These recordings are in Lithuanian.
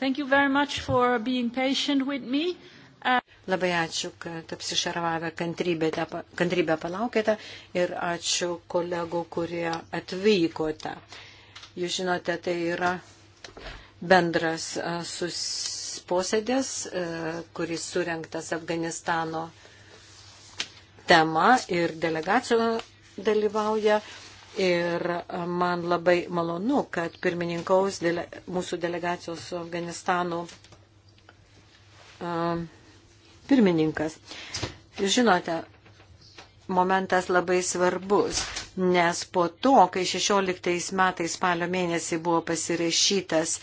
Thank you very much for being patient with me. Uh... Labai ačiū, kad apsišarvavę kantrybę palaukėte ir ačiū kolegų, kurie atvykote. Jūs žinote, tai yra bendras posėdės, kuris surinktas Afganistano tema ir delegacijų dalyvauja Ir man labai malonu, kad pirmininkaus dele, mūsų delegacijos su Afganistanu pirmininkas. Žinote, momentas labai svarbus, nes po to, kai 16 metais spalio mėnesį buvo pasirašytas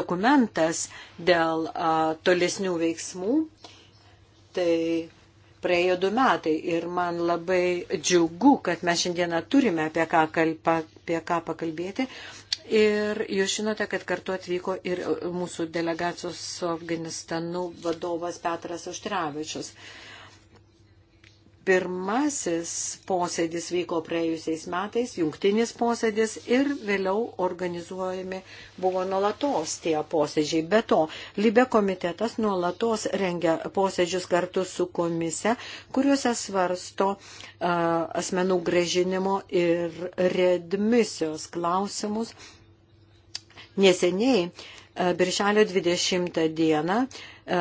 dokumentas dėl a, tolesnių veiksmų, tai praėjo du metai ir man labai džiugu, kad mes šiandieną turime apie ką, kalpa, apie ką pakalbėti. Ir jūs žinote, kad kartu atvyko ir mūsų delegacijos su Afganistanu vadovas Petras Auštrevičius. Uh, Pirmasis posėdis vyko praėjusiais metais, jungtinis posėdis ir vėliau organizuojami buvo nuolatos tie posėdžiai. Be to, Libe komitetas nuolatos rengia posėdžius kartu su komise, kuriuose svarsto uh, asmenų gražinimo ir redmisijos klausimus. Neseniai uh, Birželio 20 dieną E,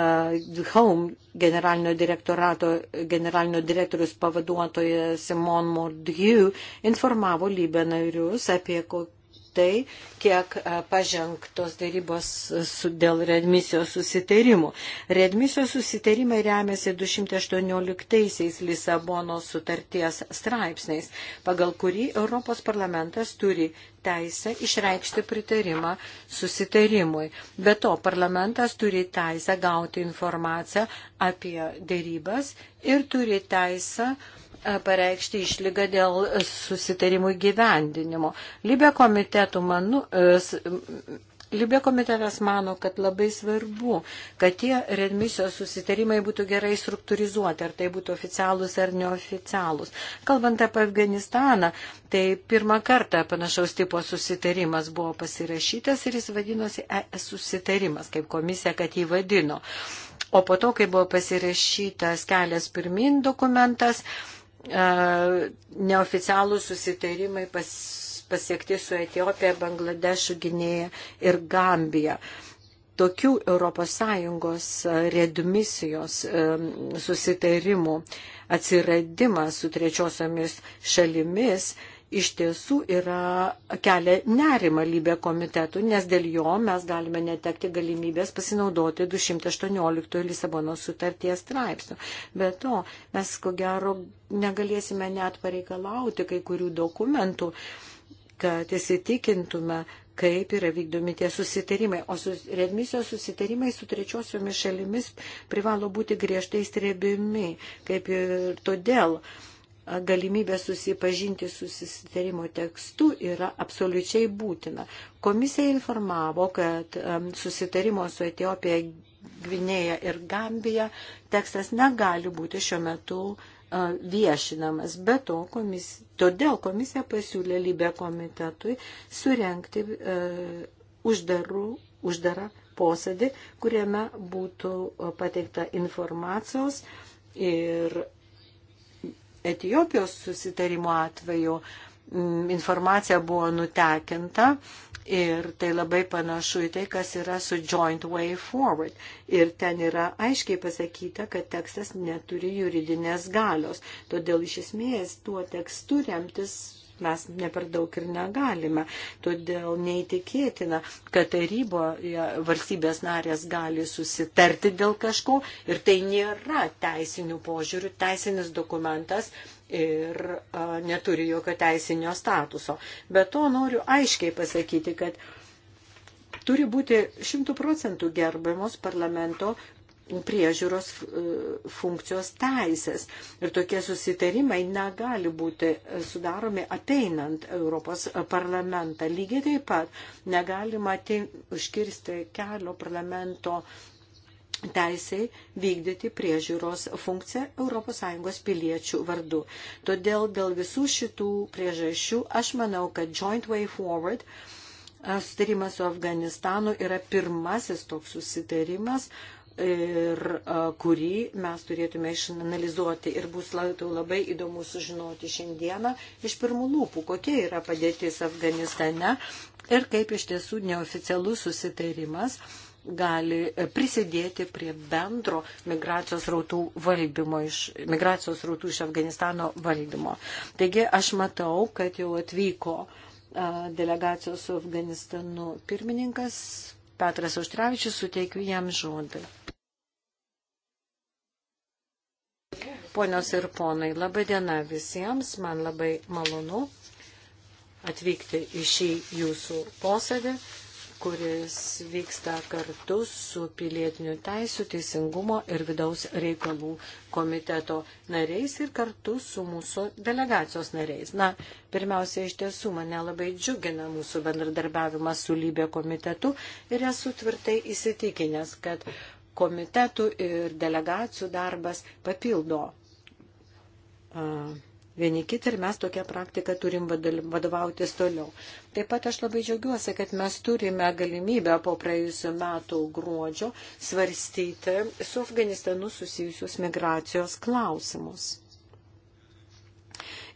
Home generalinio direktorato generalinio direktorius pavaduotoja Simon Mordieu informavo Libe narius apie kokią tai, kiek e, pažengtos darybos su, dėl redmisijos susitarimų. Redmisijos susitarimai remiasi 218 Lisabonos sutarties straipsniais, pagal kurį Europos parlamentas turi teisę išreikšti pritarimą susitarimui. Be to, parlamentas turi teisę gauti informaciją apie dėrybas ir turi teisę uh, E, pareikšti išlygą dėl susitarimų gyvendinimo. Libė, manu, e, Libė komitetas mano, kad labai svarbu, kad tie redmisijos susitarimai būtų gerai struktūrizuoti, ar tai būtų oficialūs ar neoficialūs. Kalbant apie Afganistaną, tai pirmą kartą panašaus tipo susitarimas buvo pasirašytas ir jis vadinosi ES susitarimas, kaip komisija, kad jį vadino. O po to, kai buvo pasirašytas kelias pirmin dokumentas, uh, neoficialūs susitarimai pas, pasiekti su Etijopija, Bangladešu, Gynėja ir Gambija. Tokių ES redmisijos susitarimų atsiradimas su trečiosiomis šalimis iš tiesų yra kelia nerima lybė komitetų, nes dėl jo mes galime netekti galimybės pasinaudoti 218 Lisabono sutarties straipsnių. Be to, mes ko gero negalėsime net pareikalauti kai kurių dokumentų, kad įsitikintume, kaip yra vykdomi tie susitarimai. O sus, redmisijos susitarimai su trečiosiomis šalimis privalo būti griežtai strebimi. Kaip ir todėl uh, galimybė susipažinti su susitarimo tekstu yra absoliučiai būtina. Komisija informavo, kad susitarimo su Etiopija, Gvinėja ir Gambija tekstas negali būti šiuo metu viešinamas. Be to, komisija, todėl komisija pasiūlė Libė komitetui surenkti e, uždarų, uždarą posėdį, kuriame būtų pateikta informacijos ir Etijopijos susitarimo atveju mm, informacija buvo nutekinta ir tai labai panašu į tai, kas yra su Joint Way Forward. Ir ten yra aiškiai pasakyta, kad tekstas neturi juridinės galios. Todėl iš esmės tuo tekstu remtis mes ne per daug ir negalime. Todėl neįtikėtina, kad taryboje valstybės narės gali susitarti dėl kažko ir tai nėra teisinių požiūrių, teisinis dokumentas. Ir a, neturi jokio teisinio statuso. Bet to noriu aiškiai pasakyti, kad turi būti šimtų procentų gerbiamos parlamento priežiūros e, funkcijos teisės. Ir tokie susitarimai negali būti sudaromi ateinant Europos parlamentą. Lygiai taip pat negalima užkirsti kelio parlamento teisai vykdyti priežiūros funkciją ES piliečių vardu. Todėl dėl visų šitų priežasčių aš manau, kad Joint Way Forward e, sutarimas su Afganistanu yra pirmasis toks susitarimas, uh, ir kurį mes turėtume išanalizuoti. Ir bus labai įdomu sužinoti šiandieną iš pirmų lūpų, kokia yra padėtis Afganistane ir kaip iš tiesų neoficialus susitarimas gali e, prisidėti prie bendro migracijos rautų, valdymo, iš, migracijos rautų iš Afganistano valdymo. Taigi aš matau, kad jau atvyko delegacijos su Afganistanu pirmininkas Petras Auštrevičius, suteikiu jam žodį. Ponios ir ponai, laba diena visiems, man labai malonu atvykti į šį jūsų posėdį kuris vyksta kartu su pilietinių teisų, teisingumo ir vidaus reikalų komiteto nariais ir kartu su mūsų delegacijos nariais. Na, pirmiausia, iš tiesų mane labai džiugina mūsų bendradarbiavimas su lybė komitetu ir esu tvirtai įsitikinęs, kad komitetų ir delegacijų darbas papildo. Uh, vieni kitą ir mes tokią praktiką turim vadovautis toliau. Taip pat aš labai džiaugiuosi, kad mes turime galimybę po praėjusiu metu gruodžio svarstyti su Afganistanu susijusius migracijos klausimus.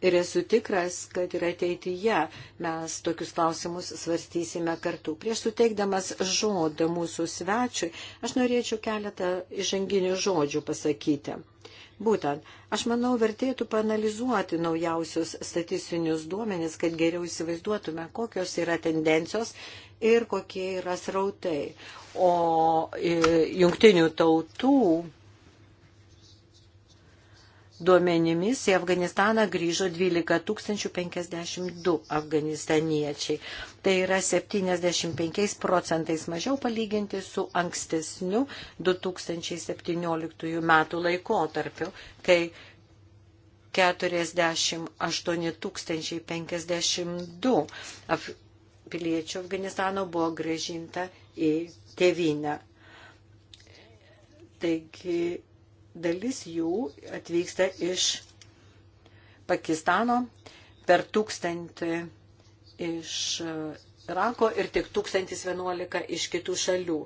Ir esu tikras, kad ir ateityje mes tokius klausimus svarstysime kartu. Prieš suteikdamas žodą mūsų svečiui, aš norėčiau keletą išanginių žodžių pasakyti. Būtent, aš manau, vertėtų panalizuoti naujausius statistinius duomenis, kad geriau įsivaizduotume, kokios yra tendencijos ir kokie yra srautai. O e, jungtinių tautų duomenimis į Afganistaną grįžo 12 052 afganistaniečiai. Tai yra 75 procentais mažiau palyginti su ankstesniu 2017 metų laikotarpiu, kai 48 052 af piliečių Afganistano buvo gražinta į tevinę. Taigi dalis jų atvyksta iš Pakistano, per tūkstantį iš Irako ir tik 1011 iš kitų šalių.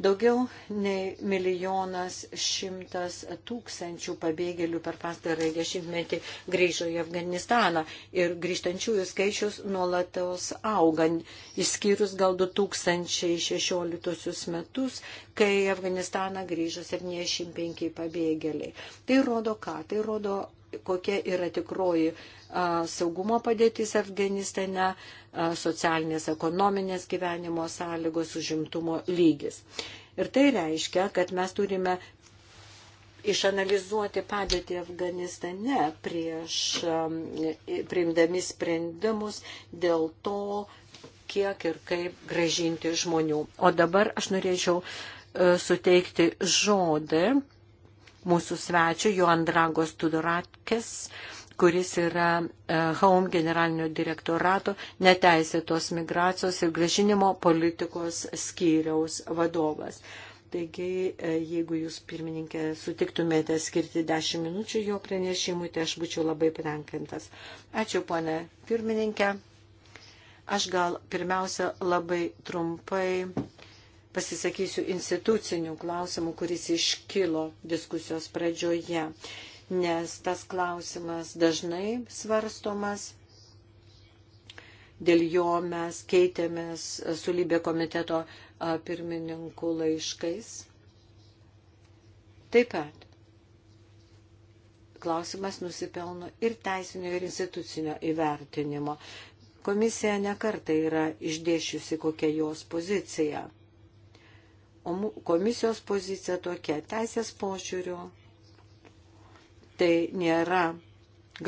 Daugiau nei milijonas šimtas tūkstančių pabėgėlių per pastarąjį dešimtmetį grįžo į Afganistaną ir grįžtančiųjų skaičius nuolatos auga, išskyrus gal 2016 metus, kai į Afganistaną grįžo 75 pabėgėliai. Tai rodo ką? Tai rodo kokia yra tikroji saugumo padėtis Afganistane, socialinės, ekonominės gyvenimo sąlygos, užimtumo lygis. Ir tai reiškia, kad mes turime išanalizuoti padėtį Afganistane prieš priimdami sprendimus dėl to, kiek ir kaip gražinti žmonių. O dabar aš norėčiau e, suteikti žodį mūsų svečio, Joandragos Tudoratkės, kuris yra e, Home generalinio direktorato neteisėtos migracijos ir gražinimo politikos skyriaus vadovas. Taigi, e, jeigu jūs, pirmininkė, sutiktumėte skirti 10 minučių jo pranešimui, tai aš būčiau labai patenkintas. Ačiū, ponė pirmininkė. Aš gal pirmiausia labai trumpai pasisakysiu institucinių klausimų, kuris iškilo diskusijos pradžioje, nes tas klausimas dažnai svarstomas. Dėl jo mes keitėmės su Lybė komiteto pirmininkų laiškais. Taip pat klausimas nusipelno ir teisinio, ir institucinio įvertinimo. Komisija nekartai yra išdėšiusi kokią jos poziciją O komisijos pozicija tokia, teisės požiūrių, tai nėra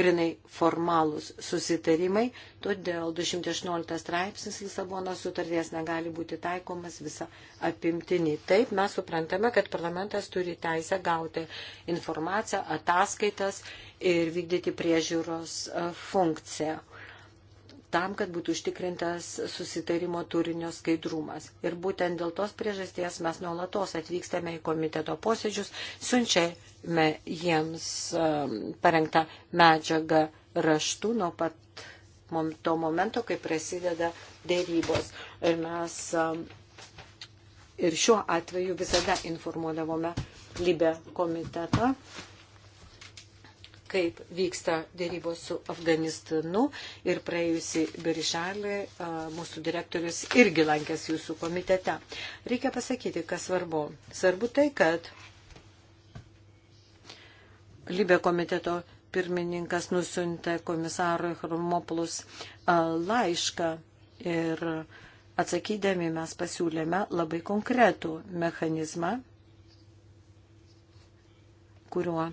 grinai formalūs susitarimai, todėl 218 straipsnis Lisabono sutarties negali būti taikomas visą apimtinį. Taip mes suprantame, kad parlamentas turi teisę gauti informaciją, ataskaitas ir vykdyti priežiūros e, funkciją tam, kad būtų užtikrintas susitarimo turinio skaidrumas. Ir būtent dėl tos priežasties mes nuolatos atvykstame į komiteto posėdžius, siunčiame jiems um, parengtą medžiagą raštų nuo pat to momento, kai prasideda dėrybos. Ir mes um, ir šiuo atveju visada informuodavome Libė komitetą kaip vyksta dėrybos su Afganistanu ir praėjusi birželį mūsų direktorius irgi lankęs jūsų komitete. Reikia pasakyti, kas svarbu. Svarbu tai, kad Libė komiteto pirmininkas nusintė komisarui Hromopulus laišką ir atsakydami mes pasiūlėme labai konkretų mechanizmą, kuriuo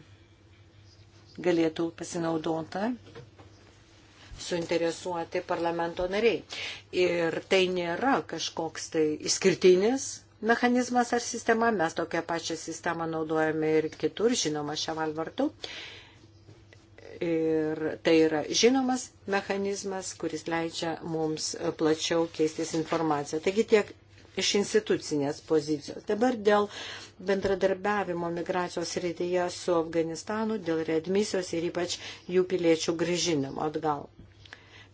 galėtų pasinaudota suinteresuoti parlamento nariai. Ir tai nėra kažkoks tai išskirtinis mechanizmas ar sistema, mes tokią pačią sistemą naudojame ir kitur, žinoma, šią valvartų. Ir tai yra žinomas mechanizmas, kuris leidžia mums plačiau keistis informaciją. Taigi tiek iš institucinės pozicijos. Dabar dėl bendradarbiavimo migracijos rytyje su Afganistanu, dėl readmisijos ir ypač jų piliečių grįžinimo atgal.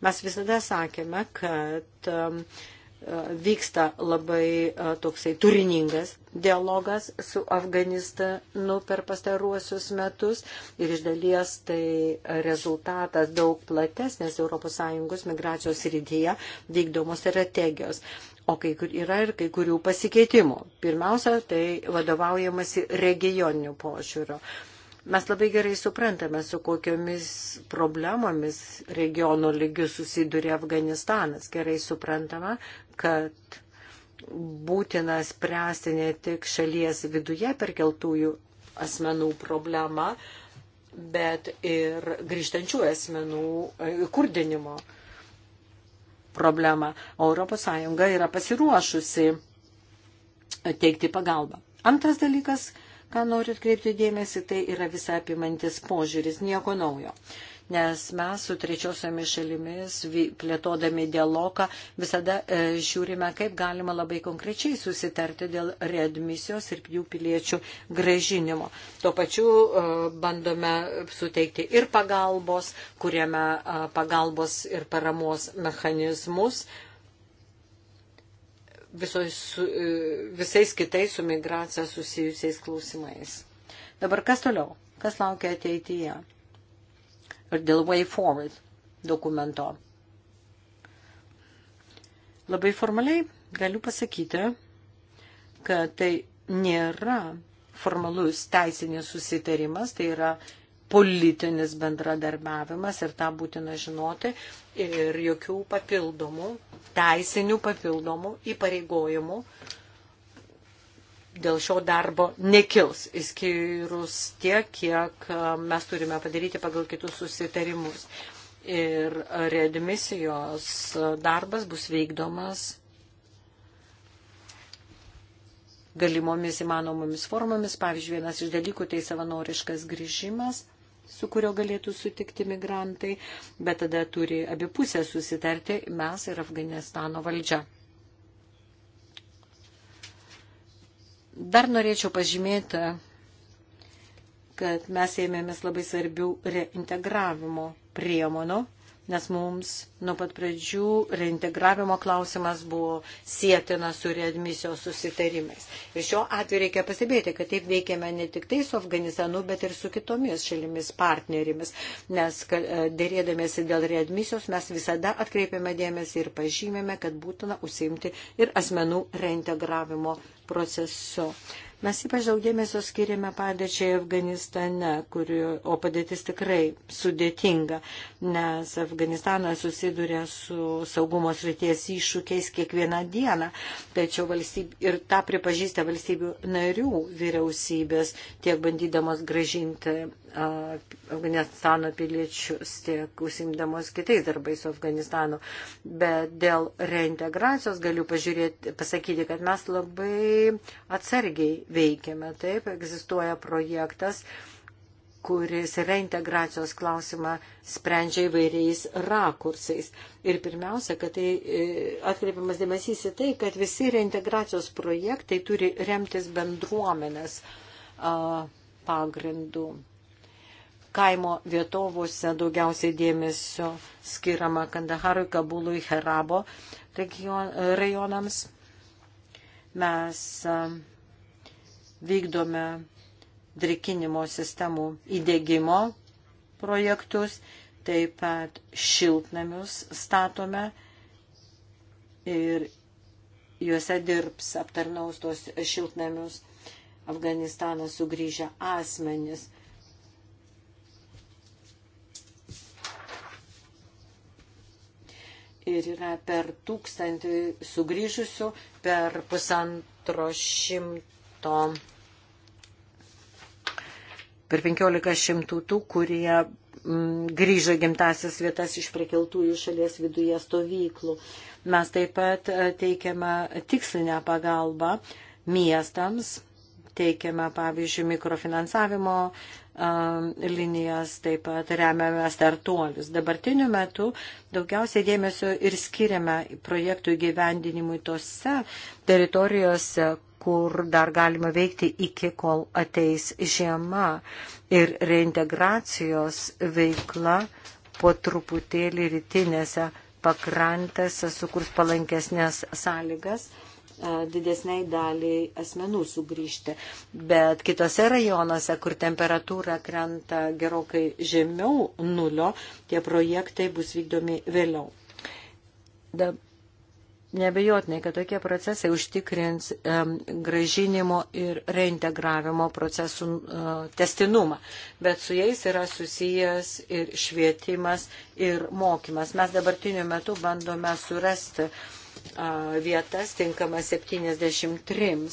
Mes visada sakėme, kad um, e, vyksta labai e, toksai turiningas dialogas su Afganistanu per pastaruosius metus ir iš dalies tai rezultatas daug platesnės ES migracijos rytyje vykdomos strategijos o kai kur yra ir kai kurių pasikeitimų. Pirmiausia, tai vadovaujamasi regioniniu požiūriu. Mes labai gerai suprantame, su kokiomis problemomis regionų lygių susiduria Afganistanas. Gerai suprantama, kad būtina spręsti ne tik šalies viduje perkeltųjų asmenų problemą, bet ir grįžtančių asmenų e, kurdinimo problemą problemą, o ES yra pasiruošusi teikti pagalbą. Antras dalykas, ką noriu atkreipti dėmesį, tai yra visa apimantis požiūris, nieko naujo. Uh, nes mes su trečiosiomis šalimis plėtodami dialogą visada e, žiūrime, kaip galima labai konkrečiai susitarti dėl readmisijos ir jų piliečių gražinimo. Tuo pačiu e, bandome suteikti ir pagalbos, kuriame e, pagalbos ir paramos mechanizmus visos, visais kitais su migracija susijusiais klausimais. Dabar kas toliau? Kas laukia ateityje? ir dėl Way Forward dokumento. Labai formaliai galiu pasakyti, kad tai nėra formalus teisinis susitarimas, tai yra politinis bendradarbiavimas ir tą būtina žinoti ir jokių papildomų, teisinių papildomų įpareigojimų dėl šio darbo nekils, įskyrus tiek, kiek e, mes turime padaryti pagal kitus susitarimus. Ir readmisijos darbas bus veikdomas galimomis įmanomomis formomis. Pavyzdžiui, vienas iš dalykų tai savanoriškas grįžimas su kurio galėtų sutikti migrantai, bet tada turi abipusę susitarti mes ir Afganistano valdžia. Dar norėčiau pažymėti, kad mes ėmėmės labai svarbių reintegravimo priemonų, nes mums nuo pat pradžių reintegravimo klausimas buvo sėtina su readmisijos susitarimais. Ir šiuo atveju reikia pastebėti, kad taip veikėme ne tik tai su Afganistanu, bet ir su kitomis šalimis partnerimis, nes e, dėrėdamėsi dėl readmisijos mes visada atkreipiame dėmesį ir pažymėme, kad būtina užsimti ir asmenų reintegravimo priemonę procesu. Mes ypač daug dėmesio skiriame padėčiai Afganistane, kuri, o padėtis tikrai sudėtinga, nes Afganistanas susiduria su saugumo srities iššūkiais kiekvieną dieną. Tačiau valstybė, ir tą pripažįsta valstybių narių vyriausybės, tiek bandydamos gražinti Afganistano piliečius, tiek užsimdamos kitais darbais su Afganistanu. Bet dėl reintegracijos galiu pasakyti, kad mes labai atsargiai veikiame. Taip, egzistuoja projektas kuris reintegracijos klausimą sprendžia įvairiais rakursais. Ir pirmiausia, kad tai e, atkreipiamas dėmesys į tai, kad visi reintegracijos projektai turi remtis bendruomenės pagrindų kaimo vietovose daugiausiai dėmesio skiriama Kandaharui, Kabului, Herabo region, rajonams. Mes vykdome drikinimo sistemų įdėgymo projektus, taip pat šiltnamius statome ir juose dirbs aptarnaus tos šiltnamius Afganistaną sugrįžę asmenis. ir yra per tūkstantį sugrįžusių, per pusantro šimto, per penkiolika šimtų tų, kurie m, mm, grįžo gimtasias vietas iš prekeltųjų šalies viduje stovyklų. Mes taip pat e, teikiame tikslinę pagalbą miestams, teikiame, pavyzdžiui, mikrofinansavimo linijas, taip pat remiame startuolius. Dabartiniu metu daugiausiai dėmesio ir skiriame projektų įgyvendinimui tose teritorijose, kur dar galima veikti iki kol ateis žiema. Ir reintegracijos veikla po truputėlį rytinėse pakrantėse sukurs palankesnės sąlygas didesniai daliai asmenų sugrįžti. Bet kitose rajonuose, kur temperatūra krenta gerokai žemiau nulio, tie projektai bus vykdomi vėliau. Da, nebejotinai, kad tokie procesai užtikrins um, gražinimo ir reintegravimo procesų uh, testinumą. Bet su jais yra susijęs ir švietimas, ir mokymas. Mes dabartiniu metu bandome surasti uh, vietas tinkama 73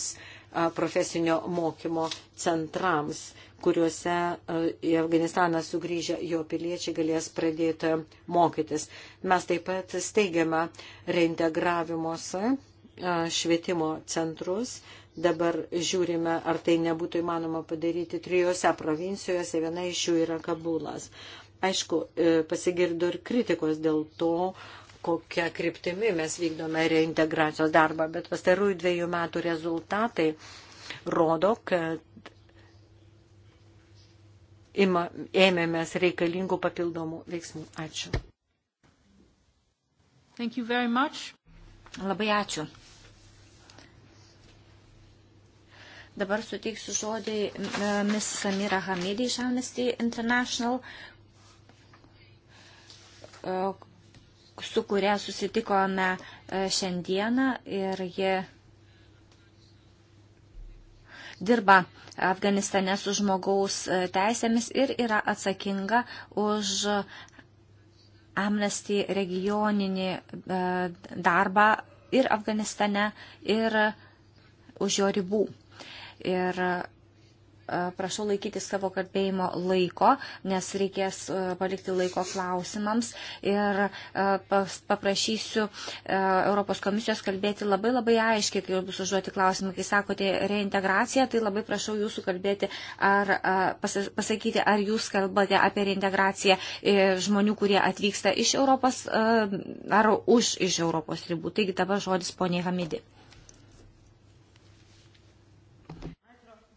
profesinio mokymo centrams, kuriuose į Afganistaną sugrįžę jo piliečiai galės pradėti mokytis. Mes taip pat steigiame reintegravimuose švietimo centrus. Dabar žiūrime, ar tai nebūtų įmanoma padaryti trijose provincijose, viena iš jų yra Kabulas. Aišku, e, pasigirdo ir kritikos dėl to, kokią kryptimį mes vykdome reintegracijos darbą, bet pastarųjų dviejų metų rezultatai rodo, kad ima, ėmėmės reikalingų papildomų veiksmų. Ačiū. Thank you very much. Labai ačiū. Dabar suteiksiu žodį e, Miss Samira Hamidi iš Amnesty International, e, su kuria susitikome e, šiandieną ir ji dirba Afganistane su žmogaus e, teisėmis ir yra atsakinga už Amnesty regioninį e, darbą ir Afganistane, ir už jo ribų. Ir prašau laikyti savo kalbėjimo laiko, nes reikės palikti laiko klausimams ir paprašysiu Europos komisijos kalbėti labai labai aiškiai, kai bus užduoti klausimai. Kai sakote reintegraciją, tai labai prašau jūsų kalbėti ar pasakyti, ar jūs kalbate apie reintegraciją e, žmonių, kurie atvyksta iš Europos ar už iš Europos ribų. Taigi dabar žodis poniai Hamidi.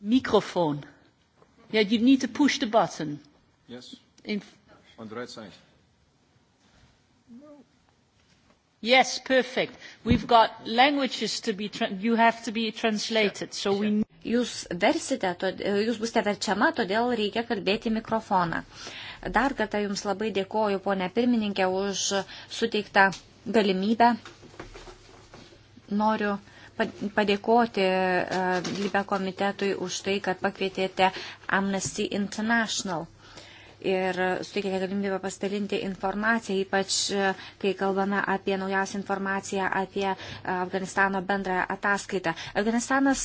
Mikrofon. Yeah, you need to push the button. Yes. In On the right side. No. Yes, perfect. We've got languages to be, tra- you have to be translated, so we. Jūs versite, todėl, jūs busite verčiama, todėl reikia kalbėti mikrofoną. Dar kartą Jums labai dėkoju, ponė pirmininkė, už suteiktą galimybę. Noriu uh, padėkoti e, Libe komitetui už tai, kad pakvietėte Amnesty International ir suteikėte galimybę pasidalinti informaciją, ypač e, kai kalbame apie naujausią informaciją apie e, Afganistano bendrąją ataskaitą. Afganistanas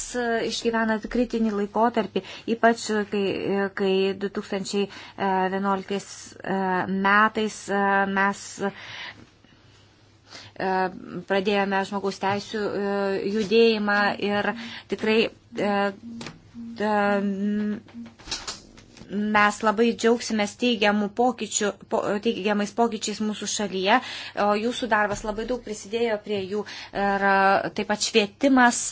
išgyvena kritinį laikotarpį, ypač kai, kai 2011 metais mes E, pradėjome žmogaus teisų e, judėjimą ir tikrai e, mes labai džiaugsimės teigiamų pokyčių, po, teigiamais pokyčiais mūsų šalyje, o jūsų darbas labai daug prisidėjo prie jų ir taip pat švietimas.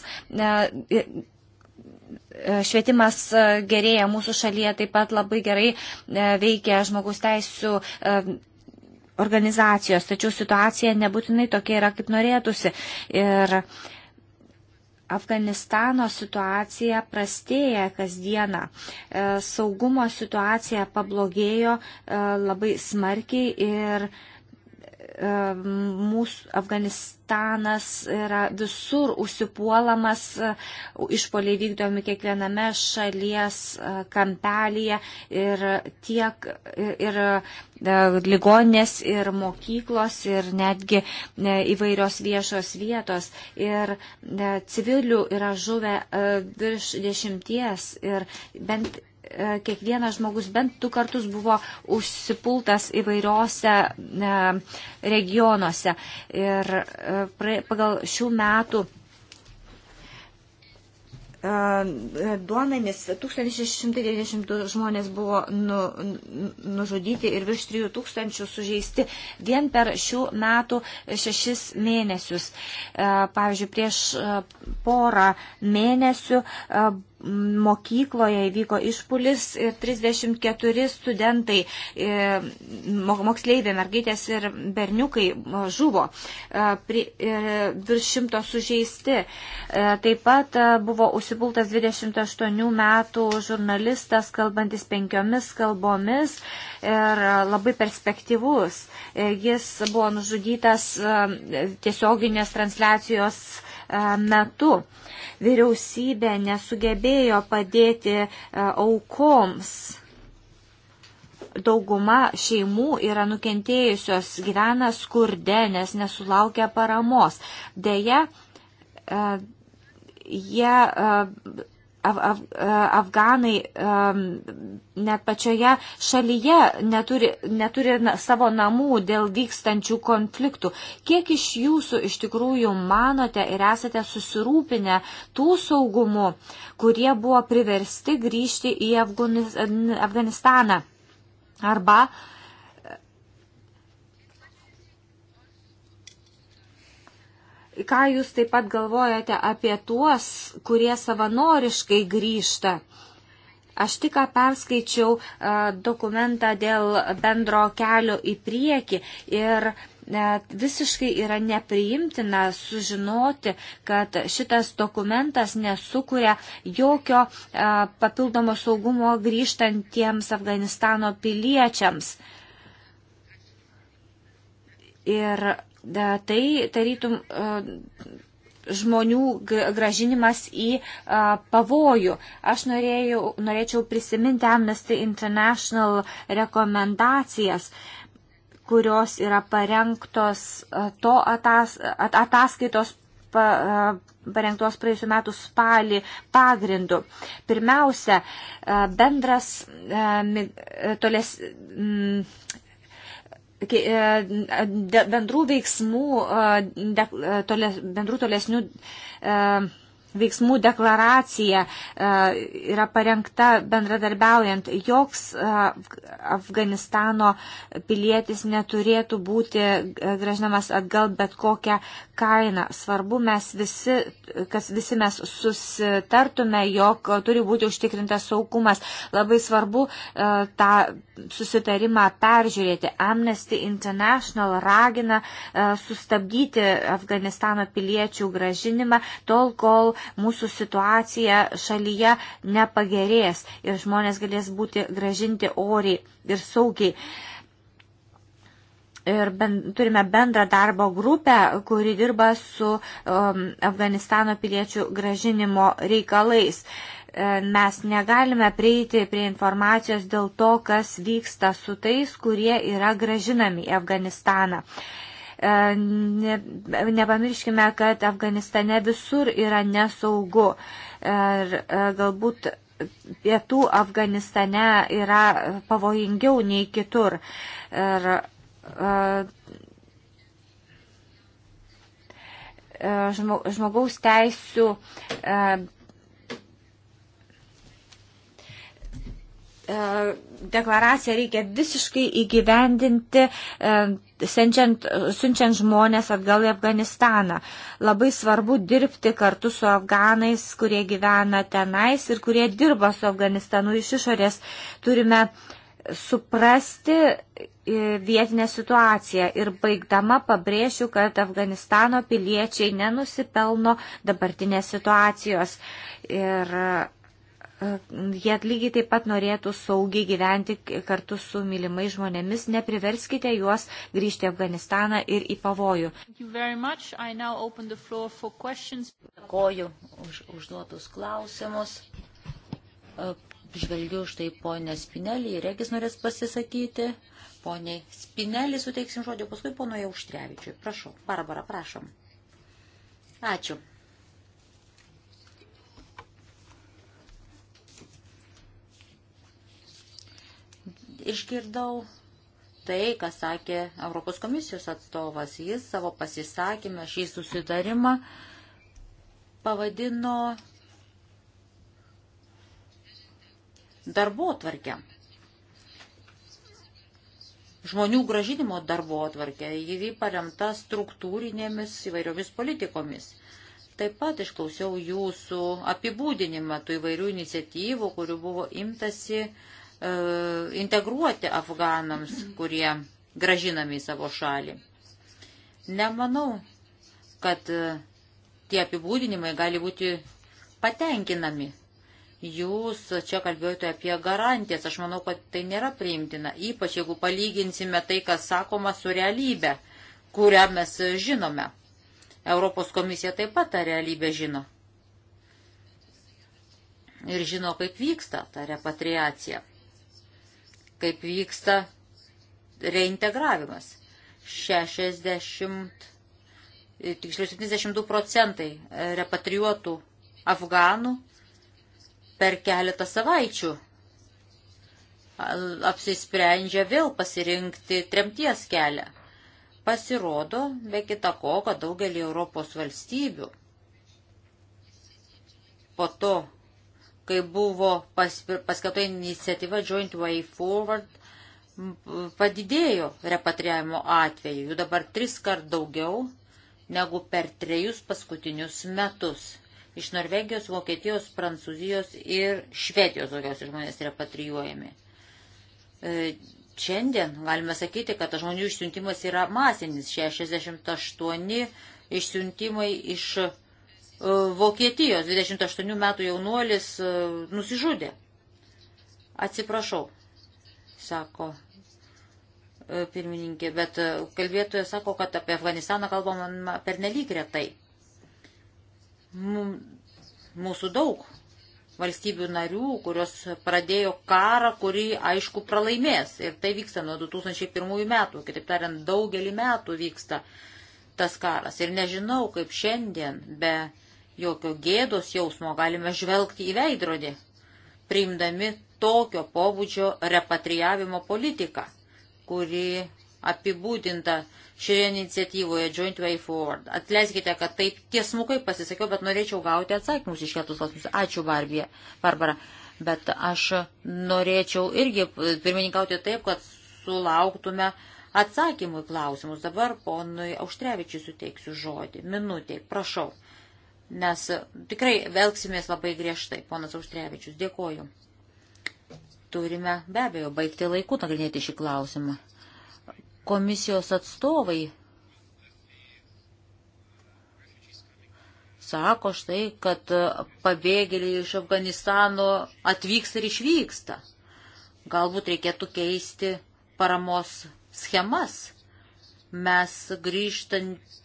Švietimas gerėja mūsų šalyje, taip pat labai gerai veikia žmogaus teisų organizacijos, tačiau situacija nebūtinai tokia yra, kaip norėtųsi. Ir Afganistano situacija prastėja kasdieną. E, saugumo situacija pablogėjo e, labai smarkiai ir mūsų Afganistanas yra visur užsipuolamas, e, išpoliai vykdomi kiekviename šalies e, kampelėje ir tiek e, ir, ir ligonės, ir mokyklos, ir netgi įvairios viešos vietos. Ir civilių yra žuvę virš dešimties ir bent E, kiekvienas žmogus bent du kartus buvo užsipultas įvairiose e, regionuose. Ir e, pagal šių metų duomenis 1692 žmonės buvo nu, nu, nužudyti ir virš 3000 sužeisti vien per šių metų šešis mėnesius. Pavyzdžiui, prieš porą mėnesių mokykloje įvyko išpulis ir 34 studentai, e, moksleivė, mergaitės ir berniukai e, žuvo, e, virš šimto sužeisti. Taip pat buvo užsipultas 28 metų žurnalistas, kalbantis penkiomis kalbomis ir labai perspektyvus. Jis buvo nužudytas tiesioginės transliacijos metu. Vyriausybė nesugebėjo padėti aukoms dauguma šeimų yra nukentėjusios, gyvena skurde, nes nesulaukia paramos. Deja, jie Af, af, afganai um, net pačioje šalyje neturi, neturi savo namų dėl vykstančių konfliktų. Kiek iš jūsų iš tikrųjų manote ir esate susirūpinę tų saugumų, kurie buvo priversti grįžti į Afganistaną? Arba uh, Ką jūs taip pat galvojate apie tuos, kurie savanoriškai grįžta? Aš tik ką perskaičiau e, dokumentą dėl bendro kelio į priekį ir e, visiškai yra nepriimtina sužinoti, kad šitas dokumentas nesukuria jokio e, papildomo saugumo grįžtantiems Afganistano piliečiams. Ir E, tai tarytum e, žmonių gražinimas į e, pavojų. Aš norėjau, norėčiau prisiminti Amnesty International rekomendacijas kurios yra parengtos to atas, at, ataskaitos pa, parengtos praėjusiu metu spalį pagrindu. Pirmiausia, bendras toles, E, bendrų veiksmų, e, e, bendrų tolesnių veiksmų deklaracija e, yra parengta bendradarbiaujant, joks e, Afganistano pilietis neturėtų būti e, gražinamas atgal bet kokią kainą. Svarbu, mes visi, kad visi mes susitartume, jog turi būti užtikrintas saugumas. Labai svarbu tą susitarimą peržiūrėti. Amnesty International ragina sustabdyti Afganistano piliečių gražinimą tol, kol mūsų situacija šalyje nepagerės ir žmonės galės būti gražinti oriai ir saugiai. Ir ben, turime bendrą darbo grupę, kuri dirba su um, Afganistano piliečių gražinimo reikalais. E, mes negalime prieiti prie informacijos dėl to, kas vyksta su tais, kurie yra gražinami į Afganistaną. Uh, E, ne, nepamirškime, kad Afganistane visur yra nesaugu. Ir e, galbūt pietų Afganistane yra pavojingiau nei kitur. Ir, e, žmogaus teisų E, deklaraciją reikia visiškai įgyvendinti, e, siunčiant, siunčiant žmonės atgal į Afganistaną. Labai svarbu dirbti kartu su afganais, kurie gyvena tenais ir kurie dirba su Afganistanu iš išorės. Turime suprasti e, vietinę situaciją ir baigdama pabrėšiu, kad Afganistano piliečiai nenusipelno dabartinės situacijos. Ir Jie lygiai taip pat norėtų saugiai gyventi kartu su mylimais žmonėmis. Nepriverskite juos grįžti į Afganistaną ir į pavojų. Dėkoju už užduotus klausimus. E, žvelgiu štai ponę Spinelį, Regis norės pasisakyti. Poniai Spinelį suteiksim žodį, paskui ponoje Užtrevičiui. Prašau, Barbara, prašom. Ačiū. išgirdau tai, ką sakė Europos komisijos atstovas. Jis savo pasisakymą šį susitarimą pavadino darbo tvarkę. Žmonių gražinimo darbo tvarkė, ji paremta struktūrinėmis įvairiomis politikomis. Taip pat išklausiau jūsų apibūdinimą tų įvairių iniciatyvų, kurių buvo imtasi uh, E, integruoti afganams, kurie gražinami į savo šalį. Nemanau, kad e, tie apibūdinimai gali būti patenkinami. Jūs čia kalbėjote apie garantijas, aš manau, kad tai nėra priimtina, ypač jeigu palyginsime tai, kas sakoma, su realybė, kurią mes žinome. Europos komisija taip pat tą realybę žino. Ir žino, kaip vyksta ta repatriacija kaip vyksta reintegravimas. 60, tiksliau 72 procentai repatrijuotų afganų per keletą savaičių apsisprendžia vėl pasirinkti tremties kelią. Pasirodo, be kita ko, kad daugelį Europos valstybių po to, kai buvo pas, paskata iniciatyva Joint Way Forward, padidėjo repatriavimo atveju, jų dabar tris kart daugiau negu per trejus paskutinius metus. Iš Norvegijos, Vokietijos, Prancūzijos ir Švedijos daugiausiai žmonės repatrijuojami. E, šiandien galime sakyti, kad žmonių išsiuntimas yra masinis. 68 išsiuntimai iš E, Vokietijos 28 metų jaunuolis e, nusižudė. Atsiprašau, sako e, pirmininkė, bet kalbėtoja sako, kad apie Afganistaną kalbama per nelyg retai. Mūsų daug valstybių narių, kurios pradėjo karą, kurį aišku pralaimės. Ir tai vyksta nuo 2001 metų, kitaip tariant, daugelį metų vyksta tas karas. Ir nežinau, kaip šiandien be jokio gėdos jausmo, galime žvelgti į veidrodį, priimdami tokio pobūdžio repatrijavimo politiką, kuri apibūdinta šioje iniciatyvoje Joint Way Forward. Atleiskite, kad taip tiesmukai pasisakiau, bet norėčiau gauti atsakymus iš kietus klausimus. Ačiū, Barbie, Barbara. Bet aš norėčiau irgi pirmininkauti taip, kad sulauktume atsakymų į klausimus. Dabar ponui Auštrevičiui suteiksiu žodį. Minutė, prašau nes e, tikrai velksimės labai griežtai, ponas Auštrevičius, dėkoju. Turime be abejo baigti laiku nagrinėti šį klausimą. Komisijos atstovai sako štai, kad e, pabėgėliai iš Afganistano atvyksta ir išvyksta. Galbūt reikėtų keisti paramos schemas. Mes grįžtant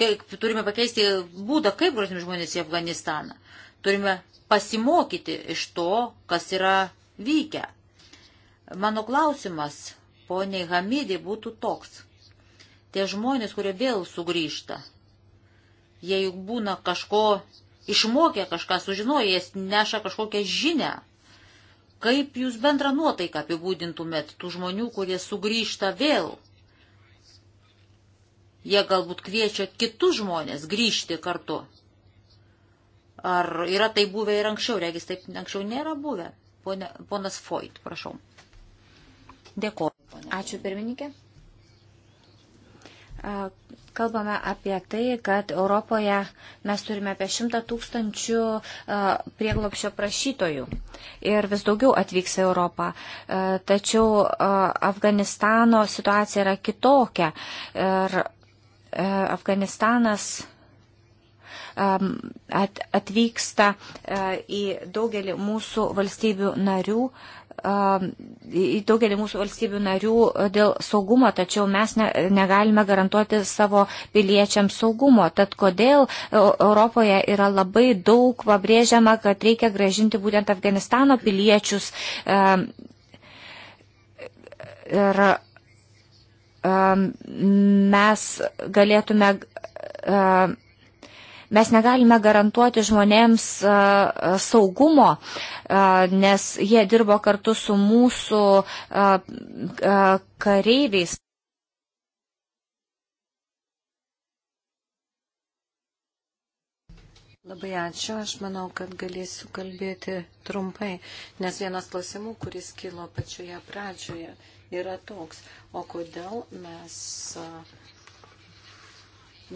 kaip turime pakeisti būdą, kaip gražinami žmonės į Afganistaną. Turime pasimokyti iš to, kas yra vykę. Mano klausimas, poniai Hamidė, būtų toks. Tie žmonės, kurie vėl sugrįžta, jie juk būna kažko išmokę, kažką sužinoję, jie neša kažkokią žinę. Kaip jūs bendrą nuotaiką apibūdintumėt tų žmonių, kurie sugrįžta vėl Jie galbūt kviečia kitus žmonės grįžti kartu. Ar yra tai buvę ir anksčiau, regis taip anksčiau nėra buvę. Pone, ponas Foyt, prašau. Dėkuoju. Pone. Ačiū pirmininkė. Kalbame apie tai, kad Europoje mes turime apie 100 tūkstančių prieglopšio prašytojų ir vis daugiau atvyks į Europą. Tačiau Afganistano situacija yra kitokia. Ir E, Afganistanas e, atvyksta e, į daugelį mūsų valstybių narių į daugelį mūsų valstybių narių dėl saugumo, tačiau mes ne, negalime garantuoti savo piliečiams saugumo. Tad kodėl Europoje yra labai daug pabrėžiama, kad reikia gražinti būtent Afganistano piliečius. E, ir mes galėtume, mes negalime garantuoti žmonėms e, saugumo, e, nes jie dirbo kartu su mūsų e, kareiviais. Labai ačiū. Aš manau, kad galėsiu kalbėti trumpai, nes vienas klausimų, kuris kilo pačioje pradžioje, yra toks. O kodėl mes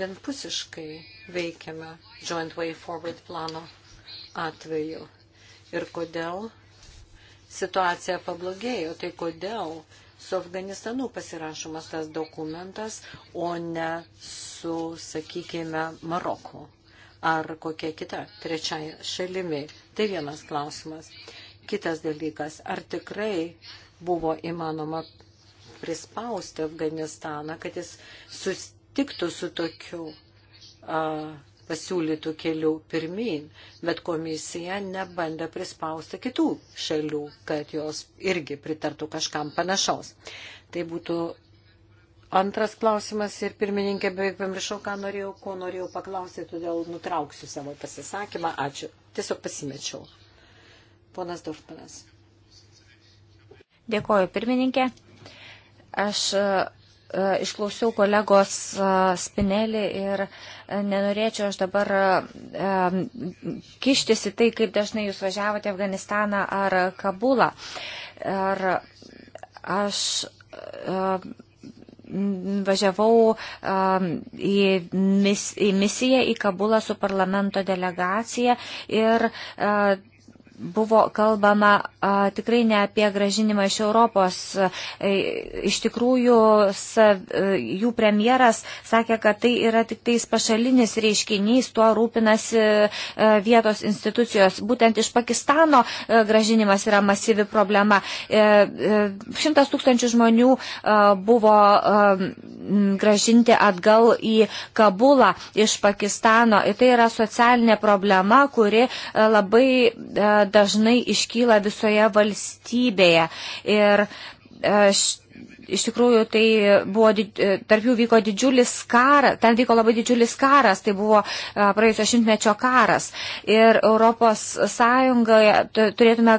vienpusiškai veikiame Joint Way Forward plano atveju ir kodėl situacija pablogėjo, tai kodėl su Afganistanu pasirašomas tas dokumentas, o ne su, sakykime, Maroku ar kokia kita trečiai šalimi. Tai vienas klausimas. Kitas dalykas, ar tikrai buvo įmanoma prispausti Afganistaną, kad jis sustiktų su tokiu a, pasiūlytų kelių pirmin, bet komisija nebandė prispausti kitų šalių, kad jos irgi pritartų kažkam panašaus. Tai būtų antras klausimas ir pirmininkė beveik pamiršau, ką norėjau, ko norėjau paklausyti, todėl nutrauksiu savo pasisakymą. Ačiū. Tiesiog pasimečiau. Ponas Dorfmanas. Dėkoju pirmininkė. Aš e, e, išklausiau kolegos e, Spinelį ir nenorėčiau aš dabar kištis į tai, kaip dažnai jūs važiavote Afganistaną ar Kabulą. Ir aš važiavau į, mis, į misiją į Kabulą su parlamento delegacija ir buvo kalbama a, tikrai ne apie gražinimą iš Europos. A, e, iš tikrųjų, sav, a, e, jų premjeras sakė, kad tai yra tik tais pašalinis reiškinys, tuo rūpinasi a, vietos institucijos. Būtent iš Pakistano a, gražinimas yra masyvi problema. E, šimtas tūkstančių žmonių a, buvo a, gražinti atgal į Kabulą iš Pakistano. Ir tai yra socialinė problema, kuri a, labai. A, dažnai iškyla visoje valstybėje. Ir e, iš tikrųjų tai buvo, e, tarp jų vyko didžiulis karas, ten vyko labai didžiulis karas, tai buvo e, praėjusio šimtmečio karas. Ir Europos Sąjungoje turėtume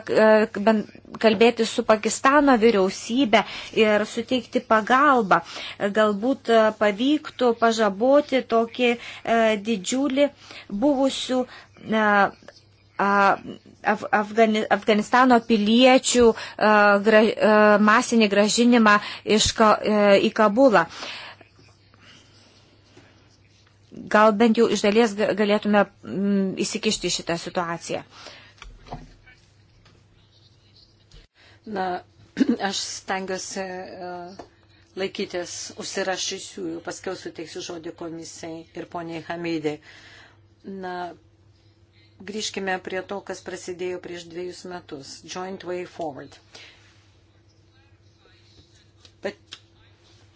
kalbėti su Pakistano vyriausybė ir suteikti pagalbą. Galbūt pavyktų pažaboti tokį didžiulį buvusių Af Afgani Afganistano piliečių uh, gra uh, masinį gražinimą iš ka uh, į Kabulą. Gal bent jau iš dalies galėtume mm, įsikišti šitą situaciją. Na, aš stengiuosi uh, laikytis užsirašysiųjų, paskiau suteiksiu žodį komisijai ir poniai Hamidai. Na, Grįžkime prie to, kas prasidėjo prieš dviejus metus. Joint Way Forward. Bet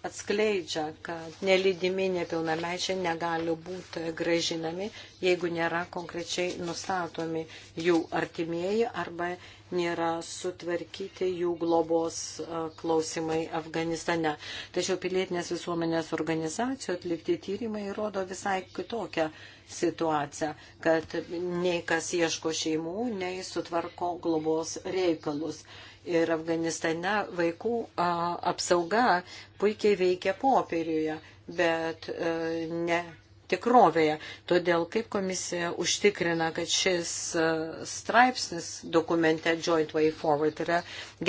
atskleidžia, kad nelydimi nepilnamečiai negali būti gražinami, jeigu nėra konkrečiai nustatomi jų artimieji arba nėra sutvarkyti jų globos klausimai Afganistane. Tačiau pilietinės visuomenės organizacijų atlikti tyrimai rodo visai kitokią situaciją, kad nei kas ieško šeimų, nei sutvarko globos reikalus. Ir Afganistane vaikų a, apsauga puikiai veikia popieriuje, bet a, ne tikrovėje. Todėl kaip komisija užtikrina, kad šis e, straipsnis dokumente Joint Way Forward yra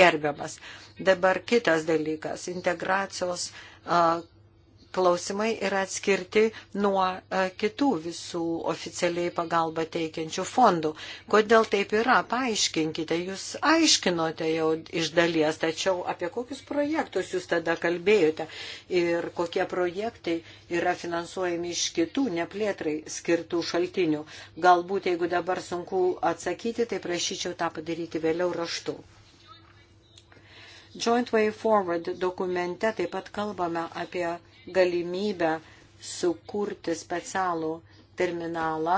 gerbiamas. Dabar kitas dalykas - integracijos e, klausimai yra atskirti nuo e, kitų visų oficialiai pagalbą teikiančių fondų. Kodėl taip yra? Paaiškinkite, jūs aiškinote jau iš dalies, tačiau apie kokius projektus jūs tada kalbėjote ir kokie projektai yra finansuojami iš kitų neplėtrai skirtų šaltinių. Galbūt, jeigu dabar sunku atsakyti, tai prašyčiau tą padaryti vėliau raštu. Joint Way Forward dokumente taip pat kalbame apie galimybę sukurti specialų terminalą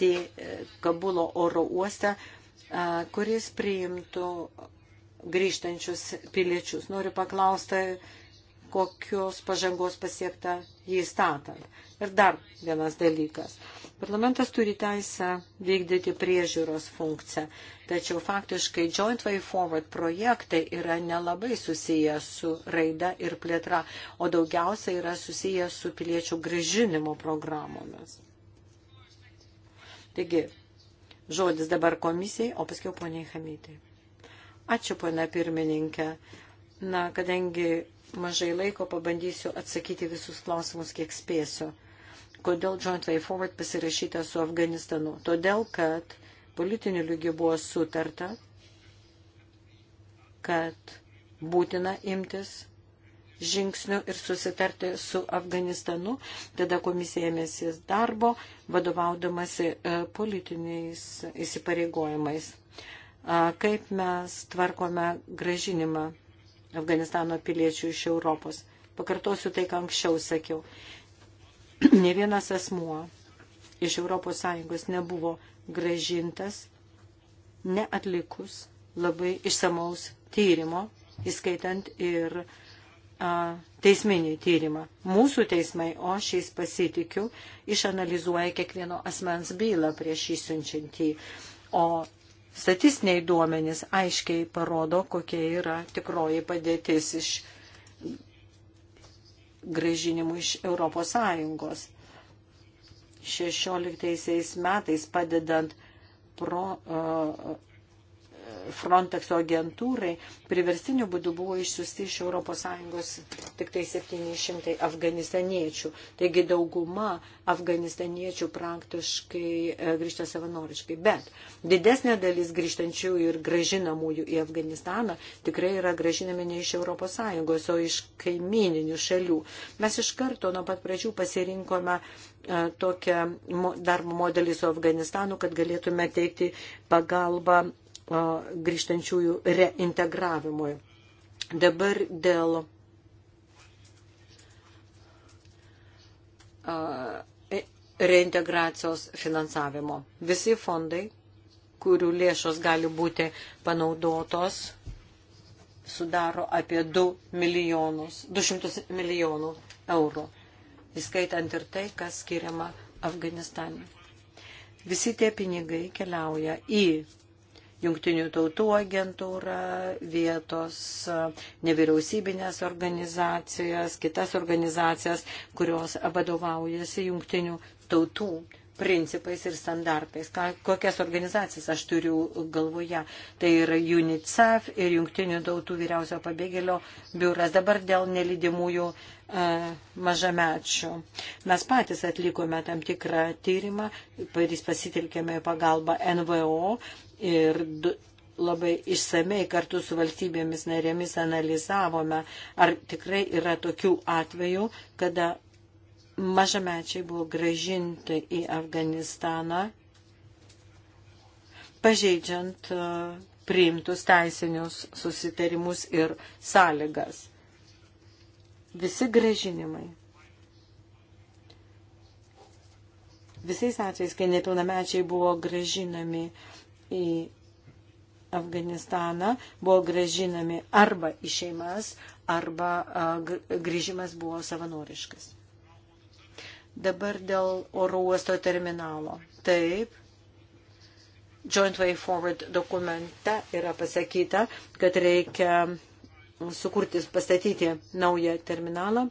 tai, e, Kabulo oro uoste, e, kuris priimtų grįžtančius piliečius. Noriu paklausti, kokios pažangos pasiekta jį statant. Ir dar vienas dalykas. Parlamentas turi teisę vykdyti priežiūros funkciją, tačiau faktiškai Joint Way Forward projektai yra nelabai susiję su raida ir plėtra, o daugiausia yra susiję su piliečių gražinimo programomis. Taigi, žodis dabar komisijai, o paskui poniai Hamytai. Ačiū, ponia pirmininkė. Na, kadangi mažai laiko, pabandysiu atsakyti visus klausimus, kiek spėsiu kodėl Joint Way Forward pasirašyta su Afganistanu. Todėl, kad politiniu lygiu buvo sutarta, kad būtina imtis žingsnių ir susitarti su Afganistanu. Tada komisija ėmėsi darbo, vadovaudamasi e, politiniais įsipareigojimais. Kaip mes tvarkome gražinimą Afganistano piliečių iš Europos? Pakartosiu tai, ką anksčiau sakiau ne vienas asmuo iš ES nebuvo gražintas, neatlikus labai išsamaus tyrimo, įskaitant ir a, teisminį tyrimą. Mūsų teismai, o šiais pasitikiu, išanalizuoja kiekvieno asmens bylą prieš įsiunčiantį. O statistiniai duomenys aiškiai parodo, kokia yra tikroji padėtis iš gražinimu iš Europos Sąjungos. 16 metais padedant pro, uh, Frontex agentūrai priverstiniu būdu buvo išsiusti iš ES tik tai 700 afganistaniečių. Taigi dauguma afganistaniečių praktiškai e, grįžta savanoriškai. Bet didesnė dalis grįžtančių ir gražinamųjų į Afganistaną tikrai yra gražinami ne iš ES, o iš kaimininių šalių. Mes iš karto nuo pat pradžių pasirinkome e, tokią darbo modelį su Afganistanu, kad galėtume teikti pagalbą grįžtančiųjų reintegravimui. Dabar dėl e, reintegracijos finansavimo. Visi fondai, kurių lėšos gali būti panaudotos, sudaro apie 2 milijonus, 200 milijonų eurų, įskaitant ir tai, kas skiriama Afganistanui. Visi tie pinigai keliauja į jungtinių tautų agentūra, vietos nevyriausybinės organizacijas, kitas organizacijas, kurios vadovaujasi jungtinių tautų principais ir standartais. Ką, kokias organizacijas aš turiu galvoje? Tai yra UNICEF ir Jungtinių tautų vyriausio pabėgėlio biuras. Dabar dėl nelidimųjų e, mažamečių. Mes patys atlikome tam tikrą tyrimą, kuris pasitelkėme pagalbą NVO ir labai išsamei kartu su valstybėmis narėmis analizavome, ar tikrai yra tokių atvejų, kada mažamečiai buvo gražinti į Afganistaną, pažeidžiant e, priimtus teisinius susitarimus ir sąlygas. Visi gražinimai. Visais atvejais, kai nepilnamečiai buvo gražinami į Afganistaną, buvo gražinami arba į šeimas, arba e, grįžimas buvo savanoriškas. Dabar dėl oro uosto terminalo. Taip, Joint Way Forward dokumente yra pasakyta, kad reikia sukurti, pastatyti naują terminalą,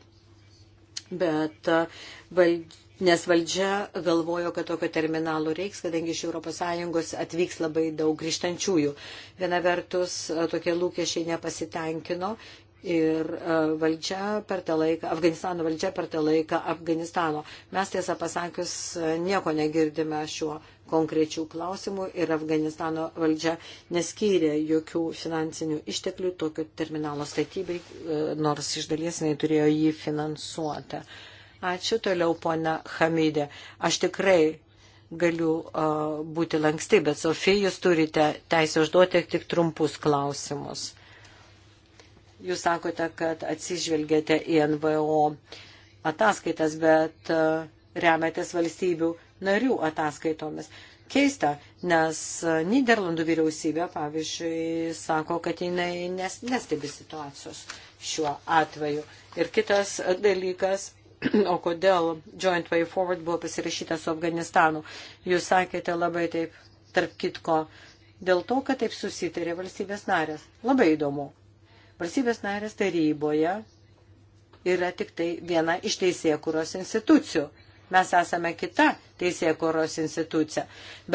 bet uh, valdžia nes valdžia galvojo, kad tokio terminalo reiks, kadangi iš ES atvyks labai daug grįžtančiųjų. Viena vertus, uh, tokie lūkesčiai nepasitenkino, ir e, valdžia per tą laiką, Afganistano valdžia per tą laiką Afganistano. Mes tiesą pasakius e, nieko negirdime šiuo konkrečių klausimų ir Afganistano valdžia neskyrė jokių finansinių išteklių tokio terminalo statybai, e, nors iš dalies jinai turėjo jį finansuoti. Ačiū toliau, pona Hamidė. Aš tikrai galiu uh, būti lanksti, bet Sofija, jūs turite teisę užduoti tik trumpus klausimus. Jūs sakote, kad atsižvelgėte į NVO ataskaitas, bet e, remiatės valstybių narių ataskaitomis. Keista, nes Niderlandų vyriausybė, pavyzdžiui, sako, kad jinai nes, nestebi situacijos šiuo atveju. Ir kitas dalykas, o kodėl Joint Way Forward buvo pasirašyta su Afganistanu. Jūs sakėte labai taip, tarp kitko, dėl to, kad taip susitarė valstybės narės. Labai įdomu. Valstybės narės taryboje yra tik tai viena iš teisėkuros institucijų. Mes esame kita teisėkuros institucija.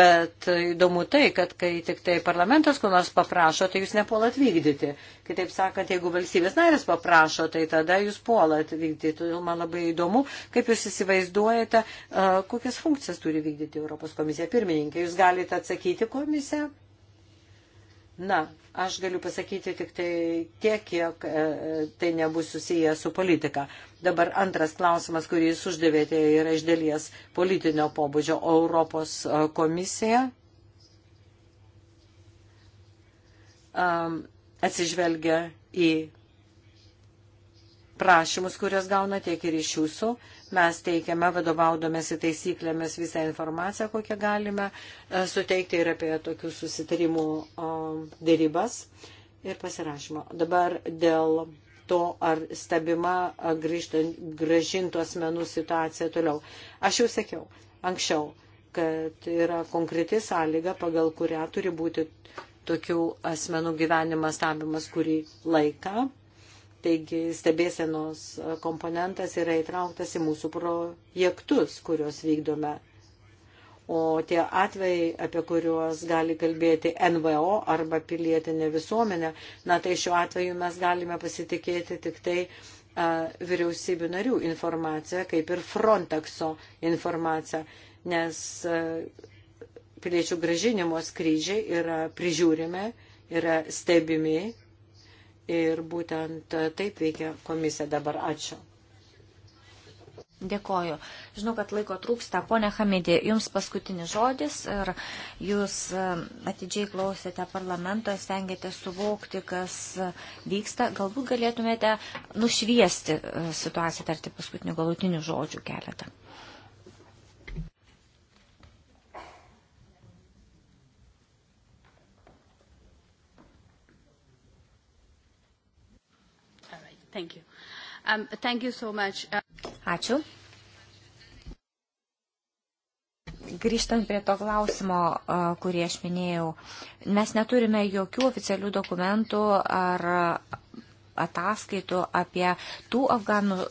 Bet įdomu tai, kad kai tik tai parlamentas kur nors paprašo, tai jūs nepuolat vykdyti. Kitaip sakant, jeigu valstybės narės paprašo, tai tada jūs puolat vykdyti. Todėl man labai įdomu, kaip jūs įsivaizduojate, kokias funkcijas turi vykdyti Europos komisija pirmininkė. Jūs galite atsakyti komisiją? Na, Aš galiu pasakyti tik tai tiek, kiek e, tai nebus susiję su politika. Dabar antras klausimas, kurį jūs uždavėte, yra iš dalies politinio pobūdžio Europos e, komisija. Um, atsižvelgia į prašymus, kurias gauna tiek ir iš jūsų. Uh, mes teikiame, vadovaudomėsi taisyklėmis visą informaciją, kokią galime e, suteikti ir apie tokių susitarimų dėrybas ir pasirašymą. Dabar dėl to, ar stebima grįžtant, gražintų asmenų situacija toliau. Aš jau sakiau anksčiau, kad yra konkreti sąlyga, pagal kurią turi būti tokių asmenų gyvenimas stebimas kurį laiką Taigi stebėsenos komponentas yra įtrauktas į mūsų projektus, kuriuos vykdome. O tie atvejai, apie kuriuos gali kalbėti NVO arba pilietinė visuomenė, na tai šiuo atveju mes galime pasitikėti tik tai a, vyriausybių narių informaciją, kaip ir Frontexo informaciją, nes a, piliečių gražinimo skrydžiai yra prižiūrimi, yra stebimi Ir būtent taip veikia komisija dabar. Ačiū. Dėkoju. Žinau, kad laiko trūksta. Pone Hamidė, jums paskutinis žodis ir jūs um, atidžiai klausėte parlamento, stengiate suvokti, kas vyksta. Galbūt galėtumėte nušviesti uh, situaciją, tarti paskutinių galutinių žodžių keletą. Thank you. Um, thank you so much. Uh, Ačiū. Grįžtant prie to klausimo, uh, kurį aš minėjau, mes neturime jokių oficialių dokumentų ar ataskaitų apie tų afganų uh,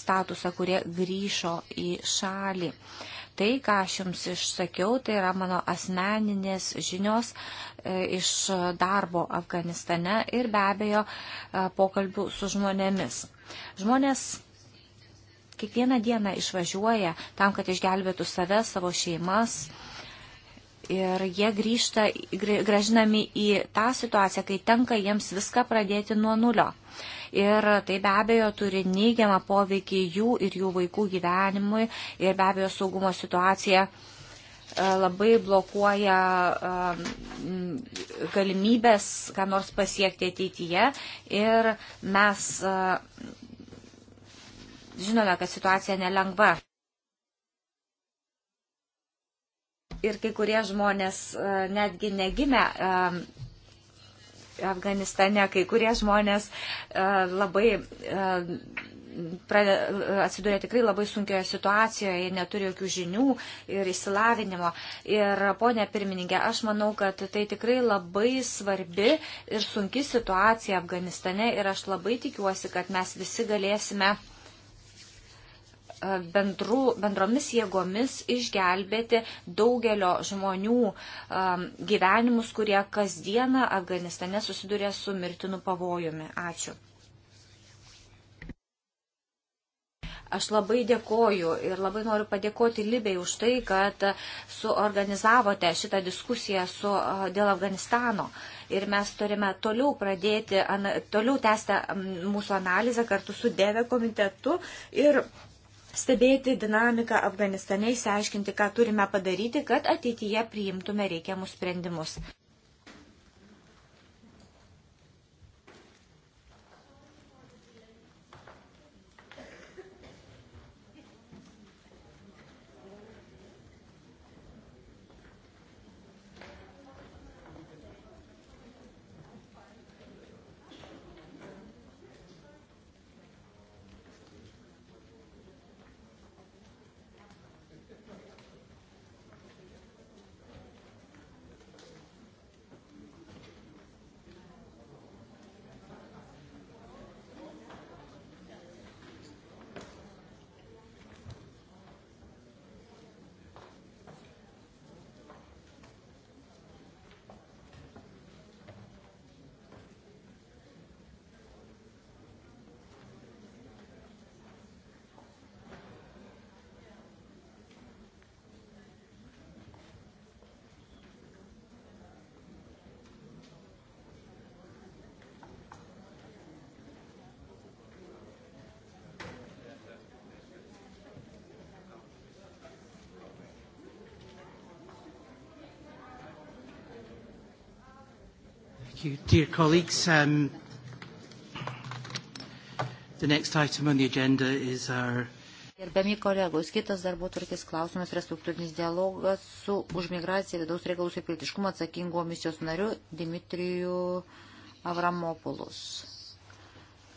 statusą, kurie grįžo į šalį. Uh, Tai, ką aš jums išsakiau, tai yra mano asmeninės žinios e, iš darbo Afganistane ir be abejo e, pokalbių su žmonėmis. Žmonės kiekvieną dieną išvažiuoja tam, kad išgelbėtų save, savo šeimas Ir jie grįžta, gražinami į tą situaciją, kai tenka jiems viską pradėti nuo nulio. Ir tai be abejo turi neigiamą poveikį jų ir jų vaikų gyvenimui ir be abejo saugumo situacija e, labai blokuoja e, galimybės, ką nors pasiekti ateityje. Ir mes e, žinome, kad situacija nelengva. ir kai kurie žmonės e, netgi negimė e, Afganistane, kai kurie žmonės e, labai atsiduria tikrai labai sunkioje situacijoje, neturi jokių žinių ir įsilavinimo. Ir ponė pirmininkė, aš manau, kad tai tikrai labai svarbi ir sunki situacija Afganistane ir aš labai tikiuosi, kad mes visi galėsime uh, E, bendru, bendromis jėgomis išgelbėti daugelio žmonių um, gyvenimus, kurie kasdieną Afganistane susiduria su mirtinu pavojumi. Ačiū. Aš labai dėkoju ir labai noriu padėkoti Libijai už tai, kad suorganizavote šitą diskusiją su, e, dėl Afganistano. Ir mes turime toliau pradėti, toliau tęsti mūsų analizę kartu su Deve komitetu ir stebėti dinamiką Afganistane, įsiaiškinti, ką turime padaryti, kad ateityje priimtume reikiamus sprendimus. Dear colleagues, um, the next item on the agenda is our Gerbiami kolegos, kitas darbo tvarkės klausimas yra struktūrinis dialogas su už migraciją vidaus reikalus ir pilietiškumą atsakingo misijos nariu Dimitriju Avramopoulos.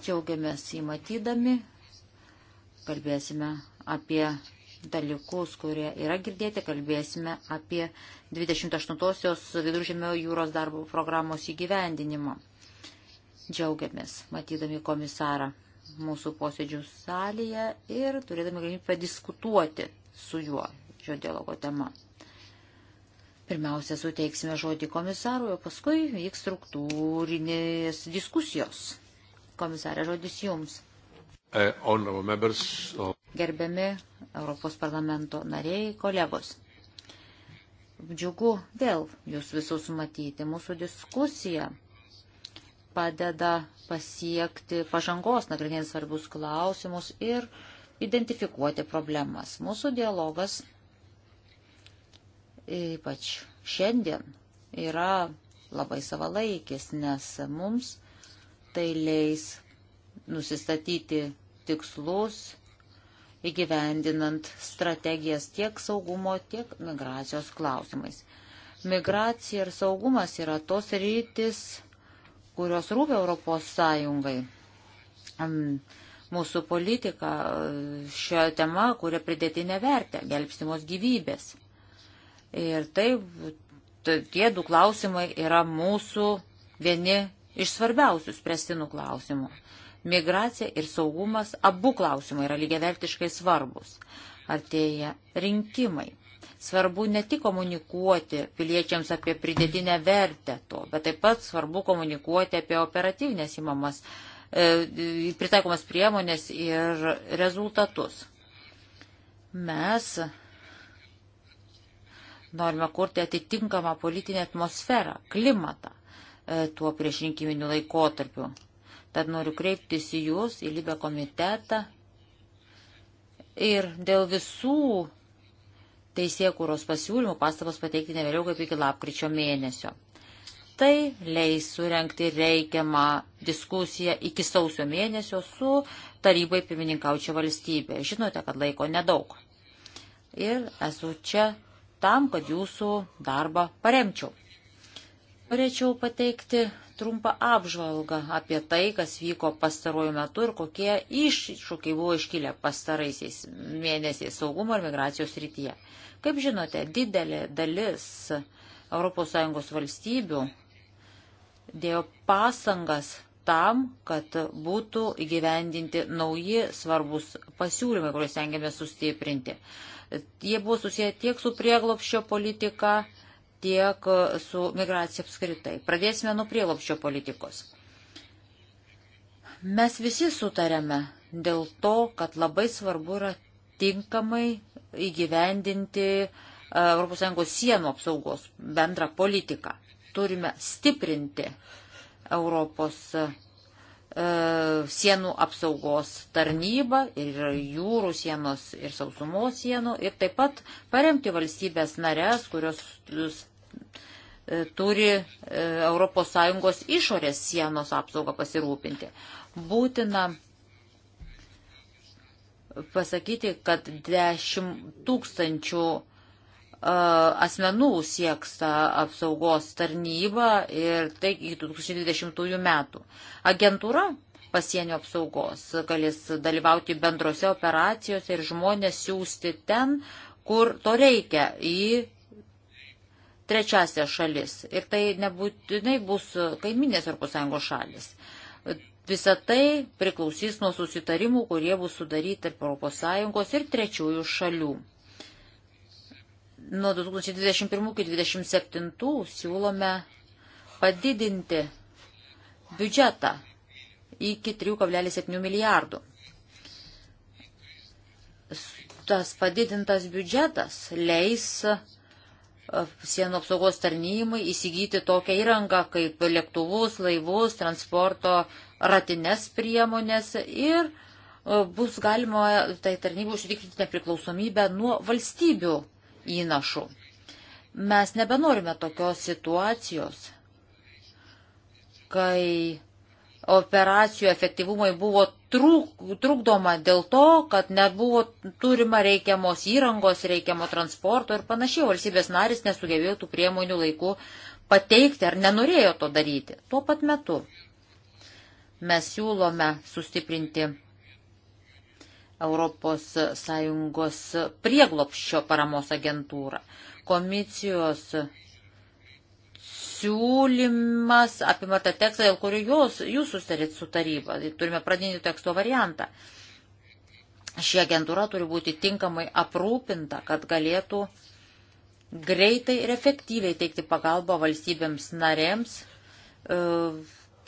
Džiaugiamės jį matydami, kalbėsime apie dalykus, kurie yra girdėti, kalbėsime apie 28-osios viduržėmio jūros darbo programos įgyvendinimą. Džiaugiamės, matydami komisarą mūsų posėdžių salėje ir turėdami galimybę diskutuoti su juo šio dialogo tema. Pirmiausia, suteiksime žodį komisarui, o paskui vyks struktūrinės diskusijos. Komisarė, žodis jums. Uh, gerbiami Europos parlamento nariai, kolegos. Džiugu vėl jūs visus matyti. Mūsų diskusija padeda pasiekti pažangos, nagrinėjant svarbus klausimus ir identifikuoti problemas. Mūsų dialogas, ypač šiandien, yra labai savalaikis, nes mums tai leis nusistatyti tikslus įgyvendinant strategijas tiek saugumo, tiek migracijos klausimais. Migracija ir saugumas yra tos rytis, kurios rūpia Europos Sąjungai. Mūsų politika e, šioje tema, kuria pridėtinė vertė, gelbstimos gyvybės. Ir tai, tie du klausimai yra mūsų vieni iš svarbiausių spręstinų klausimų. Migracija ir saugumas abu klausimai yra lygiavertiškai svarbus. Artėja rinkimai. Svarbu ne tik komunikuoti piliečiams apie pridėtinę vertę to, bet taip pat svarbu komunikuoti apie operatyvinės įmamas, e, pritaikomas priemonės ir rezultatus. Mes norime kurti atitinkamą politinę atmosferą, klimatą e, tuo priešrinkiminiu laikotarpiu. Tad noriu kreiptis į Jūs, į Libę komitetą. Ir dėl visų teisėkūros pasiūlymų pastabas pateikti ne vėliau kaip iki lapkričio mėnesio. Tai leis surenkti reikiamą diskusiją iki sausio mėnesio su tarybai pirmininkaučia valstybė. Žinote, kad laiko nedaug. Ir esu čia tam, kad jūsų darbą paremčiau. Norėčiau pateikti trumpą apžvalgą apie tai, kas vyko pastaruoju metu ir kokie iššūkiai buvo iškilę pastaraisiais mėnesiais saugumo ir migracijos rytyje. Kaip žinote, didelė dalis ES valstybių dėjo pasangas tam, kad būtų įgyvendinti nauji svarbus pasiūlymai, kuriuos tengiame sustiprinti. Jie buvo susiję tiek su prieglopščio politika, tiek su migracija apskritai. Pradėsime nuo prielopščio politikos. Mes visi sutarėme dėl to, kad labai svarbu yra tinkamai įgyvendinti e, ES sienų apsaugos bendrą politiką. Turime stiprinti Europos e, sienų apsaugos tarnybą ir jūrų sienos ir sausumos sienų ir taip pat paremti valstybės narės, kurios E, turi ES išorės sienos apsaugą pasirūpinti. Būtina pasakyti, kad 10 tūkstančių e, asmenų sieks apsaugos tarnybą ir tai iki 2020 metų. Agentūra pasienio apsaugos galės dalyvauti bendrose operacijose ir žmonės siūsti ten, kur to reikia, į trečiasią šalis. Ir tai nebūtinai bus kaiminės Europos Sąjungos šalis. Visą tai priklausys nuo susitarimų, kurie bus sudaryti tarp Europos Sąjungos ir trečiųjų šalių. Nuo 2021 iki 2027 siūlome padidinti biudžetą iki 3,7 milijardų. Tas padidintas biudžetas leis sienų apsaugos tarnymai įsigyti tokią įrangą kaip lėktuvus, laivus, transporto ratinės priemonės ir e, bus galima tai tarnybų užtikrinti nepriklausomybę nuo valstybių įnašų. Mes nebenorime tokios situacijos, kai operacijų efektyvumai buvo trūk, trukdoma dėl to, kad nebuvo turima reikiamos įrangos, reikiamo transporto ir panašiai. Valstybės narys nesugebėjo tų priemonių laiku pateikti ar nenorėjo to daryti. Tuo pat metu mes siūlome sustiprinti ES prieglopščio paramos agentūrą. Komisijos siūlymas apima tą tekstą, dėl kurio jūs, jūs susitarėt su taryba. Tai turime pradinį teksto variantą. Ši agentūra turi būti tinkamai aprūpinta, kad galėtų greitai ir efektyviai teikti pagalbą valstybėms narėms, e,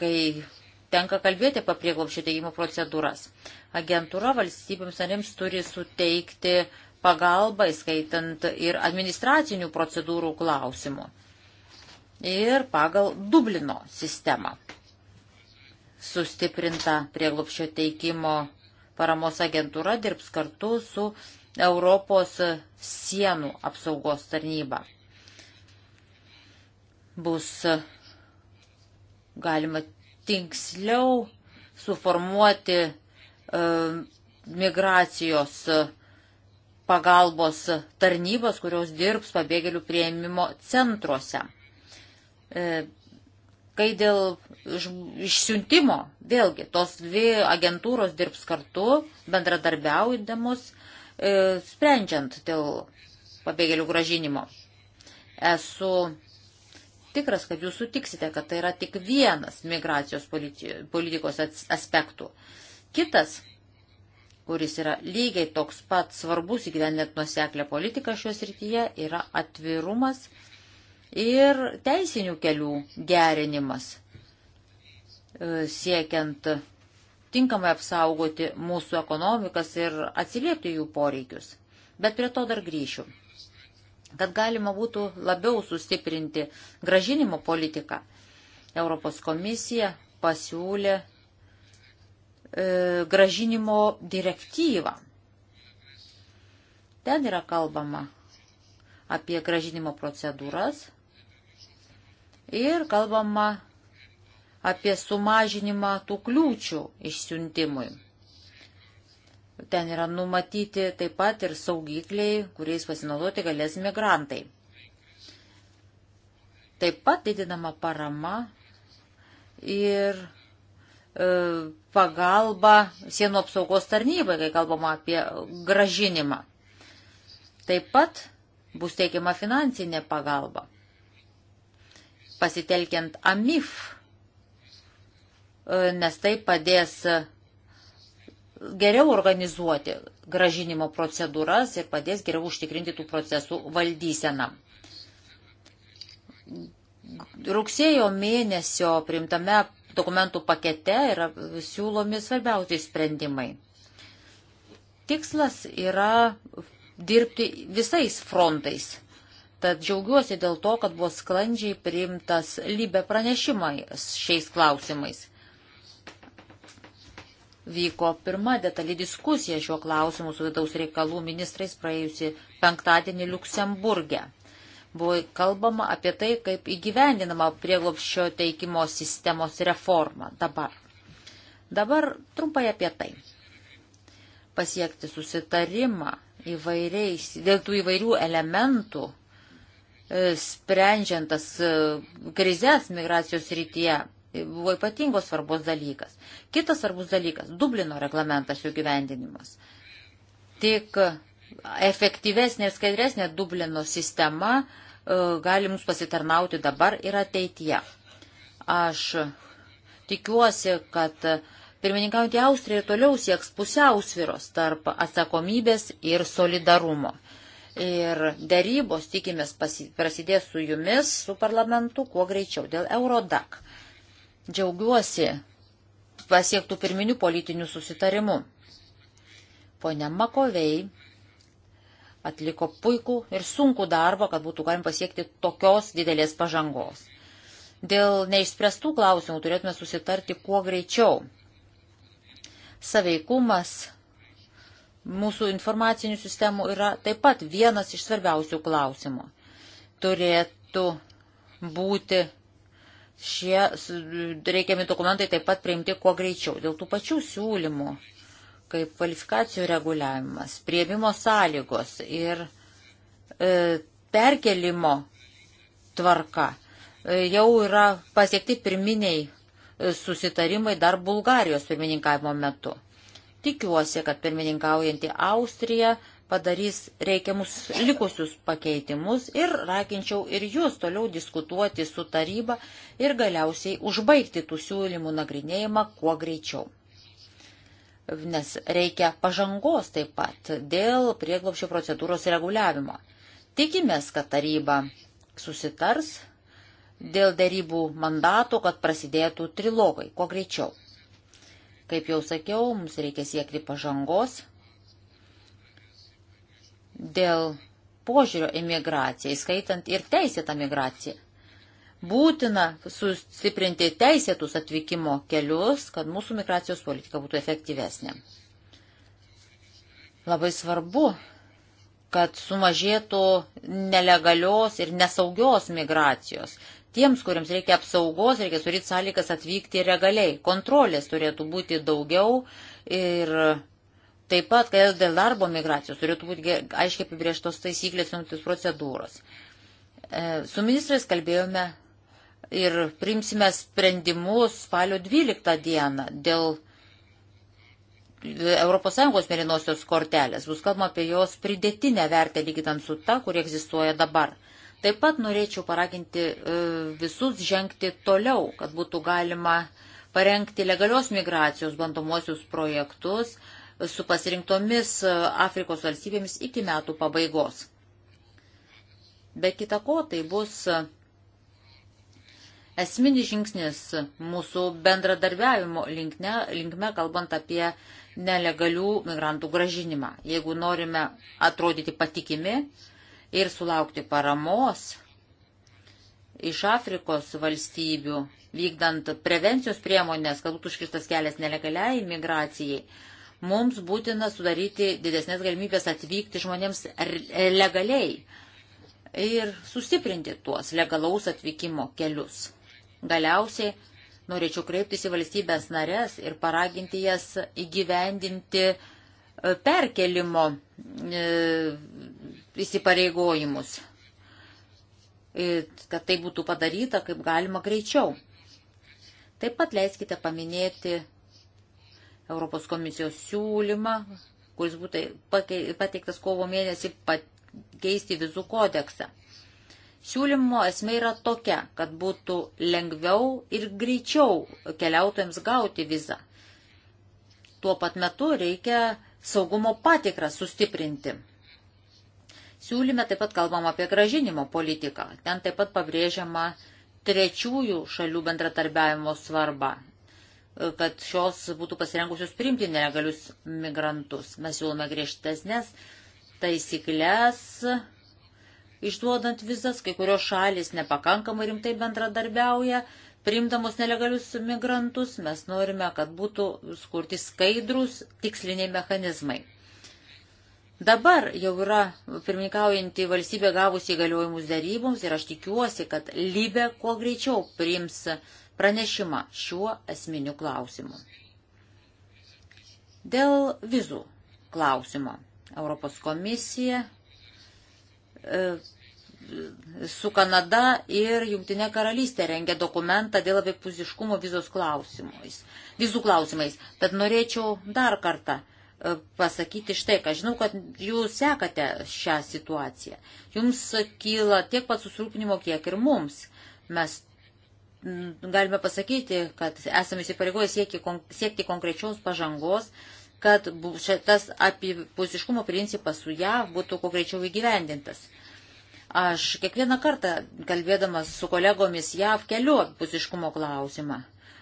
kai tenka kalbėti apie prieglobšio teikimo procedūras. Agentūra valstybėms narėms turi suteikti pagalbą, įskaitant ir administracinių procedūrų klausimų ir pagal Dublino sistemą. Sustiprinta prieglopščio teikimo paramos agentūra dirbs kartu su Europos sienų apsaugos tarnyba. Bus galima tinksliau suformuoti e, migracijos pagalbos tarnybos, kurios dirbs pabėgėlių prieimimo centruose. E, kai dėl išsiuntimo, vėlgi, tos dvi agentūros dirbs kartu, bendradarbiaujamos, e, sprendžiant dėl pabėgėlių gražinimo. Esu tikras, kad jūs sutiksite, kad tai yra tik vienas migracijos politikos aspektų. Kitas, kuris yra lygiai toks pat svarbus įgyvendinant nuseklę politiką šios rytyje, yra atvirumas ir teisinių kelių gerinimas, e, siekiant tinkamai apsaugoti mūsų ekonomikas ir atsiliepti jų poreikius. Bet prie to dar grįšiu. Kad galima būtų labiau sustiprinti gražinimo politiką, Europos komisija pasiūlė e, gražinimo direktyvą. Ten yra kalbama apie gražinimo procedūras, ir kalbama apie sumažinimą tų kliūčių išsiuntimui. Ten yra numatyti taip pat ir saugikliai, kuriais pasinaudoti galės migrantai. Taip pat didinama parama ir e, pagalba sienų apsaugos tarnybai, kai kalbama apie gražinimą. Taip pat bus teikiama finansinė pagalba pasitelkiant AMIF, e, nes tai padės geriau organizuoti gražinimo procedūras ir padės geriau užtikrinti tų procesų valdyseną. Rugsėjo mėnesio priimtame dokumentų pakete yra siūlomi svarbiausiai sprendimai. Tikslas yra dirbti visais frontais Tad džiaugiuosi dėl to, kad buvo sklandžiai priimtas lybė pranešimai šiais klausimais. Vyko pirma detali diskusija šiuo klausimu su vidaus reikalų ministrais praėjusi penktadienį Luksemburgė. Buvo kalbama apie tai, kaip įgyvendinama prieglopščio teikimo sistemos reforma dabar. Dabar trumpai apie tai. Pasiekti susitarimą įvairiais, dėl tų įvairių elementų E, sprendžiantas e, krizės migracijos rytyje e, buvo ypatingos svarbos dalykas. Kitas svarbus dalykas - Dublino reglamentas jų gyvendinimas. Tik efektyvesnė ir skaidresnė Dublino sistema gali mums pasitarnauti dabar ir ateityje. Aš tikiuosi, kad pirmininkaujantį Austriją ir toliau sieks pusiausviros tarp atsakomybės ir solidarumo ir darybos tikimės prasidės su jumis, su parlamentu, kuo greičiau dėl Eurodak. Džiaugiuosi pasiektų pirminių politinių susitarimų. Pone Makovei atliko puikų ir sunkų darbą, kad būtų galim pasiekti tokios didelės pažangos. Dėl neišspręstų klausimų turėtume susitarti kuo greičiau. Saveikumas mūsų informacinių sistemų yra taip pat vienas iš svarbiausių klausimų. Turėtų būti šie reikiami dokumentai taip pat priimti kuo greičiau. Dėl tų pačių siūlymų, kaip kvalifikacijų reguliavimas, prieimimo sąlygos ir e, perkelimo tvarka, e, jau yra pasiekti pirminiai e, susitarimai dar Bulgarijos pirmininkavimo metu. Tikiuosi, kad pirmininkaujantį Austriją padarys reikiamus likusius pakeitimus ir raginčiau ir jūs toliau diskutuoti su taryba ir galiausiai užbaigti tų siūlymų nagrinėjimą kuo greičiau. Nes reikia pažangos taip pat dėl prieglopščio procedūros reguliavimo. Tikimės, kad taryba susitars dėl darybų mandato, kad prasidėtų trilogai kuo greičiau. Kaip jau sakiau, mums reikia siekti pažangos dėl požiūrio imigraciją, įskaitant ir teisėtą migraciją. Būtina sustiprinti teisėtus atvykimo kelius, kad mūsų migracijos politika būtų efektyvesnė. Labai svarbu, kad sumažėtų nelegalios ir nesaugios migracijos tiems, kuriems reikia apsaugos, reikia suryti sąlygas atvykti regaliai. Kontrolės turėtų būti daugiau ir taip pat, kad dėl darbo migracijos turėtų būti aiškiai apibrieštos taisyklės ir procedūros. E, su ministrais kalbėjome ir primsime sprendimus spalio 12 dieną dėl ES mėlynosios kortelės. Bus kalbama apie jos pridėtinę vertę lyginant su ta, kuri egzistuoja dabar. Taip pat norėčiau paraginti e, visus žengti toliau, kad būtų galima parengti legalios migracijos bandomuosius projektus su pasirinktomis e, Afrikos valstybėmis iki metų pabaigos. Be kita ko, tai bus esminis žingsnis mūsų bendradarbiavimo linkne, linkme, kalbant apie nelegalių migrantų gražinimą. Jeigu norime atrodyti patikimi, ir sulaukti paramos iš Afrikos valstybių, vykdant prevencijos priemonės, kad būtų užkirstas kelias nelegaliai imigracijai, mums būtina sudaryti didesnės galimybės atvykti žmonėms e, legaliai ir sustiprinti tuos legalaus atvykimo kelius. Galiausiai norėčiau kreiptis į valstybės narės ir paraginti jas įgyvendinti e, perkelimo e, įsipareigojimus, kad tai būtų padaryta kaip galima greičiau. Taip pat leiskite paminėti Europos komisijos siūlymą, kuris būtų pateiktas kovo mėnesį pakeisti vizų kodeksą. Siūlymo esmė yra tokia, kad būtų lengviau ir greičiau keliautojams gauti vizą. Tuo pat metu reikia saugumo patikrą sustiprinti. Siūlyme taip pat kalbam apie gražinimo politiką. Ten taip pat pabrėžiama trečiųjų šalių bendratarbiavimo svarba, kad šios būtų pasirengusios priimti nelegalius migrantus. Mes siūlome griežtesnės taisyklės išduodant vizas, kai kurios šalis nepakankamai rimtai bendradarbiauja, priimdamos nelegalius migrantus, mes norime, kad būtų skurti skaidrus tiksliniai mechanizmai. Dabar jau yra pirmininkaujanti valstybė gavusi įgaliojimus daryboms ir aš tikiuosi, kad Libė kuo greičiau priims pranešimą šiuo esminiu klausimu. Dėl vizų klausimo Europos komisija e, su Kanada ir Jungtinė karalystė rengia dokumentą dėl abipusiškumo vizos klausimais. Vizų klausimais. Tad norėčiau dar kartą pasakyti štai, ką žinau, kad jūs sekate šią situaciją. Jums kyla tiek pat susirūpinimo, kiek ir mums. Mes mm, galime pasakyti, kad esame įsipareigoję siekti, siekti konkrečios pažangos, kad šitas apipusiškumo principas su JAV būtų kuo greičiau įgyvendintas. Aš kiekvieną kartą, kalbėdamas su kolegomis JAV, keliu apipusiškumo klausimą.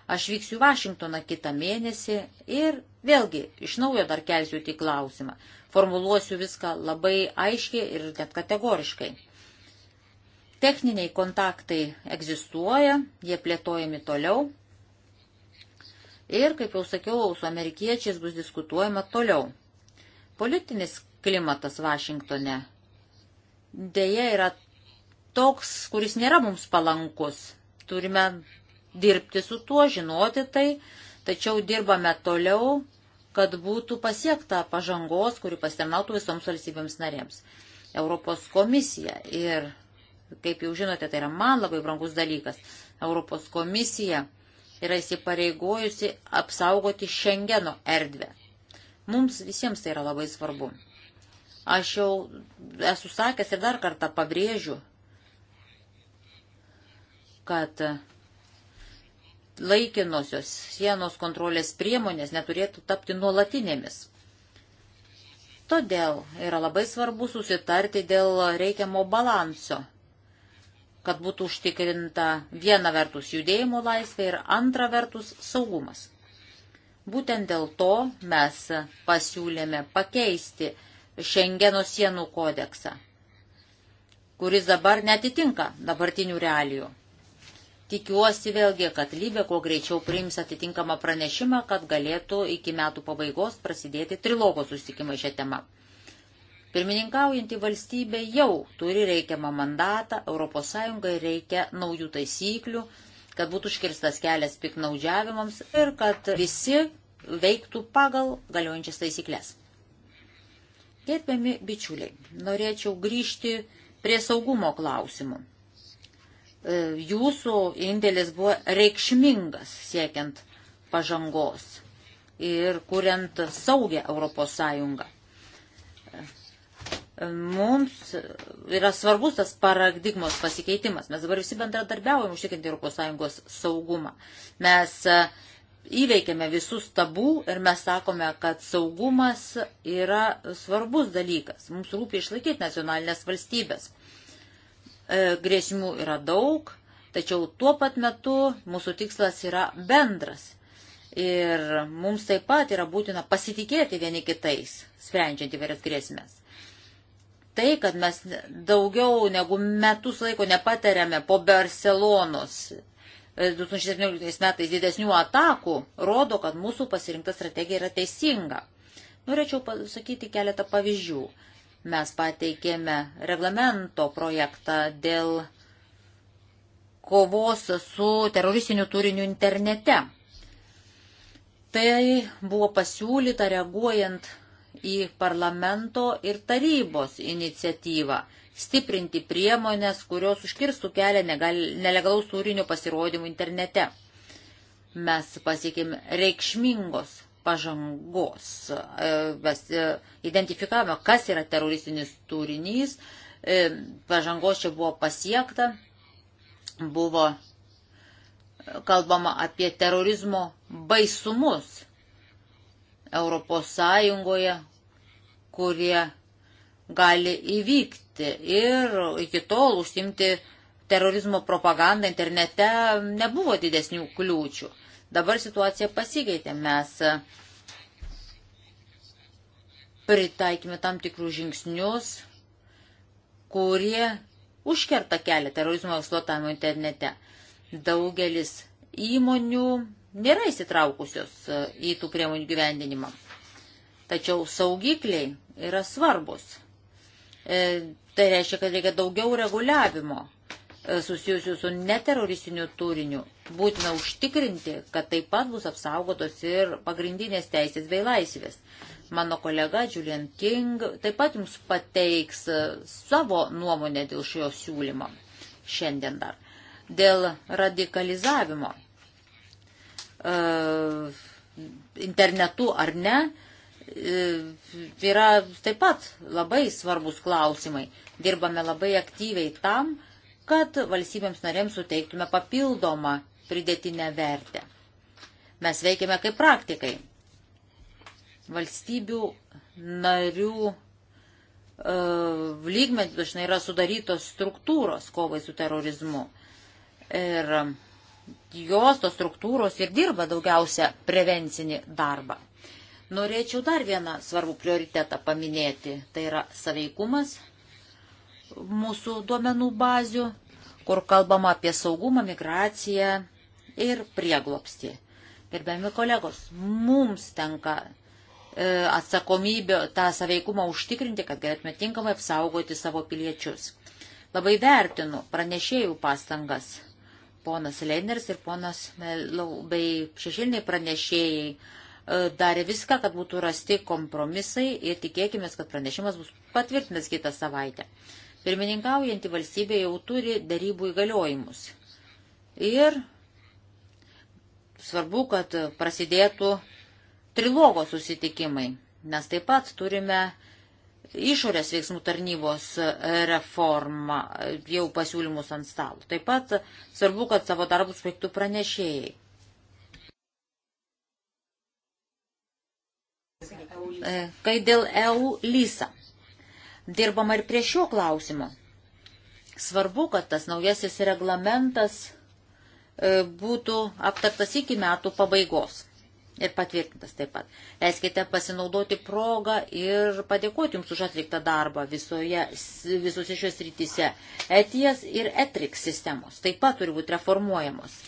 Aš vyksiu į Vašingtoną kitą mėnesį ir Vėlgi, iš naujo dar kelsiu tik klausimą. Formuluosiu viską labai aiškiai ir net kategoriškai. Techniniai kontaktai egzistuoja, jie plėtojami toliau. Ir, kaip jau sakiau, su amerikiečiais bus diskutuojama toliau. Politinis klimatas Vašingtone dėja yra toks, kuris nėra mums palankus. Turime dirbti su tuo, žinoti tai Tačiau dirbame toliau, kad būtų pasiekta pažangos, kuri pasitarnautų visoms valstybėms narėms. Europos komisija ir, kaip jau žinote, tai yra man labai brangus dalykas. Europos komisija yra įsipareigojusi apsaugoti Šengeno erdvę. Mums visiems tai yra labai svarbu. Aš jau esu sakęs ir dar kartą pabrėžiu, kad laikinosios sienos kontrolės priemonės neturėtų tapti nuolatinėmis. Todėl yra labai svarbu susitarti dėl reikiamo balanso, kad būtų užtikrinta viena vertus judėjimo laisvė ir antra vertus saugumas. Būtent dėl to mes pasiūlėme pakeisti Šengeno sienų kodeksą, kuris dabar netitinka dabartinių realijų. Tikiuosi vėlgi, kad Lybė kuo greičiau priims atitinkamą pranešimą, kad galėtų iki metų pabaigos prasidėti trilogo susitikimai šią temą. Pirmininkaujantį valstybę jau turi reikiamą mandatą, ES reikia naujų taisyklių, kad būtų užkirstas kelias piknaudžiavimams ir kad visi veiktų pagal galiojančias taisyklės. Gerbiami bičiuliai, norėčiau grįžti prie saugumo klausimų. E, jūsų indėlis buvo reikšmingas siekiant pažangos ir kuriant saugę Europos Sąjungą. E, mums yra svarbus tas paradigmos pasikeitimas. Mes dabar visi bendradarbiaujam užtikrinti Europos Sąjungos saugumą. Mes e, įveikėme visus tabų ir mes sakome, kad saugumas yra svarbus dalykas. Mums rūpi išlaikyti nacionalinės valstybės. E, grėsmių yra daug, tačiau tuo pat metu mūsų tikslas yra bendras. Ir mums taip pat yra būtina pasitikėti vieni kitais, sprendžiant įvairias grėsmės. Tai, kad mes daugiau negu metus laiko nepatariame po Barcelonos 2017 e, metais didesnių atakų, rodo, kad mūsų pasirinkta strategija yra teisinga. Norėčiau pasakyti keletą pavyzdžių. Mes pateikėme reglamento projektą dėl kovos su teroristiniu turiniu internete. Tai buvo pasiūlyta reaguojant į parlamento ir tarybos iniciatyvą stiprinti priemonės, kurios užkirstų kelią nelegalaus turinio pasirodymų internete. Mes pasiekėm reikšmingos pažangos. E, mes e, identifikavome, kas yra teroristinis turinys, e, pažangos čia buvo pasiekta, buvo kalbama apie terorizmo baisumus Europos Sąjungoje, kurie gali įvykti ir iki tol užsimti terorizmo propagandą internete nebuvo didesnių kliūčių. Dabar situacija pasikeitė. Mes e, pritaikėme tam tikrus žingsnius, kurie užkerta kelią terorizmo eksploatavimo internete. Daugelis įmonių nėra įsitraukusios e, į tų priemonių gyvendinimą. Tačiau saugikliai yra svarbus. E, tai reiškia, kad reikia daugiau reguliavimo susijusių su neteroristiniu turiniu, būtina užtikrinti, kad taip pat bus apsaugotos ir pagrindinės teisės bei laisvės. Mano kolega Julian King taip pat jums pateiks e, savo nuomonę dėl šio siūlymo šiandien dar. Dėl radikalizavimo e, internetu ar ne e, yra taip pat labai svarbus klausimai. Dirbame labai aktyviai tam, kad valstybėms narėms suteiktume papildomą pridėtinę vertę. Mes veikiame kaip praktikai. Valstybių narių e, lygmenį dažnai yra sudarytos struktūros kovai su terorizmu. Ir jos tos struktūros ir dirba daugiausia prevencinį darbą. Norėčiau dar vieną svarbų prioritetą paminėti. Tai yra saveikumas mūsų duomenų bazių, kur kalbama apie saugumą, migraciją ir prieglopstį. Gerbiami kolegos, mums tenka e, atsakomybė tą saveikumą užtikrinti, kad galėtume tinkamai apsaugoti savo piliečius. Labai vertinu pranešėjų pastangas. Ponas Leiners ir ponas Melau bei šešiliniai pranešėjai e, darė viską, kad būtų rasti kompromisai ir tikėkime, kad pranešimas bus patvirtintas kitą savaitę. Pirmininkaujanti valstybė jau turi darybų įgaliojimus. Ir svarbu, kad prasidėtų trilogo susitikimai. Mes taip pat turime išorės veiksmų tarnybos reformą, jau pasiūlymus ant stalo. Taip pat svarbu, kad savo darbus veiktų pranešėjai. E, kai dėl EU lysa dirbama ir prie šio klausimo. Svarbu, kad tas naujasis reglamentas e, būtų aptartas iki metų pabaigos ir patvirtintas taip pat. Leiskite pasinaudoti progą ir padėkoti Jums už atliktą darbą visoje, visose šios rytise. ETIAS ir ETRIX sistemos taip pat turi būti reformuojamos.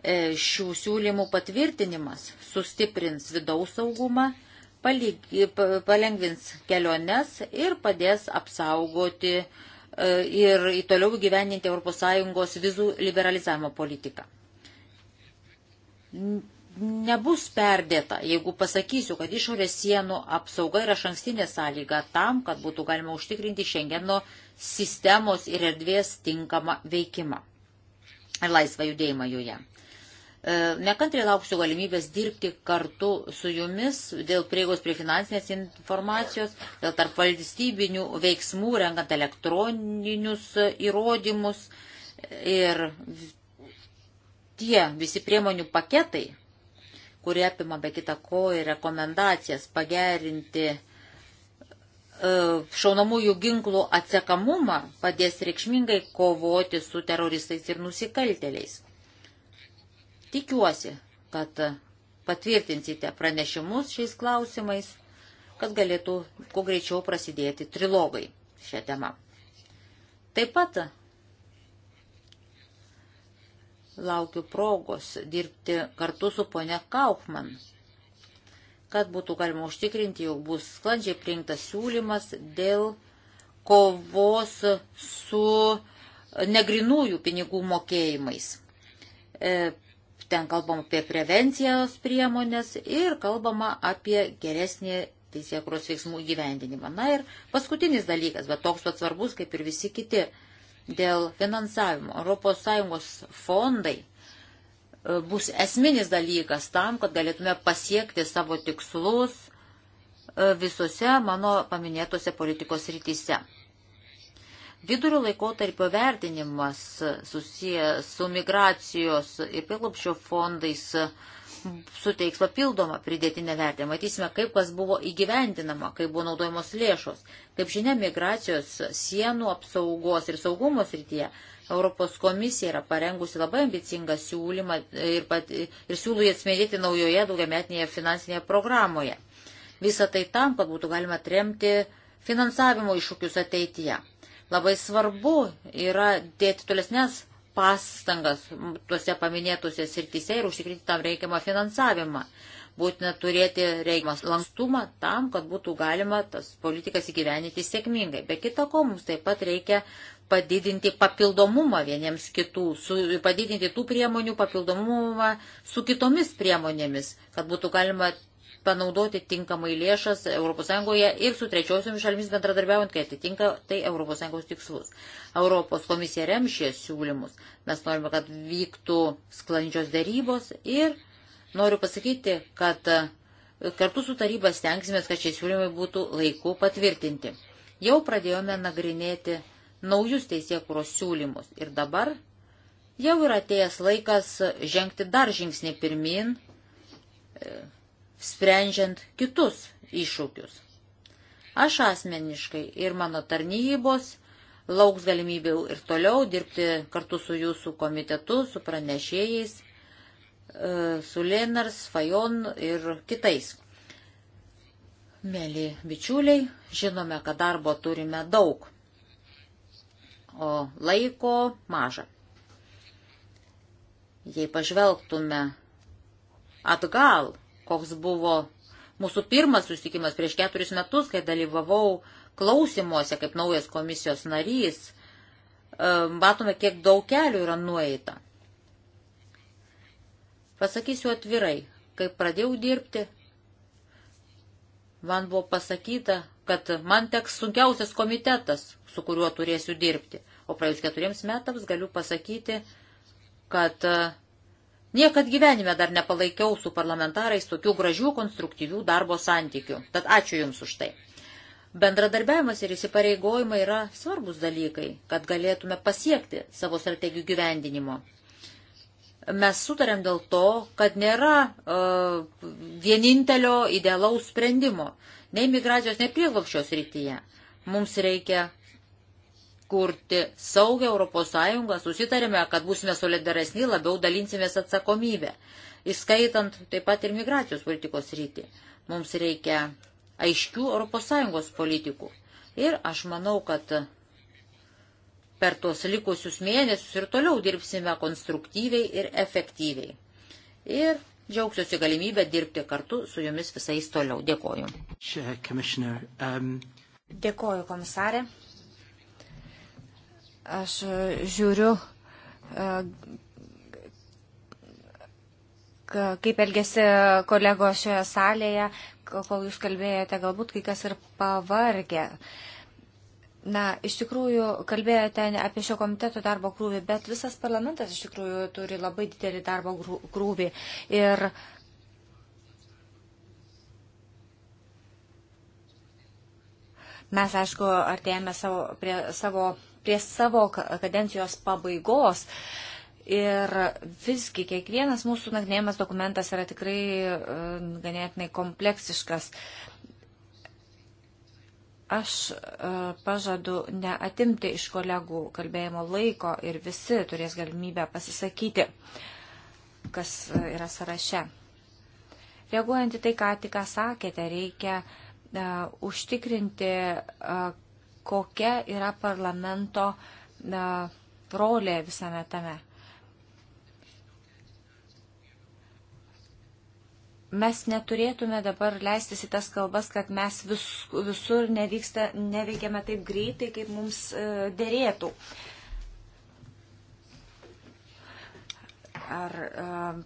E, šių siūlymų patvirtinimas sustiprins vidaus saugumą palyg, palengvins keliones ir padės apsaugoti e, ir toliau gyveninti ES vizų liberalizavimo politiką. Nebus perdėta, jeigu pasakysiu, kad išorės sienų apsauga yra šankstinė sąlyga tam, kad būtų galima užtikrinti Šengeno sistemos ir erdvės tinkamą veikimą ir laisvą judėjimą joje. E, nekantriai lauksiu galimybės dirbti kartu su jumis dėl prieigos prie finansinės informacijos, dėl tarp valstybinių veiksmų, renkant elektroninius įrodymus ir tie visi priemonių paketai, kurie apima be kita ko ir rekomendacijas pagerinti e, šaunamųjų ginklų atsekamumą, padės reikšmingai kovoti su teroristais ir nusikalteliais. Tikiuosi, kad patvirtinsite pranešimus šiais klausimais, kad galėtų kuo greičiau prasidėti trilogai šią temą. Taip pat laukiu progos dirbti kartu su ponia Kaufman, kad būtų galima užtikrinti, jog bus sklandžiai priimtas siūlymas dėl kovos su negrinųjų pinigų mokėjimais. E, Ten kalbam apie prevencijos priemonės ir kalbama apie geresnį teisėkros veiksmų gyvendinimą. Na ir paskutinis dalykas, bet toks pat svarbus kaip ir visi kiti, dėl finansavimo. ES fondai e, bus esminis dalykas tam, kad galėtume pasiekti savo tikslus e, visose mano paminėtose politikos rytise. Vidurio laikotarpio vertinimas susijęs su migracijos ir pilopščio fondais suteiks papildomą pridėtinę vertę. Matysime, kaip kas buvo įgyvendinama, kaip buvo naudojamos lėšos. Kaip žinia, migracijos sienų apsaugos ir saugumo srityje Europos komisija yra parengusi labai ambicingą siūlymą ir, pat, ir siūlų jį atspindėti naujoje daugiametinėje finansinėje programoje. Visą tai tam, kad būtų galima tremti finansavimo iššūkius ateityje. Labai svarbu yra dėti tolesnės pastangas tuose paminėtuose srityse ir užtikrinti tam reikiamą finansavimą. Būtina turėti reikiamą lankstumą tam, kad būtų galima tas politikas įgyveninti sėkmingai. Be kita ko, mums taip pat reikia padidinti papildomumą vieniems kitų, su, padidinti tų priemonių papildomumą su kitomis priemonėmis, kad būtų galima panaudoti tinkamai lėšas ES ir su trečiosiomis šalimis bendradarbiaujant, kai atitinka tai ES tikslus. Europos komisija rem šie siūlymus. Mes norime, kad vyktų sklandžios dėrybos ir noriu pasakyti, kad e, kartu su taryba stengsime, kad šie siūlymai būtų laiku patvirtinti. Jau pradėjome nagrinėti naujus teisėkūros siūlymus ir dabar jau yra atėjęs laikas žengti dar žingsnį pirmin e, sprendžiant kitus iššūkius. Aš asmeniškai ir mano tarnybos lauks galimybė ir toliau dirbti kartu su jūsų komitetu, su pranešėjais, e, su Lenars, Fajon ir kitais. Mėly bičiuliai, žinome, kad darbo turime daug, o laiko maža. Jei pažvelgtume atgal koks buvo mūsų pirmas susitikimas prieš keturis metus, kai dalyvavau klausimuose kaip naujas komisijos narys, e, matome, kiek daug kelių yra nueita. Pasakysiu atvirai, kai pradėjau dirbti, man buvo pasakyta, kad man teks sunkiausias komitetas, su kuriuo turėsiu dirbti. O praėjus keturiems metams galiu pasakyti, kad uh, Niekad gyvenime dar nepalaikiau su parlamentarais tokių gražių konstruktyvių darbo santykių. Tad ačiū Jums už tai. Bendradarbiavimas ir įsipareigojimai yra svarbus dalykai, kad galėtume pasiekti savo strategijų gyvendinimo. Mes sutarėm dėl to, kad nėra uh, vienintelio idealaus sprendimo, nei migracijos, nei prieglopščios rytyje. Mums reikia kurti saugę Europos Sąjungą, susitarėme, kad būsime solidaresni, labiau dalinsimės atsakomybę, įskaitant taip pat ir migracijos politikos rytį. Mums reikia aiškių Europos Sąjungos politikų. Ir aš manau, kad per tuos likusius mėnesius ir toliau dirbsime konstruktyviai ir efektyviai. Ir džiaugsiuosi galimybę dirbti kartu su jumis visais toliau. Dėkoju. Um, Dėkoju, komisarė. Aš e, žiūriu, e, kaip elgesi kolego šioje salėje, kol jūs kalbėjote, galbūt kai kas ir pavargė. Na, iš tikrųjų, kalbėjote apie šio komiteto darbo krūvį, bet visas parlamentas iš tikrųjų turi labai didelį darbo krūvį. Ir mes, aišku, artėjame savo, prie savo prie savo kadencijos pabaigos. Ir visgi kiekvienas mūsų nagrinėjimas dokumentas yra tikrai e, ganėtinai kompleksiškas. Aš e, pažadu neatimti iš kolegų kalbėjimo laiko ir visi turės galimybę pasisakyti, kas e, yra sąraše. Reaguojant į tai, ką tik sakėte, reikia uh, užtikrinti, uh, kokia yra parlamento rolė visame tame. mes neturėtume dabar leistis į tas kalbas, kad mes vis, visur nevyksta, neveikiame taip greitai, kaip mums e, dėrėtų. E, ar e,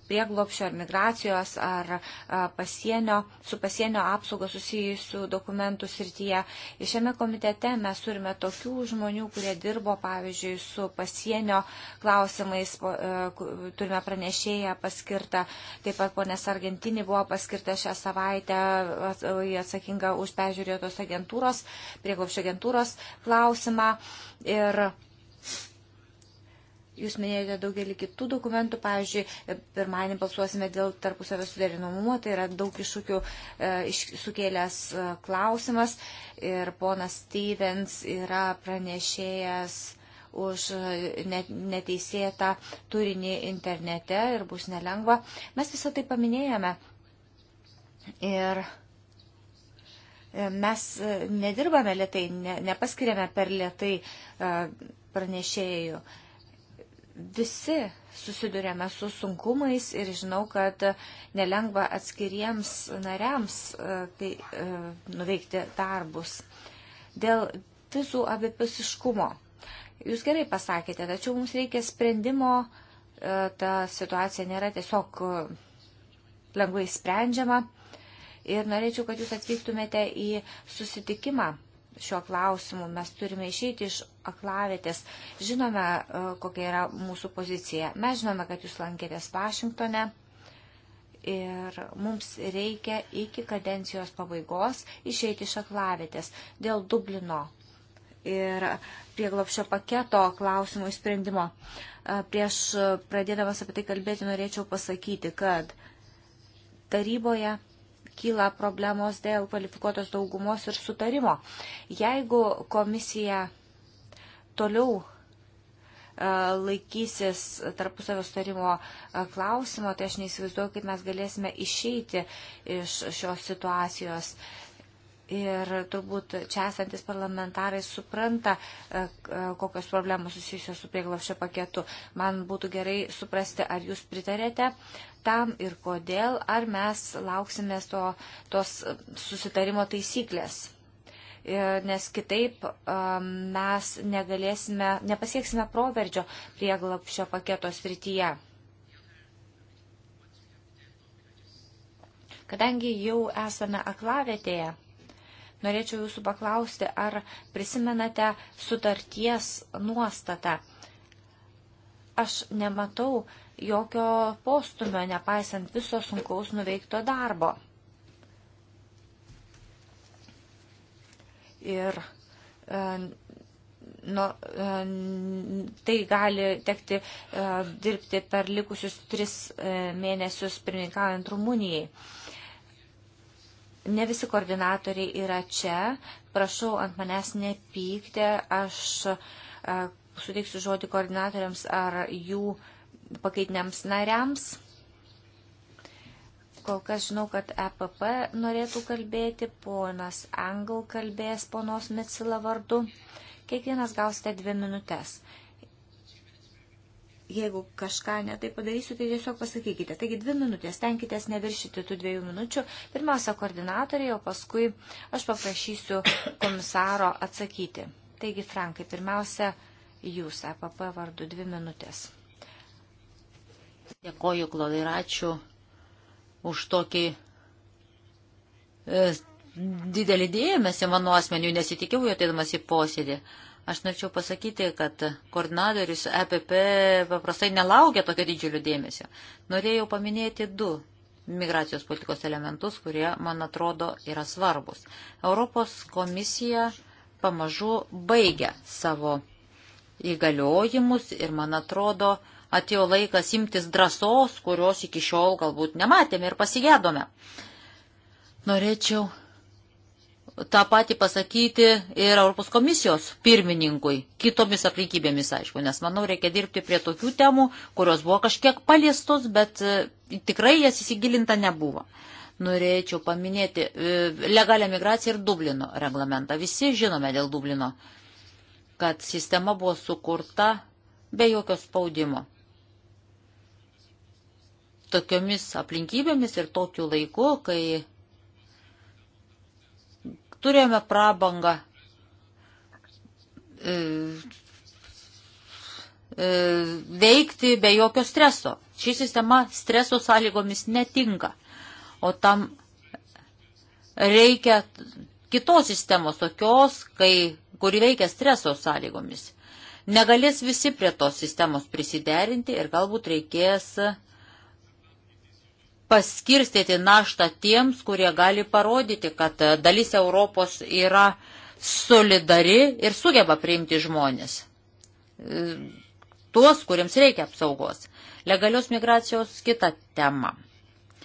prieglopšio, ar migracijos, ar e, pasienio, su pasienio apsauga susijusių dokumentų srityje. Ir šiame komitete mes turime tokių žmonių, kurie dirbo, pavyzdžiui, su pasienio klausimais, e, turime pranešėją paskirtą, taip pat ponės Argentinį buvo paskirta šią savaitę atsakinga už peržiūrėtos agentūros, prieglopšio agentūros klausimą. Ir Jūs minėjote daugelį kitų dokumentų, pavyzdžiui, pirmąjį balsuosime dėl tarpusavio suderinamumo, tai yra daug iššūkių e, sukėlęs e, klausimas ir ponas Stevens yra pranešėjas už e, neteisėtą turinį internete ir bus nelengva. Mes visą tai paminėjome. Ir e, mes e, nedirbame lietai, ne, nepaskiriame per lietai pranešėjų. E, visi susidurėme su sunkumais ir žinau, kad nelengva atskiriems nariams tai, nuveikti darbus. Dėl vizų abipusiškumo. Jūs gerai pasakėte, tačiau mums reikia sprendimo, e, ta situacija nėra tiesiog lengvai sprendžiama. Ir norėčiau, kad jūs atvyktumėte į susitikimą šio klausimu. Mes turime išeiti iš aklavėtės. Žinome, e, kokia yra mūsų pozicija. Mes žinome, kad jūs lankėtės Vašingtone ir mums reikia iki kadencijos pabaigos išeiti iš aklavėtės dėl Dublino ir prieglopšio paketo klausimų įsprendimo. E, prieš pradėdamas apie tai kalbėti norėčiau pasakyti, kad taryboje kyla problemos dėl kvalifikuotos daugumos ir sutarimo. Jeigu komisija toliau e, laikysis tarpusavio starimo e, klausimo, tai aš neįsivaizduoju, kaip mes galėsime išeiti iš šios situacijos. Uh, Ir turbūt čia esantis parlamentarai supranta, e, e, kokios problemos susijusios su prieglapščio paketu. Man būtų gerai suprasti, ar jūs pritarėte tam ir kodėl, ar mes lauksime to, tos susitarimo taisyklės. E, nes kitaip mes negalėsime, nepasieksime proveržio prieglapščio paketo srityje. Kadangi jau esame aklavėtėje, Norėčiau jūsų paklausti, ar prisimenate sutarties nuostatą. Aš nematau jokio postumio, nepaisant viso sunkaus nuveikto darbo. Ir e, nu, e, tai gali tekti e, dirbti per likusius tris e, mėnesius pirmininkaujant Rumunijai ne visi koordinatoriai yra čia. Prašau ant manęs nepykti. Aš e, suteiksiu žodį koordinatoriams ar jų pakaitiniams nariams. Kol kas žinau, kad EPP norėtų kalbėti, ponas Angl kalbės ponos Mitsila vardu. Kiekvienas gausite dvi minutės jeigu kažką netai padarysiu, tai tiesiog pasakykite. Taigi dvi minutės, tenkitės neviršyti tų dviejų minučių. Pirmiausia, koordinatoriai, o paskui aš paprašysiu komisaro atsakyti. Taigi, Frankai, pirmiausia, jūs, APP vardu, dvi minutės. Dėkoju, Klodai, ir ačiū už tokį e, didelį dėmesį mano asmeniu, nesitikėjau jo atėdamas į posėdį. E, Aš norėčiau pasakyti, kad koordinatorius EPP paprastai nelaukia tokio didžiulio dėmesio. Norėjau paminėti du migracijos politikos elementus, kurie, man atrodo, yra svarbus. Europos komisija pamažu baigia savo įgaliojimus ir, man atrodo, atėjo laikas imtis drąsos, kurios iki šiol galbūt nematėme ir pasigėdome. Norėčiau tą patį pasakyti ir Europos komisijos pirmininkui, kitomis aplinkybėmis, aišku, nes manau, reikia dirbti prie tokių temų, kurios buvo kažkiek paliestos, bet e, tikrai jas įsigilinta nebuvo. Norėčiau paminėti e, legalią migraciją ir Dublino reglamentą. Visi žinome dėl Dublino, kad sistema buvo sukurta be jokio spaudimo. Tokiomis aplinkybėmis ir tokiu laiku, kai turėjome prabangą e, e, veikti be jokio streso. Ši sistema streso sąlygomis netinka, o tam reikia kitos sistemos, tokios, kai, kuri veikia streso sąlygomis. Negalės visi prie tos sistemos prisiderinti ir galbūt reikės uh, paskirstyti naštą tiems, kurie gali parodyti, kad dalis Europos yra solidari ir sugeba priimti žmonės. Tuos, kuriems reikia apsaugos. Legalios migracijos kita tema.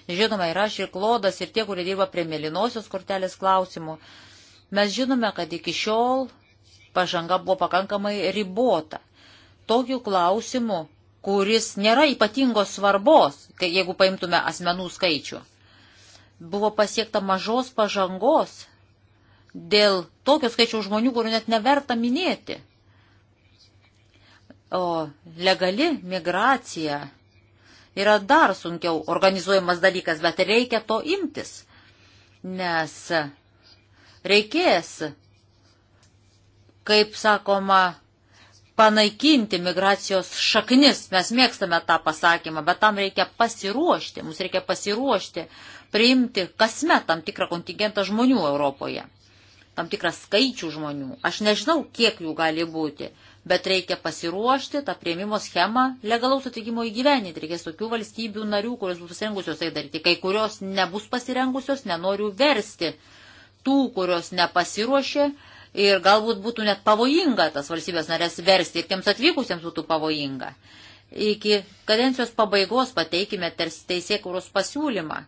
Žinoma, ir aš, ir Klodas, ir tie, kurie dirba prie mėlynosios kortelės klausimų. Mes žinome, kad iki šiol pažanga buvo pakankamai ribota. Tokių klausimų kuris nėra ypatingos svarbos, tai jeigu paimtume asmenų skaičių. Buvo pasiekta mažos pažangos dėl tokio skaičiaus žmonių, kurių net neverta minėti. O legali migracija yra dar sunkiau organizuojamas dalykas, bet reikia to imtis, nes reikės, kaip sakoma, panaikinti migracijos šaknis. Mes mėgstame tą pasakymą, bet tam reikia pasiruošti. Mums reikia pasiruošti priimti kasmet tam tikrą kontingentą žmonių Europoje. Tam tikrą skaičių žmonių. Aš nežinau, kiek jų gali būti, bet reikia pasiruošti tą prieimimo schemą legalaus atvykimo įgyveninti. Reikės tokių valstybių narių, kurios bus pasirengusios tai daryti. Kai kurios nebus pasirengusios, nenoriu versti. Tų, kurios nepasiruošė, ir galbūt būtų net pavojinga tas valstybės narės versti ir tiems atvykusiems būtų pavojinga. Iki kadencijos pabaigos pateikime teisėkūros pasiūlymą,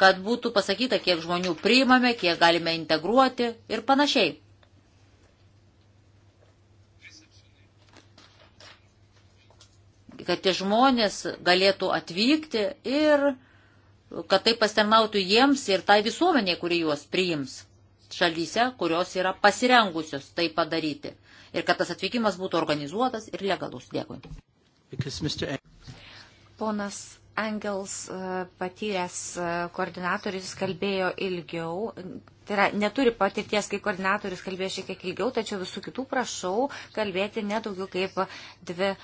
kad būtų pasakyta, kiek žmonių priimame, kiek galime integruoti ir panašiai. Kad tie žmonės galėtų atvykti ir kad tai pasitarnautų jiems ir tai visuomeniai, kuri juos priims šalyse, kurios yra pasirengusios tai padaryti. Ir kad tas atvykimas būtų organizuotas ir legalus. Dėkui. Ponas Engels e, patyręs e, koordinatorius kalbėjo ilgiau. Tai yra, neturi patirties, kai koordinatorius kalbėjo šiek tiek ilgiau, tačiau visų kitų prašau kalbėti nedaugiau kaip dvi e,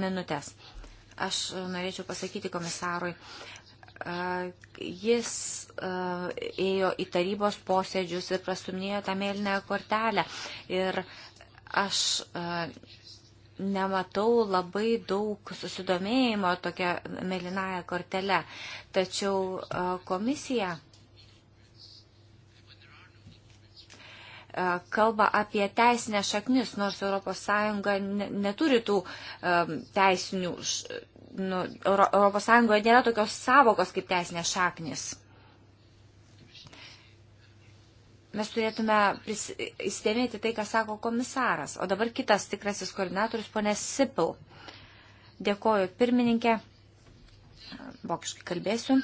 minutės. Aš norėčiau pasakyti komisarui, Uh, jis uh, ėjo į tarybos posėdžius ir prastumėjo tą mėlyną kortelę. Ir aš uh, nematau labai daug susidomėjimo tokia mėlynąją kortelę. Tačiau komisija kalba apie teisinę šaknis, nors ES neturi tų um, teisinių nu, Europos Sąjungoje nėra tokios savokos kaip teisinės šaknis. Mes turėtume įsidėmėti tai, ką sako komisaras. O dabar kitas tikrasis koordinatorius, ponė Sipil. Dėkoju pirmininkė. Vokiškai kalbėsiu.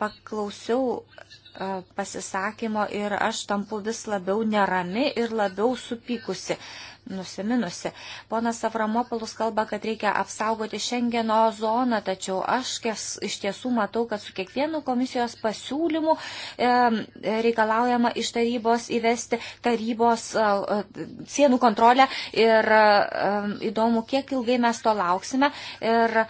Paklausiau e, pasisakymo ir aš tampu vis labiau nerami ir labiau supykusi nusiminusi. Ponas Avramopolus kalba, kad reikia apsaugoti Šengeno zoną, tačiau aš kes, iš tiesų matau, kad su kiekvienu komisijos pasiūlymu e, reikalaujama iš tarybos įvesti tarybos e, e sienų kontrolę ir e, įdomu, kiek ilgai mes to lauksime ir e,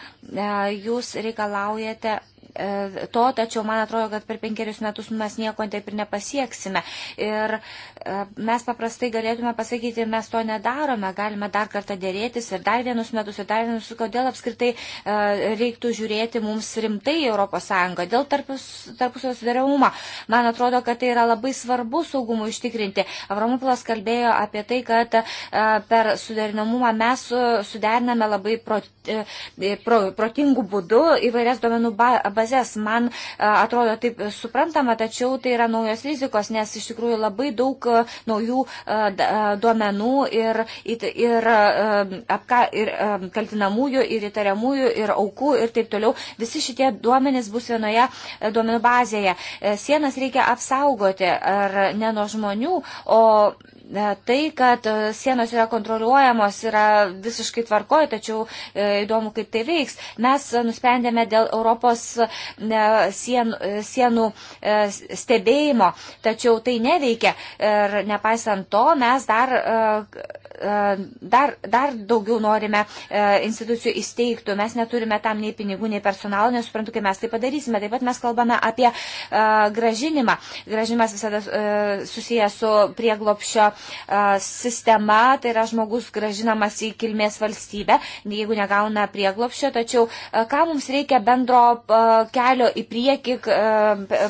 jūs reikalaujate E, to, tačiau man atrodo, kad per penkerius metus mes nieko taip ir nepasieksime. Ir e, mes paprastai galėtume pasakyti, mes to nedarome, galime dar kartą dėrėtis ir dar vienus metus, ir dar vienus, kodėl apskritai e, reiktų žiūrėti mums rimtai Europos Sąjungą, dėl tarpus, tarpusio sudariamumo. Man atrodo, kad tai yra labai svarbu saugumui užtikrinti. Avramopilas kalbėjo apie tai, kad per suderinamumą mes suderiname labai pro, pro, protingų būdų įvairias duomenų bazės bazės. Man e, atrodo taip suprantama, tačiau tai yra naujos rizikos, nes iš tikrųjų labai daug e, naujų e, duomenų ir, ir, ir, apka, ir kaltinamųjų, ir įtariamųjų, ir aukų ir taip toliau. Visi šitie duomenys bus vienoje duomenų bazėje. Sienas reikia apsaugoti ar ne nuo žmonių, o Tai, kad e, sienos yra kontroliuojamos, yra visiškai tvarkoje, tačiau e, įdomu, kaip tai veiks. Mes nusprendėme dėl Europos e, sienų, sienų stebėjimo, tačiau tai neveikia. Ir nepaisant to, mes dar E, dar, dar daugiau norime e, institucijų įsteigtų. Mes neturime tam nei pinigų, nei personalo, nesuprantu, kaip mes tai padarysime. Taip pat mes kalbame apie e, gražinimą. Gražinimas visada susijęs su prieglopšio sistema, tai yra žmogus gražinamas į kilmės valstybę, jeigu negauna prieglopšio. Tačiau ką mums reikia bendro kelio į priekį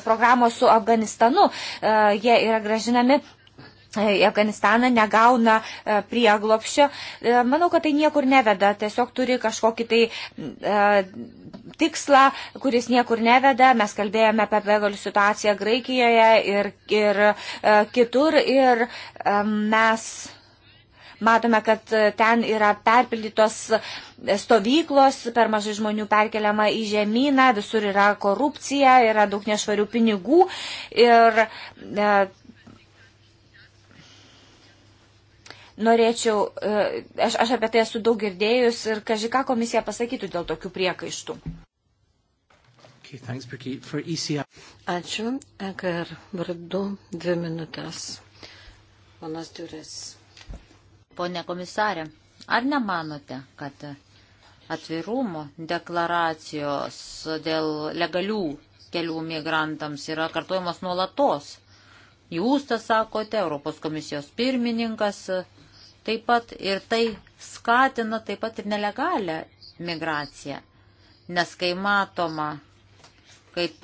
programos su Afganistanu? Jie yra gražinami į Afganistaną, negauna e, prieglopščio. E, manau, kad tai niekur neveda, tiesiog turi kažkokį tai e, tikslą, kuris niekur neveda. Mes kalbėjome apie pabėgėlių situaciją Graikijoje ir, ir kitur ir mes. Matome, kad ten yra perpildytos stovyklos, per mažai žmonių perkeliama į žemyną, visur yra korupcija, yra daug nešvarių pinigų ir norėčiau, e, aš, aš apie tai esu daug girdėjus ir kažką komisija pasakytų dėl tokių priekaištų. Okay, thanks, Brigitte, for ECR. Ačiū, EKR vardu, dvi minutės. Ponas Duris. Pone komisarė, ar nemanote, kad atvirumo deklaracijos dėl legalių kelių migrantams yra kartuojamos nuolatos? Jūs tą sakote, Europos komisijos pirmininkas, Taip pat ir tai skatina taip pat ir nelegalią migraciją. Nes kai matoma, kaip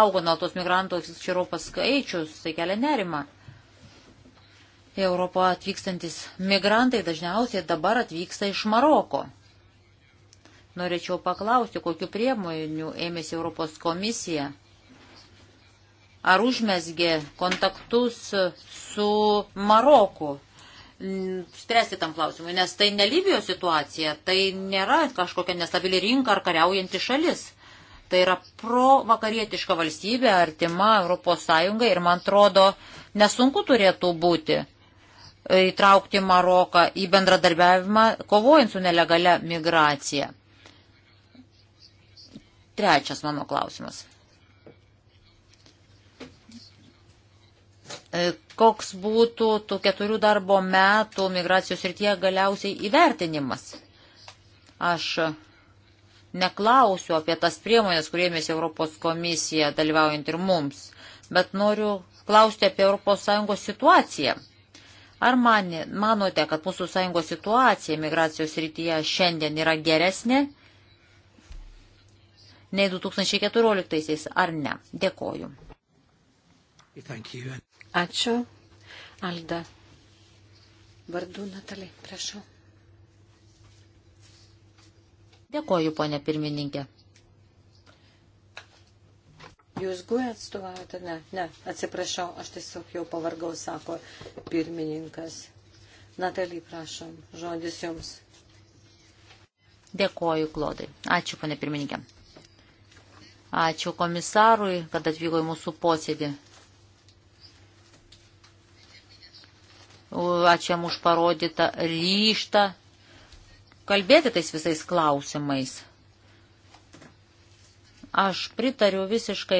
auga nuo tos migrantų iš Europos skaičius, tai kelia nerima. Į Europą atvykstantis migrantai dažniausiai dabar atvyksta iš Maroko. Norėčiau paklausti, kokiu priemonių ėmėsi Europos komisija. Ar užmesgė kontaktus su Maroku spręsti tam klausimui, nes tai ne Libijos situacija, tai nėra kažkokia nestabili rinka ar kariaujanti šalis. Tai yra provakarietiška valstybė, artima Europos Sąjunga ir man atrodo, nesunku turėtų būti įtraukti Maroką į bendradarbiavimą, kovojant su nelegalia migracija. Trečias mano klausimas. E, koks būtų tų keturių darbo metų migracijos rytie galiausiai įvertinimas. Aš neklausiu apie tas priemonės, kuriemės Europos komisija dalyvaujant ir mums, bet noriu klausti apie ES situaciją. Ar mani, manote, kad mūsų sąjungos situacija migracijos rytyje šiandien yra geresnė nei 2014-aisiais, ar ne? Dėkoju. Ačiū. Alda. Vardu Natalė, prašau. Dėkoju, ponė pirmininkė. Jūs gui atstovaujate? Ne, ne, atsiprašau, aš tiesiog jau pavargau, sako pirmininkas. Natalį, prašom, žodis jums. Dėkoju, Klodai. Ačiū, ponė pirmininkė. Ačiū komisarui, kad atvyko į mūsų posėdį. ačiū jam už parodytą ryštą kalbėti tais visais klausimais. Aš pritariu visiškai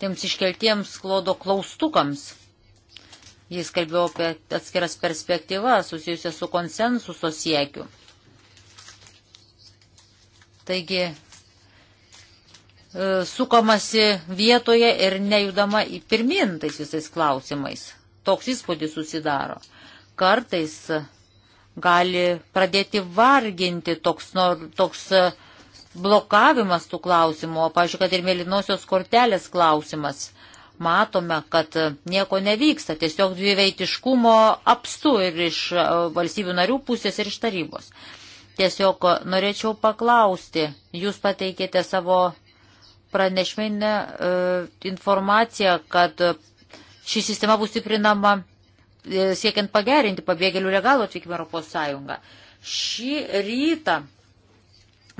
tiems iškeltiems klodo klaustukams. Jis kalbėjo apie atskiras perspektyvas susijusias su konsensuso siekiu. Taigi, e, sukamasi vietoje ir nejudama į pirmintais visais klausimais toks įspūdis susidaro. Kartais gali pradėti varginti toks, nor, toks e, blokavimas tų klausimų, o, pažiūrėk, kad ir mėlynosios kortelės klausimas. Matome, kad nieko nevyksta, tiesiog dviveitiškumo apstu ir iš e, valstybių narių pusės ir iš tarybos. Tiesiog norėčiau paklausti, jūs pateikėte savo pranešminę e, informaciją, kad Ši sistema bus stiprinama e, siekiant pagerinti pabėgėlių legalų atvykimą Europos Sąjungą. Šį rytą,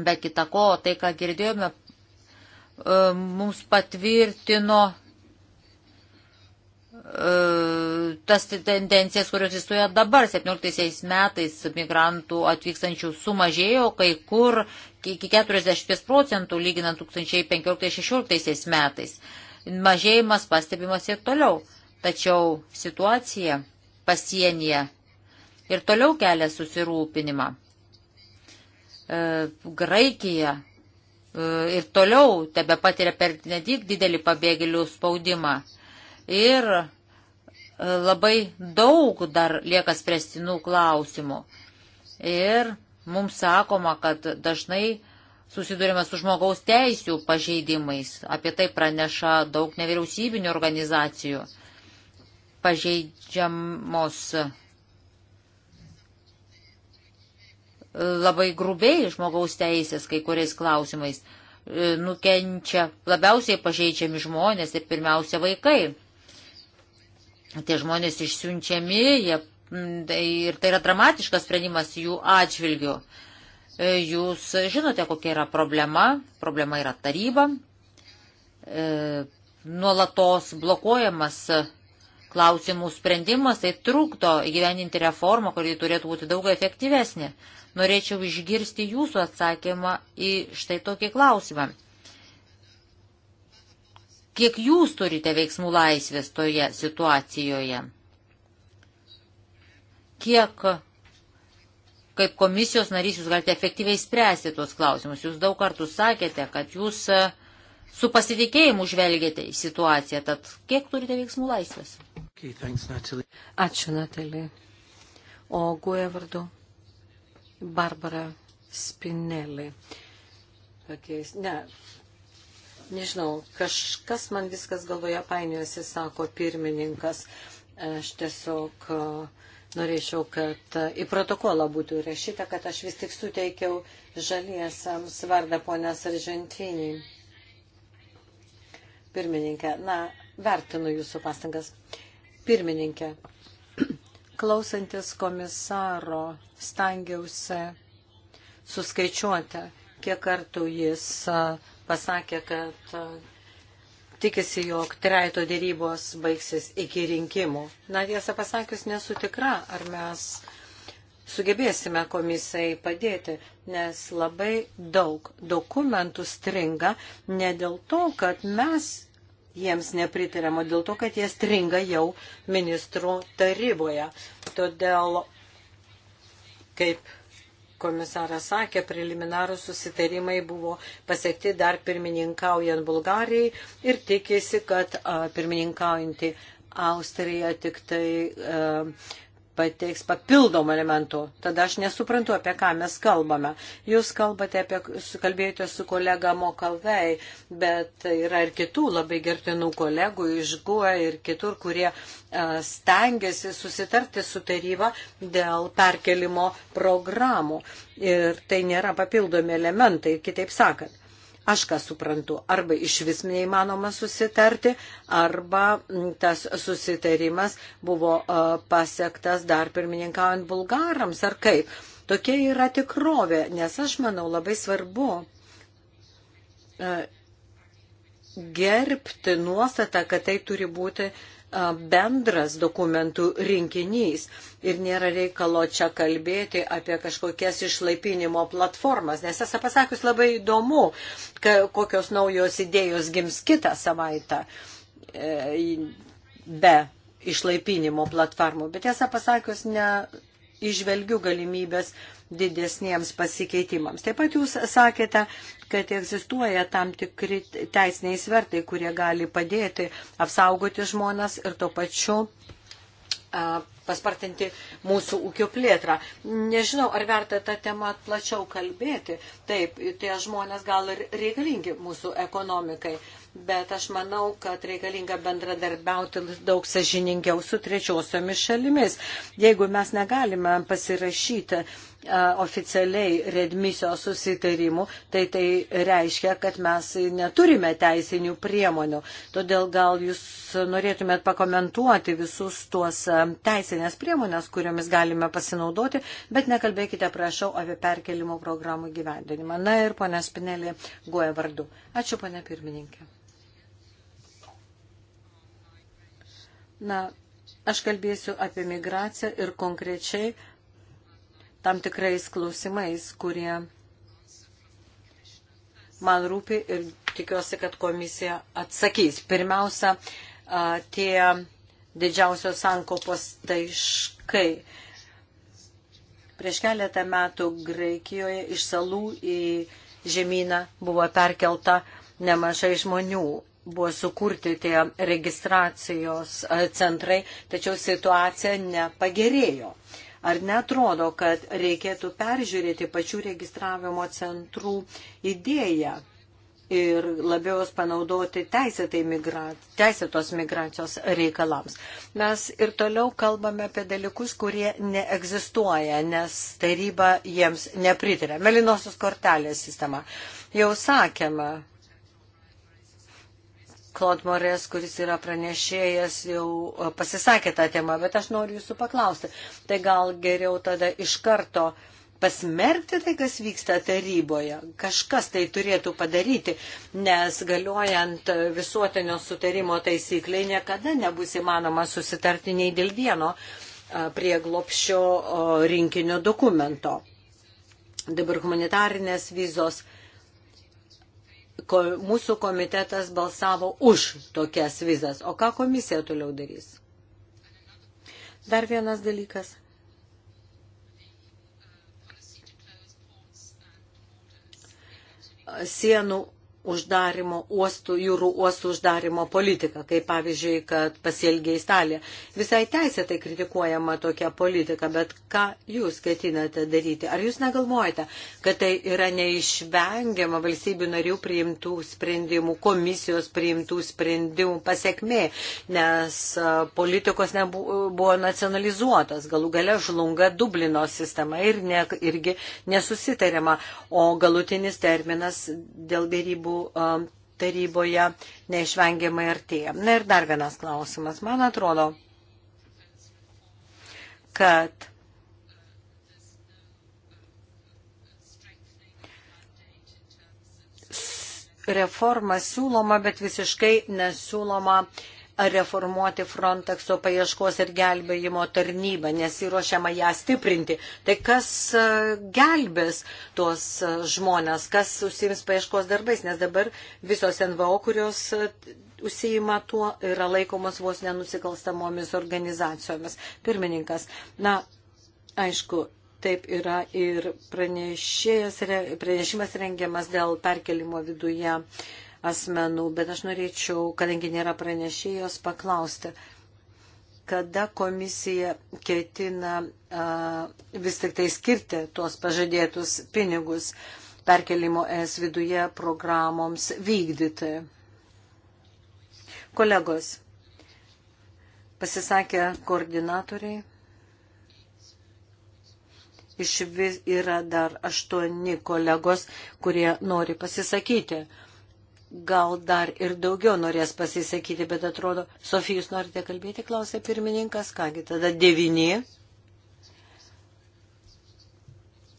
be kita ko, tai, ką girdėjome, e, mums patvirtino e, tas tendencijas, kurios įstoja dabar. 17 metais migrantų atvykstančių sumažėjo kai kur iki 40 procentų lyginant 2015-2016 metais. Mažėjimas pastebimas ir toliau. Tačiau situacija pasienyje ir toliau kelia susirūpinimą. E, Graikija e, ir toliau tebe patiria per nedik didelį pabėgėlių spaudimą. Ir e, labai daug dar lieka spręstinų klausimų. Ir mums sakoma, kad dažnai susidurime su žmogaus teisų pažeidimais. Apie tai praneša daug nevyriausybinių organizacijų pažeidžiamos labai grubiai žmogaus teisės kai kuriais klausimais. E, nukenčia labiausiai pažeidžiami žmonės ir pirmiausia vaikai. Tie žmonės išsiunčiami jie, tai ir tai yra dramatiškas sprendimas jų atžvilgių. E, jūs žinote, kokia yra problema. Problema yra taryba. E, nuolatos blokuojamas klausimų sprendimas, tai trukdo įgyveninti reformą, kuri turėtų būti daug efektyvesnė. Norėčiau išgirsti jūsų atsakymą į štai tokį klausimą. Kiek jūs turite veiksmų laisvės toje situacijoje? Kiek kaip komisijos narys jūs galite efektyviai spręsti tuos klausimus? Jūs daug kartų sakėte, kad jūs e, su pasitikėjimu žvelgėte į situaciją, tad kiek turite veiksmų laisvės? Okay, thanks, Natalie. Ačiū, Natalija. O guoja e vardu Barbara Spinelli. Pakeis. Ne, nežinau, kažkas man viskas galvoje painiojasi, sako pirmininkas. Aš tiesiog e, norėčiau, kad e, į protokolą būtų įrašyta, kad aš vis tik suteikiau žaliesiams vardą ponės Argentinį. Pirmininkė, na, vertinu jūsų pastangas. Uh, Pirmininkė, klausantis komisaro stangiausi suskaičiuoti, kiek kartų jis pasakė, kad tikisi, jog treito dėrybos baigsis iki rinkimų. Na, tiesą pasakius, nesu tikra, ar mes sugebėsime komisijai padėti, nes labai daug dokumentų stringa ne dėl to, kad mes jiems nepritariama dėl to, kad jie stringa jau ministrų taryboje. Todėl, kaip komisaras sakė, preliminarūs susitarimai buvo pasiekti dar pirmininkaujant Bulgarijai ir tikėsi, kad pirmininkaujanti Austrija tik tai pateiks papildomų elementų. Tada aš nesuprantu, apie ką mes kalbame. Jūs kalbate apie, kalbėjote su kolega Mokalvei, bet yra ir kitų labai gertinų kolegų iš GUE ir kitur, kurie stengiasi susitarti su taryba dėl perkelimo programų. Ir tai nėra papildomi elementai, kitaip sakant. Aš ką suprantu, arba iš vis neįmanoma susitarti, arba mm, tas susitarimas buvo pasiektas dar pirmininkaujant bulgarams, ar kaip. Tokia yra tikrovė, nes aš manau labai svarbu gerbti nuostatą, kad tai turi būti uh, bendras dokumentų rinkinys ir nėra reikalo čia kalbėti apie kažkokias išlaipinimo platformas, nes esą pasakius labai įdomu, kokios naujos idėjos gims kitą savaitę e, be išlaipinimo platformų. Bet esą pasakius, ne, išvelgiu galimybės didesniems pasikeitimams. Taip pat jūs sakėte, kad egzistuoja tam tikri teisiniai svertai, kurie gali padėti apsaugoti žmonės ir tuo pačiu a, paspartinti mūsų ūkio plėtrą. Nežinau, ar verta tą temą plačiau kalbėti. Taip, tie žmonės gal ir reikalingi mūsų ekonomikai bet aš manau, kad reikalinga bendradarbiauti daug sažiningiau su trečiosiomis šalimis. Jeigu mes negalime pasirašyti oficialiai redmisijos susitarimų, tai tai reiškia, kad mes neturime teisinių priemonių. Todėl gal jūs norėtumėt pakomentuoti visus tuos teisinės priemonės, kuriomis galime pasinaudoti, bet nekalbėkite, prašau, apie perkelimo programų gyvendinimą. Na ir ponia Spinelė, guoja vardu. Ačiū, ponia pirmininkė. Na, aš kalbėsiu apie migraciją ir konkrečiai tam tikrais klausimais, kurie man rūpi ir tikiuosi, kad komisija atsakys. Pirmiausia, tie didžiausios sankopos taiškai. Prieš keletą metų Graikijoje iš salų į žemyną buvo perkelta nemažai žmonių buvo sukurti tie registracijos e, centrai, tačiau situacija nepagerėjo. Ar netrodo, kad reikėtų peržiūrėti pačių registravimo centrų idėją ir labiau panaudoti teisėtai migra... teisėtos migracijos reikalams? Mes ir toliau kalbame apie dalykus, kurie neegzistuoja, nes taryba jiems nepritarė. Melinosios kortelės sistema. Jau sakėme, Klod Morės, kuris yra pranešėjas, jau e, pasisakė tą temą, bet aš noriu jūsų paklausti. Tai gal geriau tada iš karto pasmerkti tai, kas vyksta taryboje. Kažkas tai turėtų padaryti, nes galiojant visuotinio sutarimo taisykliai niekada nebus įmanoma susitarti nei dėl vieno e, prieglopščio rinkinio dokumento. Dabar humanitarinės vizos ko, mūsų komitetas balsavo už tokias vizas. O ką komisija toliau darys? Dar vienas dalykas. Sienų uždarimo uostų, jūrų uostų uždarimo politiką, kaip pavyzdžiui, kad pasielgė Italija. Visai teisėtai kritikuojama tokia politika, bet ką jūs ketinate daryti? Ar jūs negalvojate, kad tai yra neišvengiama valstybių narių priimtų sprendimų, komisijos priimtų sprendimų pasiekmė, nes politikos nebuvo nacionalizuotas, galų gale žlunga Dublino sistema ir ne, irgi nesusitarima, o galutinis terminas dėl dėrybų dėrybų um, taryboje neišvengiamai artėja. Na ir dar vienas klausimas. Man atrodo, kad reforma siūloma, bet visiškai nesiūloma uh, reformuoti Frontexo paieškos ir gelbėjimo tarnybą, nesiruošiama ją stiprinti. Tai kas e, gelbės tuos e, žmonės, kas užsims paieškos darbais, nes dabar visos NVO, kurios e, užsijima tuo, yra laikomos vos nenusikalstamomis organizacijomis. Pirmininkas, na, aišku, taip yra ir pranešimas rengiamas dėl perkelimo viduje asmenų, bet aš norėčiau, kadangi nėra pranešėjos, paklausti, kada komisija ketina a, vis tik tai skirti tuos pažadėtus pinigus perkelimo es viduje programoms vykdyti. Kolegos, pasisakė koordinatoriai. Iš vis yra dar aštuoni kolegos, kurie nori pasisakyti gal dar ir daugiau norės pasisakyti, bet atrodo, Sofija, jūs norite kalbėti, klausė pirmininkas, kągi tada devyni.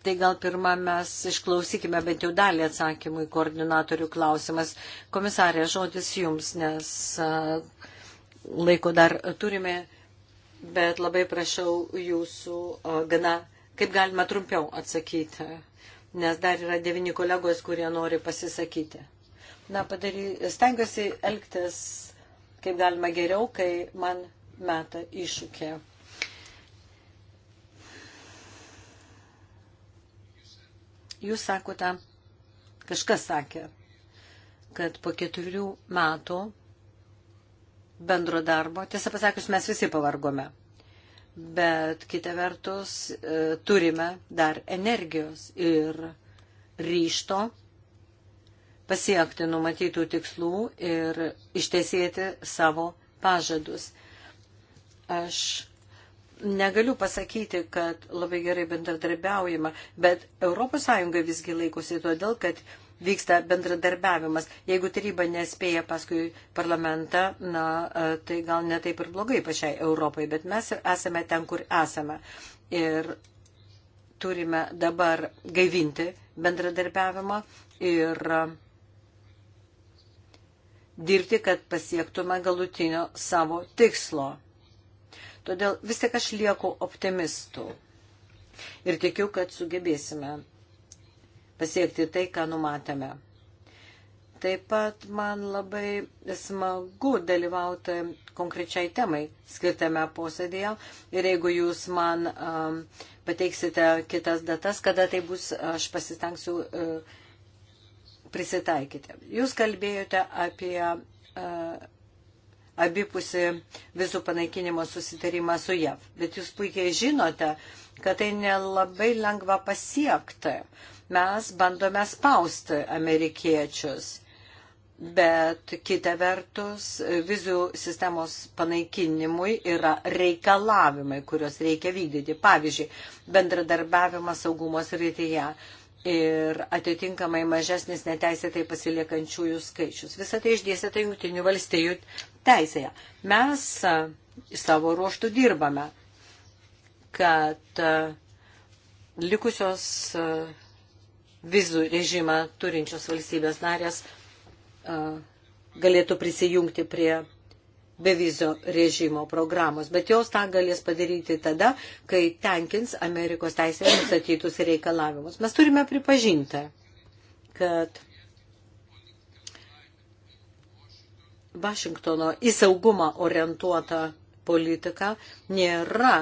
Tai gal pirmą mes išklausykime bent jau dalį atsakymų į koordinatorių klausimas. Komisarė, žodis jums, nes laiko dar turime, bet labai prašau jūsų gana, kaip galima trumpiau atsakyti, nes dar yra devyni kolegos, kurie nori pasisakyti na, padary, stengiuosi elgtis kaip galima geriau, kai man meta iššūkį. Jūs sakote, kažkas sakė, kad po keturių metų bendro darbo, tiesą pasakius, mes visi pavargome, bet kita vertus e, turime dar energijos ir ryšto pasiekti numatytų tikslų ir ištesėti savo pažadus. Aš negaliu pasakyti, kad labai gerai bendradarbiaujama, bet ES visgi laikosi todėl, kad vyksta bendradarbiavimas. Jeigu taryba nespėja paskui parlamentą, na, e, tai gal netaip ir blogai pačiai Europai, bet mes esame ten, kur esame. Ir turime dabar gaivinti bendradarbiavimą ir uh, dirbti, kad pasiektume galutinio savo tikslo. Todėl vis tik aš lieku optimistų ir tikiu, kad sugebėsime pasiekti tai, ką numatėme. Taip pat man labai smagu dalyvauti konkrečiai temai skirtame posėdėje ir jeigu jūs man um, pateiksite kitas datas, kada tai bus, aš pasistengsiu uh, prisitaikyti. Jūs kalbėjote apie uh, e, abipusi vizų panaikinimo susitarimą su JAV, bet jūs puikiai žinote, kad tai nelabai lengva pasiekti. Mes bandome spausti amerikiečius, bet kita vertus vizų sistemos panaikinimui yra reikalavimai, kuriuos reikia vykdyti. Pavyzdžiui, bendradarbiavimas saugumos rytyje ir atitinkamai mažesnis neteisėtai pasiliekančiųjų skaičius. Visą tai išdėsėta Junktinių valstijų teisėje. Mes savo ruoštų dirbame, kad likusios vizų režimą turinčios valstybės narės galėtų prisijungti prie bevizio režimo programos, bet jos tą galės padaryti tada, kai tenkins Amerikos teisėje nustatytus reikalavimus. Mes turime pripažinti, kad Vašingtono į saugumą orientuota politika nėra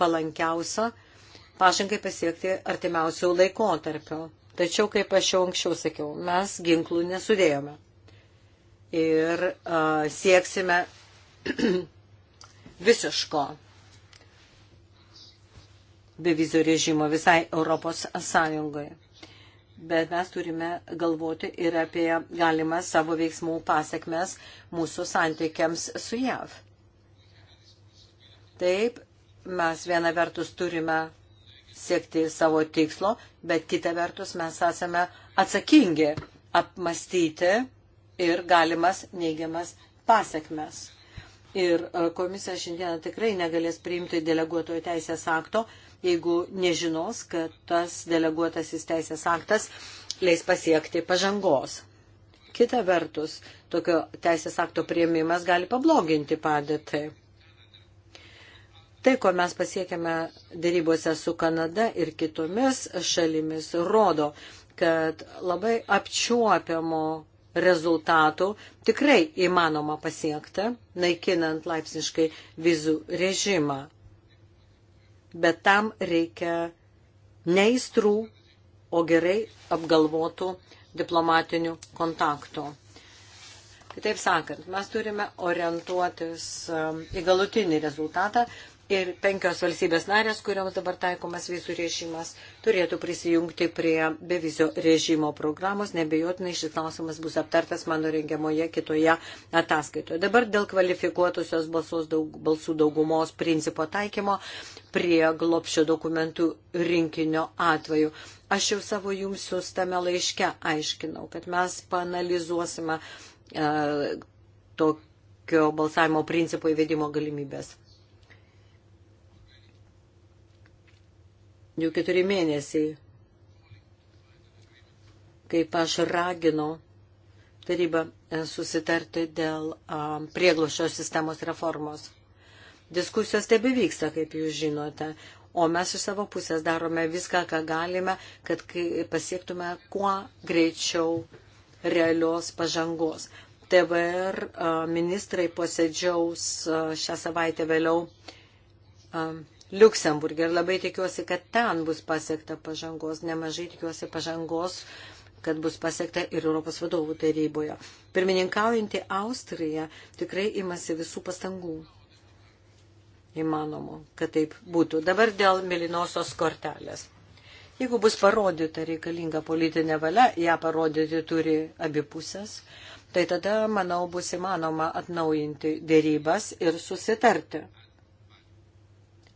palankiausia pažangai pasiekti artimiausių laikotarpio. Tačiau, kaip aš jau anksčiau sakiau, mes ginklų nesudėjome. Ir a, sieksime visiško bevizio režimo visai Europos Sąjungoje. Bet mes turime galvoti ir apie galimą savo veiksmų pasiekmes mūsų santykiams su JAV. Taip, mes viena vertus turime siekti savo tikslo, bet kita vertus mes esame atsakingi apmastyti ir galimas neigiamas pasiekmes. Ir e, komisija šiandieną tikrai negalės priimti deleguotojo teisės akto, jeigu nežinos, kad tas deleguotasis teisės aktas leis pasiekti pažangos. Kita vertus, tokio teisės akto prieimimas gali pabloginti padėtį. Tai, ko mes pasiekėme darybose su Kanada ir kitomis šalimis, rodo, kad labai apčiuopiamo rezultatų tikrai įmanoma pasiekti, naikinant laipsniškai vizų režimą. Bet tam reikia neįstrų, o gerai apgalvotų diplomatinių kontaktų. Kitaip sakant, mes turime orientuotis um, į galutinį rezultatą, ir penkios valstybės narės, kuriams dabar taikomas vizų režimas, turėtų prisijungti prie bevizio režimo programos. Nebejotinai šis klausimas bus aptartas mano rengiamoje kitoje ataskaitoje. Dabar dėl kvalifikuotusios balsos daug, balsų daugumos principo taikymo prie glopščio dokumentų rinkinio atveju. Aš jau savo jums siūstame laiške aiškinau, kad mes panalizuosime e, tokio balsavimo principo įvedimo galimybės. jau keturi mėnesiai, kaip aš raginau tarybą e, susitarti dėl um, prieglošio sistemos reformos. Diskusijos tebe vyksta, kaip jūs žinote, o mes iš savo pusės darome viską, ką galime, kad pasiektume kuo greičiau realios pažangos. TVR ministrai posėdžiaus šią savaitę vėliau Liuksemburgė ir labai tikiuosi, kad ten bus pasiekta pažangos, nemažai tikiuosi pažangos, kad bus pasiekta ir Europos vadovų taryboje. Pirmininkaujanti Austrija tikrai imasi visų pastangų įmanomų, kad taip būtų. Dabar dėl melinosios kortelės. Jeigu bus parodyta reikalinga politinė valia, ją parodyti turi abipusės, tai tada, manau, bus įmanoma atnaujinti dėrybas ir susitarti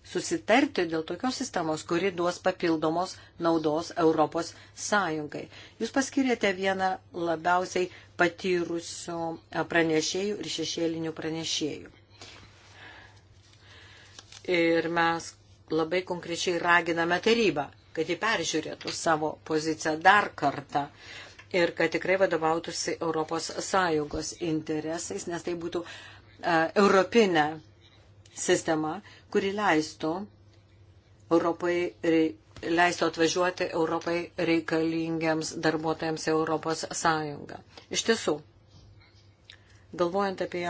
susitarti dėl tokios sistemos, kuri duos papildomos naudos Europos Sąjungai. Jūs paskirėte vieną labiausiai patyrusių pranešėjų ir šešėlinių pranešėjų. Ir mes labai konkrečiai raginame tarybą, kad ji peržiūrėtų savo poziciją dar kartą ir kad tikrai vadovautųsi Europos Sąjungos interesais, nes tai būtų uh, europinė sistema kuri leisto Europai leisto atvažiuoti Europai reikalingiams darbuotojams Europos Sąjungą. Iš tiesų, galvojant apie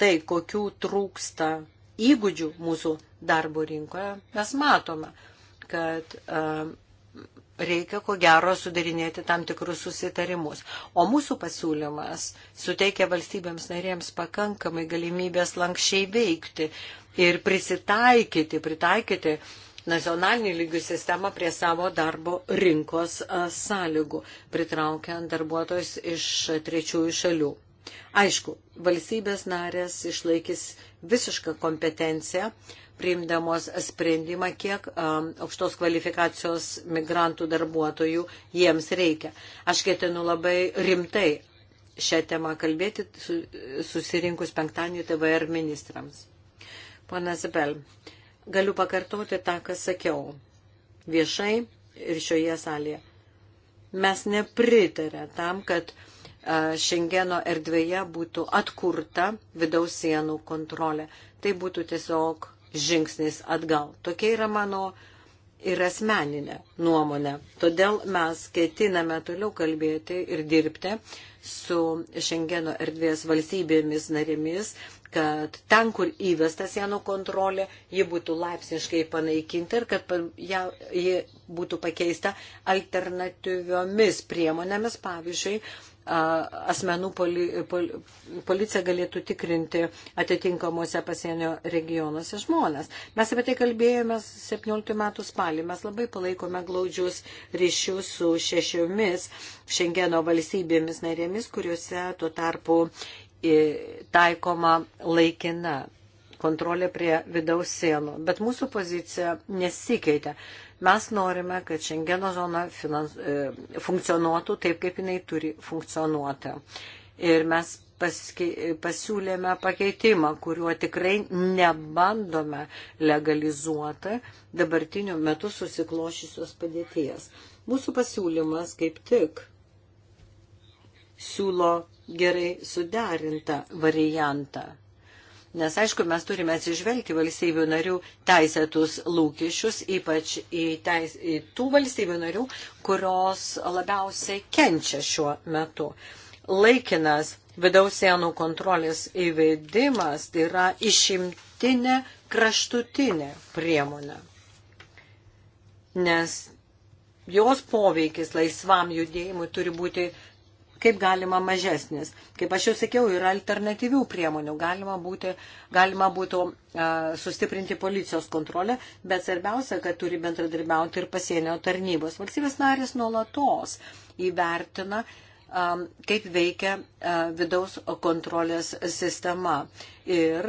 tai, kokių trūksta įgūdžių mūsų darbo rinkoje, mes matome, kad uh, reikia, ko gero, sudarinėti tam tikrus susitarimus. O mūsų pasiūlymas suteikia valstybėms narėms pakankamai galimybės lankščiai veikti ir prisitaikyti, pritaikyti nacionalinį lygių sistemą prie savo darbo rinkos sąlygų, pritraukiant darbuotojus iš trečiųjų šalių. Aišku, valstybės narės išlaikys visišką kompetenciją priimdamos sprendimą, kiek um, aukštos kvalifikacijos migrantų darbuotojų jiems reikia. Aš ketinu labai rimtai šią temą kalbėti, su, susirinkus penktadienį TVR ministrams. Pana Zibel, galiu pakartoti tą, ką sakiau viešai ir šioje salėje. Mes nepritarė tam, kad Šengeno erdvėje būtų atkurta vidaus sienų kontrolė. Tai būtų tiesiog žingsnis atgal. Tokia yra mano ir asmeninė nuomonė. Todėl mes ketiname toliau kalbėti ir dirbti su Šengeno erdvės valstybėmis narėmis, kad ten, kur įvesta sienų kontrolė, ji būtų laipsniškai panaikinta ir kad ją, ji būtų pakeista alternatyviomis priemonėmis, pavyzdžiui, asmenų poli, pol, policija galėtų tikrinti atitinkamuose pasienio regionuose žmonės. Mes apie tai kalbėjome 17 metų spalį. Mes labai palaikome glaudžius ryšius su šešiomis Šengeno valstybėmis narėmis, kuriuose tuo tarpu taikoma laikina kontrolė prie vidaus sienų. Bet mūsų pozicija nesikeitė. Mes norime, kad Šengeno zona finans, e, funkcionuotų taip, kaip jinai turi funkcionuoti. Ir mes pasiūlėme pakeitimą, kuriuo tikrai nebandome legalizuoti dabartiniu metu susiklošysios padėties. Mūsų pasiūlymas kaip tik siūlo gerai suderintą variantą Nes, aišku, mes turime atsižvelgti valstybių narių teisėtus lūkesčius, ypač į, teis, į tų valstybių narių, kurios labiausiai kenčia šiuo metu. Laikinas vidaus sienų kontrolės įveidimas tai yra išimtinė kraštutinė priemonė. Nes jos poveikis laisvam judėjimui turi būti kaip galima mažesnis. Kaip aš jau sakiau, yra alternatyvių priemonių. Galima, būti, galima būtų a, sustiprinti policijos kontrolę, bet svarbiausia, kad turi bendradarbiauti ir pasienio tarnybos. Valstybės narės nuolatos įvertina, a, kaip veikia a, vidaus kontrolės sistema. Ir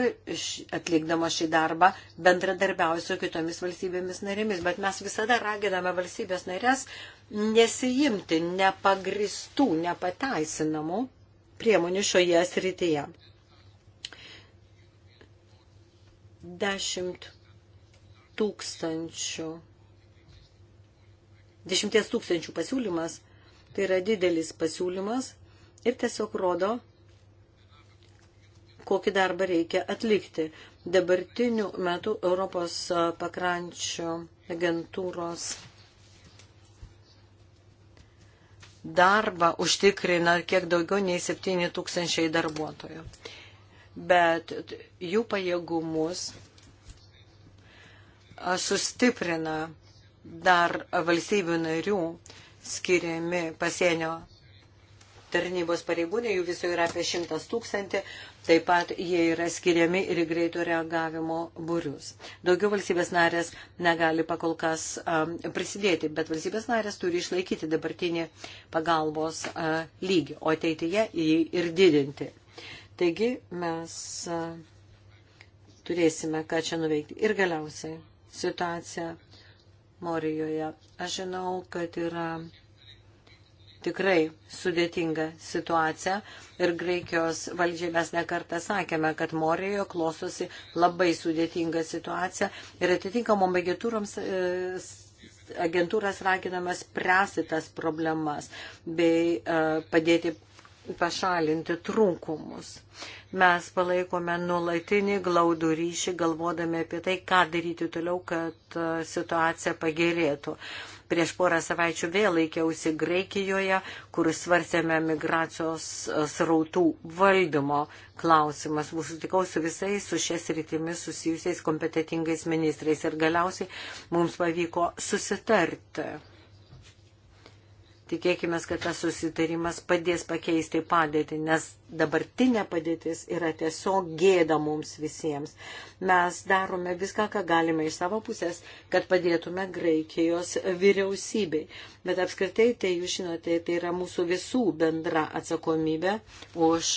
atlikdama šį darbą bendradarbiausiu kitomis valstybėmis narėmis. Bet mes visada raginame valstybės narės nesijimti nepagristų, nepateisinamų priemonių šioje srityje. Dešimt tūkstančių. Dešimties tūkstančių pasiūlymas tai yra didelis pasiūlymas ir tiesiog rodo, kokį darbą reikia atlikti. Dabartiniu metu Europos pakrančio agentūros darbą užtikrina kiek daugiau nei 7 tūkstančiai darbuotojų. Bet jų pajėgumus sustiprina dar valstybių narių skiriami pasienio tarnybos pareigūnai, jų viso yra apie 100 tūkstantį, Taip pat jie yra skiriami ir greito reagavimo būrius. Daugiau valstybės narės negali pakol kas um, prisidėti, bet valstybės narės turi išlaikyti dabartinį pagalbos uh, lygį, o ateityje jį ir didinti. Taigi mes uh, turėsime ką čia nuveikti. Ir galiausiai situacija Morijoje. Aš žinau, kad yra tikrai sudėtingą situaciją ir Graikijos valdžiai mes nekartą sakėme, kad Morijoje klostosi labai sudėtinga situacija ir atitinkamom agentūroms e, agentūras raginamas pręsti tas problemas bei e, padėti pašalinti trūkumus. Mes palaikome nulatinį glaudų ryšį, galvodami apie tai, ką daryti toliau, kad e, situacija pagerėtų. Prieš porą savaičių vėl laikiausi Graikijoje, kur svarstėme migracijos e, srautų valdymo klausimas. Mūsų sutikau su visais su šias rytimis susijusiais kompetitingais ministrais ir galiausiai mums pavyko susitarti Tikėkime, kad tas susitarimas padės pakeisti padėtį, nes dabartinė padėtis yra tiesiog gėda mums visiems. Mes darome viską, ką galime iš savo pusės, kad padėtume Graikijos vyriausybei. Bet apskritai, tai jūs žinote, tai yra mūsų visų bendra atsakomybė už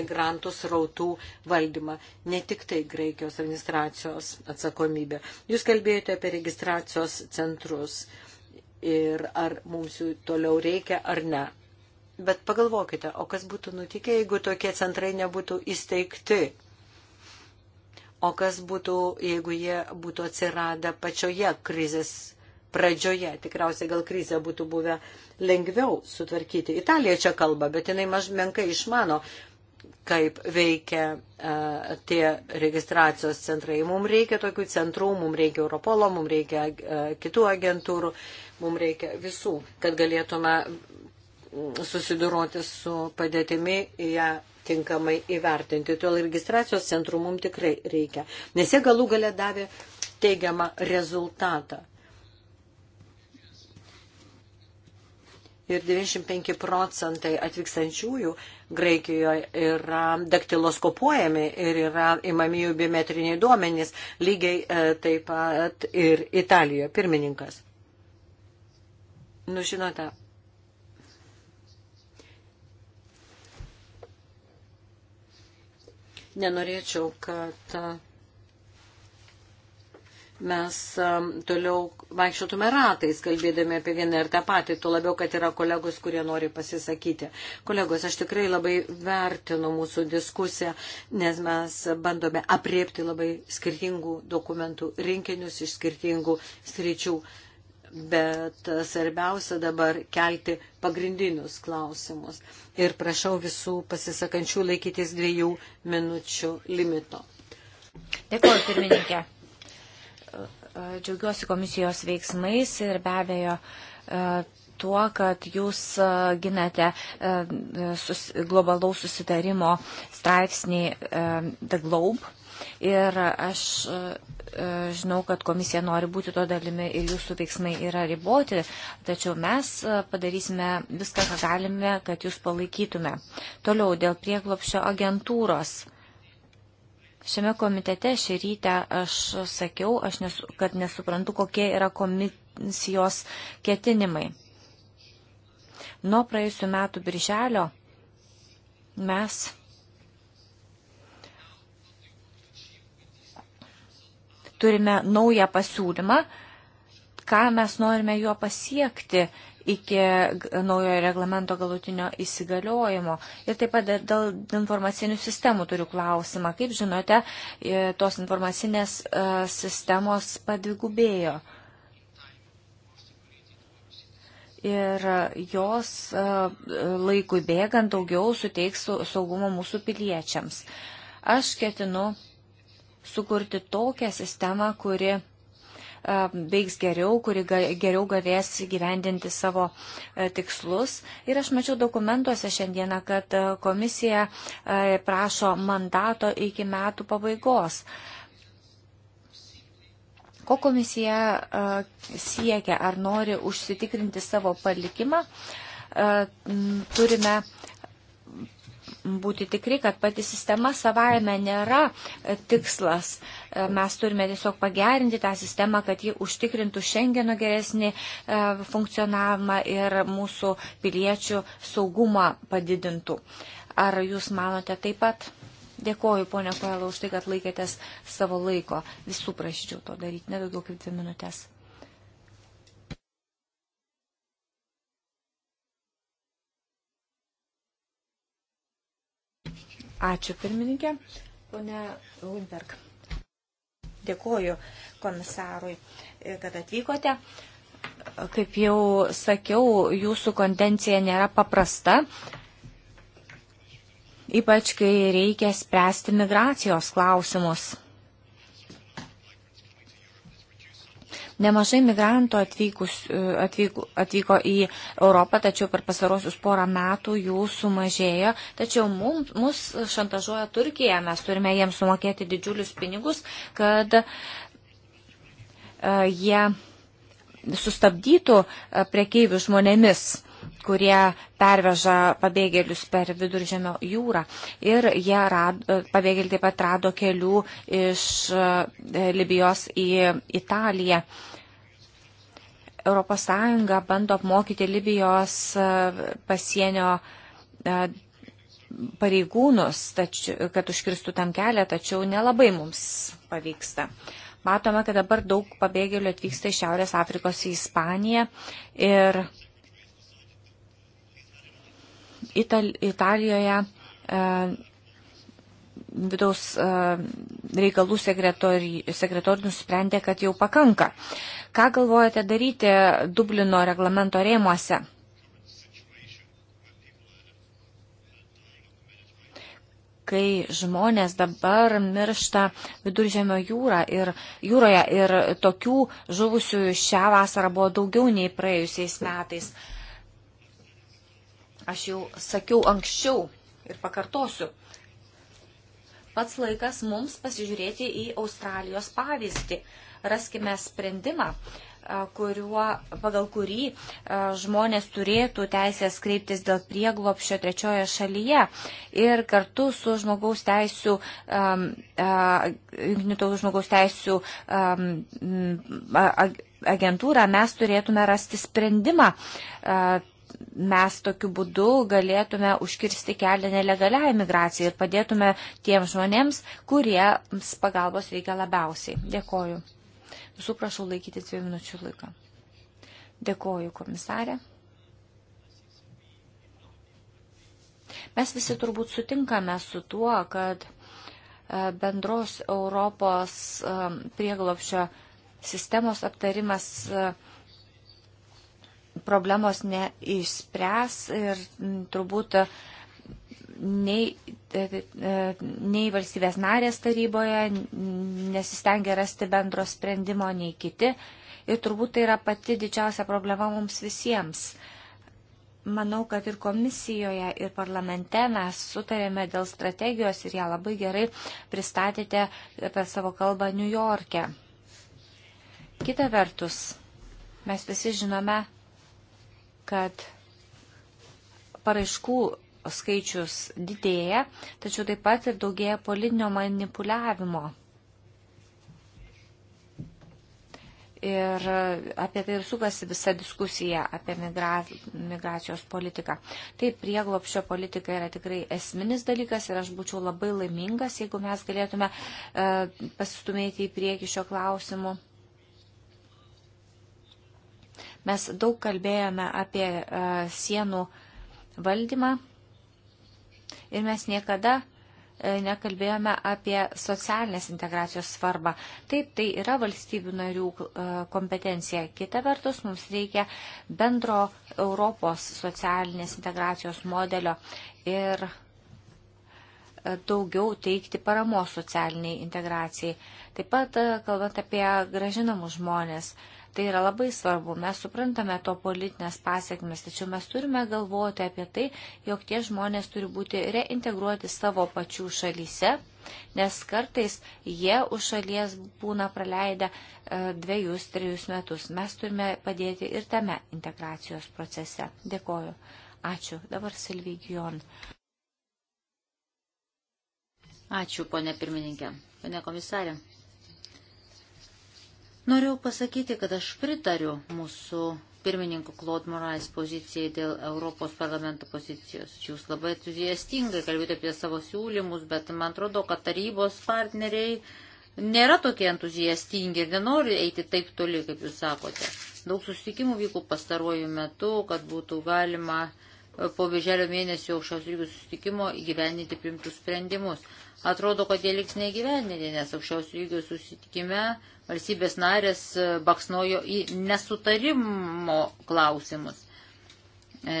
migrantų srautų valdymą. Ne tik tai Graikijos administracijos atsakomybė. Jūs kalbėjote apie registracijos centrus ir ar mums jų toliau reikia ar ne. Bet pagalvokite, o kas būtų nutikę, jeigu tokie centrai nebūtų įsteigti? O kas būtų, jeigu jie būtų atsiradę pačioje krizės pradžioje? Tikriausiai gal krizę būtų buvę lengviau sutvarkyti. Italija čia kalba, bet jinai maž menkai išmano kaip veikia a, e, tie registracijos centrai. Mums reikia tokių centrų, mums reikia Europolo, mums reikia a, e, kitų agentūrų, mums reikia visų, kad galėtume susiduroti su padėtimi ją tinkamai įvertinti. Tuo registracijos centrų mums tikrai reikia, nes jie galų gale davė teigiamą rezultatą. ir 95 procentai atvykstančiųjų Graikijoje yra daktiloskopuojami ir yra imami jų biometriniai duomenys, lygiai e, taip pat ir Italijoje pirmininkas. Nu, žinote, nenorėčiau, kad mes um, toliau vaikščiotume ratais, kalbėdami apie vieną ir tą patį, tuo labiau, kad yra kolegos, kurie nori pasisakyti. Kolegos, aš tikrai labai vertinu mūsų diskusiją, nes mes bandome apriepti labai skirtingų dokumentų rinkinius iš skirtingų sričių, bet svarbiausia dabar kelti pagrindinius klausimus. Ir prašau visų pasisakančių laikytis dviejų minučių limito. Dėkuoju, pirmininkė. E, džiaugiuosi komisijos veiksmais ir be abejo e, tuo, kad jūs e, ginate sus, globalaus susitarimo straipsnį The Globe. Ir aš žinau, kad komisija nori būti to dalimi ir jūsų veiksmai yra riboti, tačiau mes padarysime viską, ką galime, kad jūs palaikytume. Toliau dėl prieglopšio agentūros Šiame komitete šį rytę aš sakiau, aš nesu, kad nesuprantu, kokie yra komisijos ketinimai. Nuo praėjusiu metu birželio mes turime naują pasiūlymą, ką mes norime juo pasiekti iki naujojo reglamento galutinio įsigaliojimo. Ir taip pat dėl informacinių sistemų turiu klausimą. Kaip žinote, e, tos informacinės e, sistemos padvigubėjo. Ir jos e, laikui bėgant daugiau suteiks saugumo mūsų piliečiams. Aš ketinu sukurti tokią sistemą, kuri Um, veiks geriau, kuri geriau galės gyvendinti savo e, tikslus. Ir aš mačiau dokumentuose šiandieną, kad e, komisija e, prašo mandato iki metų pabaigos. Ko komisija siekia, ar nori užsitikrinti savo palikimą, turime būti tikri, kad pati sistema savaime nėra e, tikslas. E, mes turime tiesiog pagerinti tą sistemą, kad ji užtikrintų šiandieno geresnį e, funkcionavimą ir mūsų piliečių saugumą padidintų. Ar jūs manote taip pat? Dėkoju, ponia Koelo, už tai, kad laikėtės savo laiko. Visų prašyčiau to daryti, nedaugiau kaip dvi minutės. Ačiū pirmininkė, ponė Lundberg. Dėkuoju komisarui, e, kad atvykote. Kaip jau sakiau, jūsų kontencija nėra paprasta, ypač kai reikia spręsti migracijos klausimus. Nemažai migrantų atvykus, e, atvyko, atvyko į Europą, tačiau per pasarosius porą metų jų sumažėjo. Tačiau mums, mus šantažuoja Turkija, mes turime jiems sumokėti didžiulius pinigus, kad e, jie sustabdytų e, priekeivių žmonėmis kurie perveža pabėgėlius per viduržėmio jūrą. Ir jie rado, pabėgėliai taip pat rado kelių iš e, Libijos į Italiją. ES bando apmokyti Libijos e, pasienio e, pareigūnus, tačiau, kad užkirstų tam kelią, tačiau nelabai mums pavyksta. Matome, kad dabar daug pabėgėlių atvyksta iš Šiaurės Afrikos į Ispaniją ir Ital Italijoje e, vidaus e, reikalų sekretorius nusprendė, kad jau pakanka. Ką galvojate daryti Dublino reglamento rėmuose? kai žmonės dabar miršta viduržėmio jūra ir, jūroje ir tokių žuvusių šią vasarą buvo daugiau nei praėjusiais metais. Uh, Aš jau sakiau anksčiau ir pakartosiu. Pats laikas mums pasižiūrėti į Australijos pavyzdį. Raskime sprendimą, kuriuo, pagal kurį žmonės turėtų teisės kreiptis dėl prieglopšio trečioje šalyje ir kartu su žmogaus teisų, jungtinių tautų žmogaus teisų agentūra mes turėtume rasti sprendimą mes tokiu būdu galėtume užkirsti kelią nelegaliai migracijai ir padėtume tiem žmonėms, kuriems pagalbos reikia labiausiai. Dėkoju. Visų prašau laikyti dviejų minučių laiką. Dėkoju, komisarė. Mes visi turbūt sutinkame su tuo, kad e, bendros Europos e, prieglopščio sistemos aptarimas e, problemos neišspręs ir turbūt nei, e, e, e, nei valstybės narės taryboje nesistengia rasti bendro sprendimo, nei kiti. Ir turbūt tai yra pati didžiausia problema mums visiems. Manau, kad ir komisijoje, ir parlamente mes sutarėme dėl strategijos ir ją labai gerai pristatėte per savo kalbą New York'e. Kita vertus, mes visi žinome, kad paraiškų skaičius didėja, tačiau taip pat ir daugėja politinio manipuliavimo. Ir apie tai ir sukasi visa diskusija apie migra migracijos politiką. Taip, prieglopšio politika yra tikrai esminis dalykas ir aš būčiau labai laimingas, jeigu mes galėtume e, pasistumėti į priekį šio klausimu. Mes daug kalbėjome apie e, sienų valdymą ir mes niekada e, nekalbėjome apie socialinės integracijos svarbą. Taip, tai yra valstybių narių e, kompetencija. Kita vertus, mums reikia bendro Europos socialinės integracijos modelio ir daugiau teikti paramos socialiniai integracijai. Taip pat, kalbant apie gražinamus žmonės, Tai yra labai svarbu. Mes suprantame to politinės pasiekmes, tačiau mes turime galvoti apie tai, jog tie žmonės turi būti reintegruoti savo pačių šalyse, nes kartais jie už šalies būna praleidę e, dviejus, trejus metus. Mes turime padėti ir tame integracijos procese. Dėkoju. Ačiū. Dabar Silvigion. Ačiū, ponė pirmininkė. Pane komisarė. Norėjau pasakyti, kad aš pritariu mūsų pirmininko Claude Morais pozicijai dėl Europos parlamento pozicijos. Jūs labai entuziastingai kalbėjote apie savo siūlymus, bet man atrodo, kad tarybos partneriai nėra tokie entuziastingi ir nenori eiti taip toli, kaip jūs sakote. Daug susitikimų vyko pastaruoju metu, kad būtų galima po birželio mėnesio aukščiausių lygių susitikimo įgyveninti primtus sprendimus atrodo, kad jie liks negyveninti, nes aukščiausių lygių susitikime valstybės narės e, baksnojo į nesutarimo klausimus. E,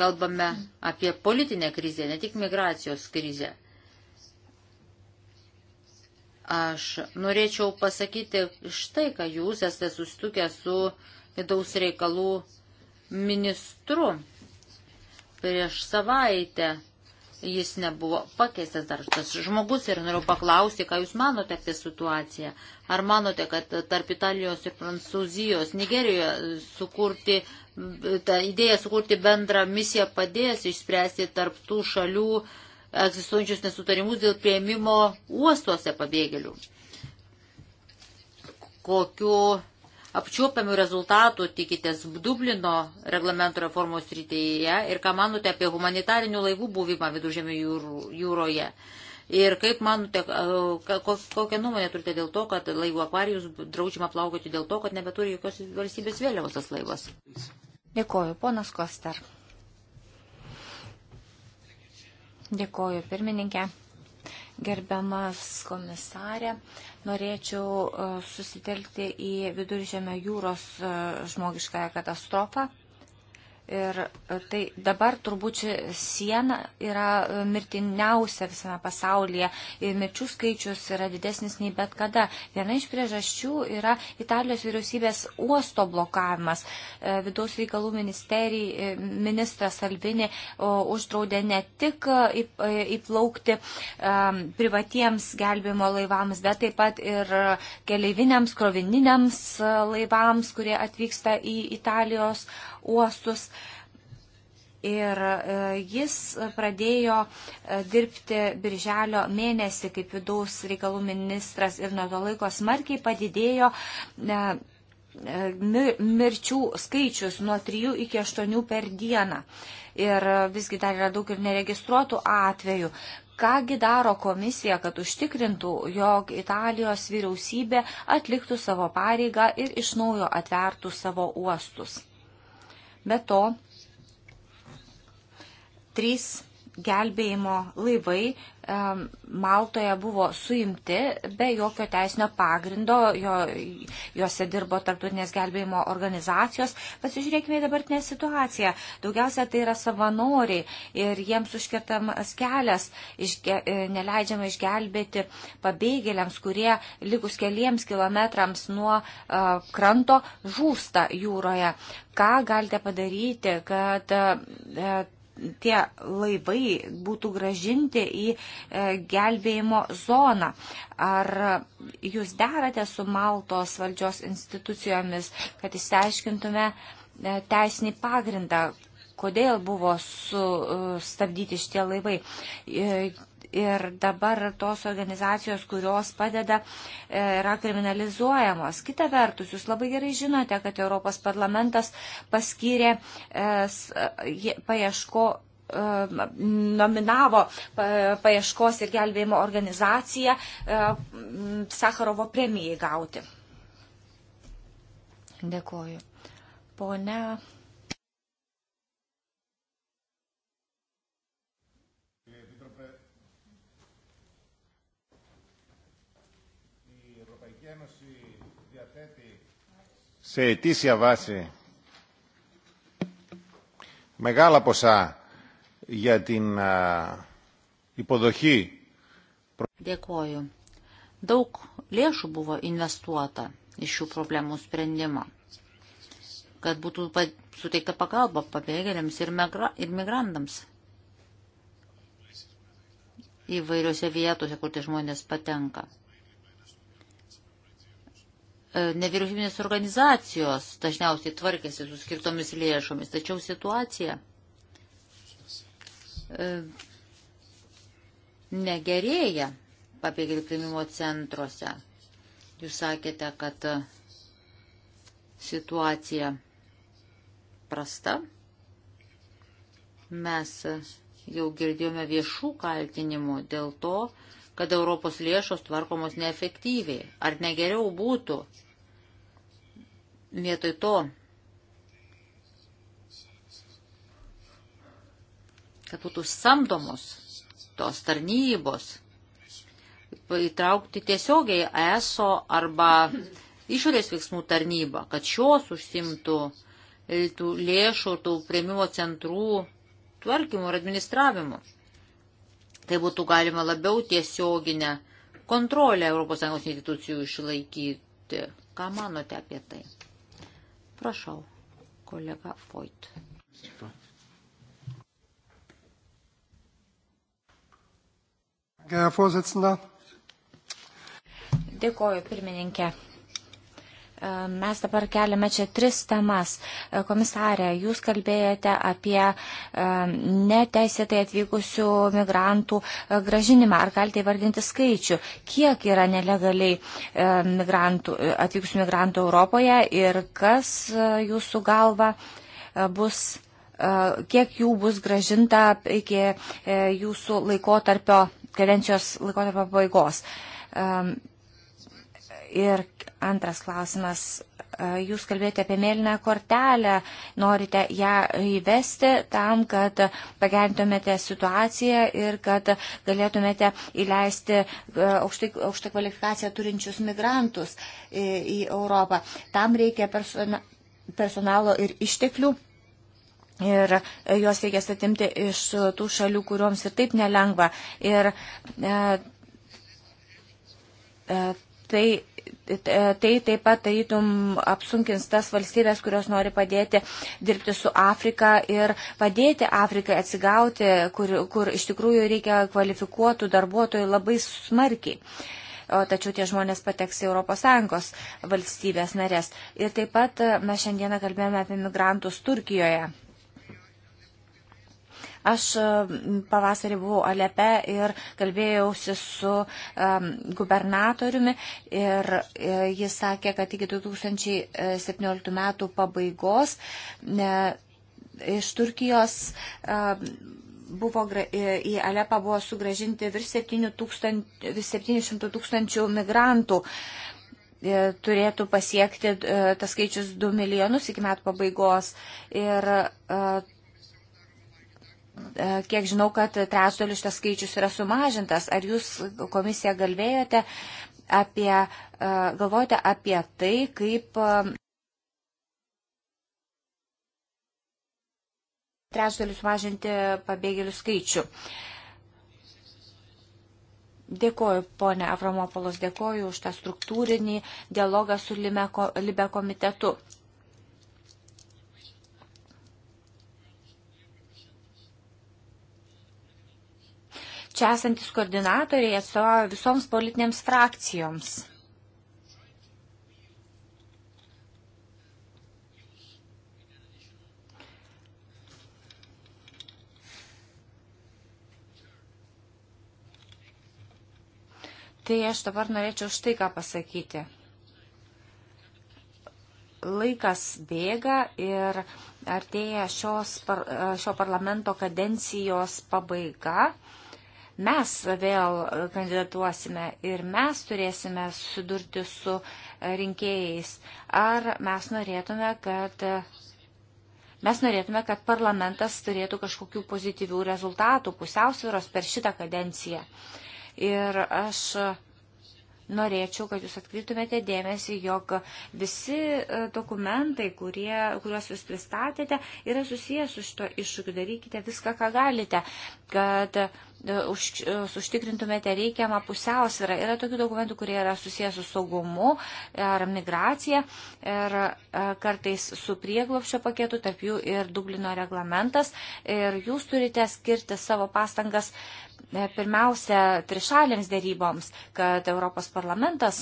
kalbame apie politinę krizę, ne tik migracijos krizę. Aš norėčiau pasakyti štai, ką jūs esate susitukę su vidaus reikalų ministru prieš savaitę jis nebuvo pakeistas dar tas žmogus ir noriu paklausti, ką Jūs manote apie situaciją. Ar manote, kad tarp Italijos ir Prancūzijos, Nigerijoje sukurti, ta idėja sukurti bendrą misiją padės išspręsti tarp tų šalių egzistuojančius nesutarimus dėl prieimimo uostuose pabėgėlių? Kokiu apčiuopiamų rezultatų tikitės Dublino reglamento reformos rytyje ir ką manote apie humanitarinių laivų buvimą viduržėmio jūroje? Ir kaip manote, kokią nuomonę turite dėl to, kad laivų akvarijus draudžiama plaukoti dėl to, kad nebeturi jokios valstybės vėliavos tas laivas? Dėkoju, ponas Koster. Dėkoju, pirmininkė. Gerbiamas komisarė, norėčiau e, susitelkti į viduržėmio jūros e, žmogiškąją katastrofą. Ir e, tai dabar turbūt siena yra e, mirtiniausia visame pasaulyje. Ir mirčių skaičius yra didesnis nei bet kada. Viena iš priežasčių yra Italijos vyriausybės uosto blokavimas. E, vidaus reikalų ministras Salvini uždraudė ne tik įplaukti privatiems gelbėjimo laivams, bet taip pat ir keleiviniams, krovininiams laivams, kurie atvyksta į Italijos uostus. Ir e, jis pradėjo e, dirbti birželio mėnesį kaip vidaus reikalų ministras ir nuo to laiko smarkiai padidėjo e, mirčių skaičius nuo 3 iki 8 per dieną. Ir visgi dar yra daug ir neregistruotų atvejų. Kągi daro komisija, kad užtikrintų, jog Italijos vyriausybė atliktų savo pareigą ir iš naujo atvertų savo uostus. Be to, trys gelbėjimo laivai um, Maltoje buvo suimti be jokio teisinio pagrindo, jo, juose dirbo tarptautinės gelbėjimo organizacijos. Pasižiūrėkime į dabartinę situaciją. Daugiausia tai yra savanoriai ir jiems užkertamas kelias, išge, e, neleidžiama išgelbėti pabėgėliams, kurie likus keliems kilometrams nuo uh, kranto žūsta jūroje. Ką galite padaryti, kad uh, tie laivai būtų gražinti į e, gelbėjimo zoną. Ar jūs derate su Maltos valdžios institucijomis, kad įsiaiškintume e, teisinį pagrindą, kodėl buvo sustabdyti šitie laivai? E, Ir dabar tos organizacijos, kurios padeda, e, yra kriminalizuojamos. Kita vertus, jūs labai gerai žinote, kad Europos parlamentas paskyrė e, e, paieško nominavo paieškos ir gelbėjimo organizaciją Sakarovo premijai gauti. Dėkoju. Pone σε αιτήσια βάση μεγάλα ποσά για την υποδοχή. Dėkuoju. Daug lėšų buvo investuota į šių problemų sprendimą, kad būtų suteikta pagalba pabėgėliams ir, migra ir migrantams įvairiose vietose, kur tie žmonės patenka. E, nevyriausybinės organizacijos dažniausiai tvarkėsi su skirtomis lėšomis, tačiau situacija e, negerėja pabėgėlių primimo centruose. Jūs sakėte, kad e, situacija prasta. Mes jau girdėjome viešų kaltinimų dėl to, kad Europos lėšos tvarkomos neefektyviai. Ar negeriau būtų Vietoj to, kad būtų samdomos tos tarnybos, įtraukti tiesiogiai ESO arba išorės veiksmų tarnybą, kad šios užsimtų tų lėšų, tų prieimimo centrų tvarkymų ir administravimų. Tai būtų galima labiau tiesioginę kontrolę ES institucijų išlaikyti. Ką manote apie tai? Prašau, kolega Foyt. Dėkoju, pirmininkė. Mes dabar keliame čia tris temas. E, komisarė, jūs kalbėjote apie e, neteisėtai atvykusių migrantų e, gražinimą. Ar galite įvardinti skaičių, kiek yra nelegaliai migrantų, atvykusių migrantų Europoje ir kas jūsų galva bus, kiek jų bus gražinta iki jūsų laikotarpio, kadencijos laikotarpio pabaigos ir Antras klausimas. E, jūs kalbėjote apie mėlyną kortelę, norite ją įvesti tam, kad pagerintumėte situaciją ir kad galėtumėte įleisti e, aukštai, aukštą kvalifikaciją turinčius migrantus į, į Europą. Tam reikia persona, personalo ir išteklių. Ir juos reikia atimti iš tų šalių, kuriuoms ir taip nelengva. Ir e, e, tai tai taip pat tarytum apsunkins tas valstybės, kurios nori padėti dirbti su Afrika ir padėti Afrikai atsigauti, kur, kur iš tikrųjų reikia kvalifikuotų darbuotojų labai smarkiai. O tačiau tie žmonės pateks į ES valstybės narės. Ir taip pat mes šiandieną kalbėjome apie migrantus Turkijoje. Aš e, pavasarį buvau Alepe ir kalbėjausi su um, gubernatoriumi ir uh, jis sakė, kad iki 2017 metų pabaigos ne, iš Turkijos um, buvo, į Alepą buvo sugražinti virš 700 tūkstančių migrantų. Turėtų pasiekti tas skaičius 2 milijonus iki metų pabaigos. Ir E, kiek žinau, kad trečdaliu šitas skaičius yra sumažintas. Ar jūs komisija galvėjote apie, e, galvojate apie tai, kaip e, trečdaliu sumažinti pabėgėlių skaičių? Dėkoju, ponė Avramopolos, dėkoju už tą struktūrinį dialogą su Libe komitetu. Čia esantis koordinatoriai atstovauja visoms politinėms frakcijoms. Tai aš dabar norėčiau štai ką pasakyti. Laikas bėga ir artėja šios, par, šio parlamento kadencijos pabaiga mes vėl kandidatuosime ir mes turėsime sudurti su e, rinkėjais. Ar mes norėtume, kad. E, mes norėtume, kad parlamentas turėtų kažkokių pozityvių rezultatų, pusiausvėros per šitą kadenciją. Ir aš norėčiau, kad jūs atkreiptumėte dėmesį, jog visi e, dokumentai, kurie, kuriuos jūs pristatėte, yra susijęs su šito iššūkiu. Darykite viską, ką galite, kad E, už, e, užtikrintumėte reikiamą pusiausvyrą. Yra tokių dokumentų, kurie yra susijęs su saugumu ar migracija ir e, kartais su prieglopščio paketu, tarp jų ir Dublino reglamentas. Ir jūs turite skirti savo pastangas pirmiausia trišalėms dėryboms, kad Europos parlamentas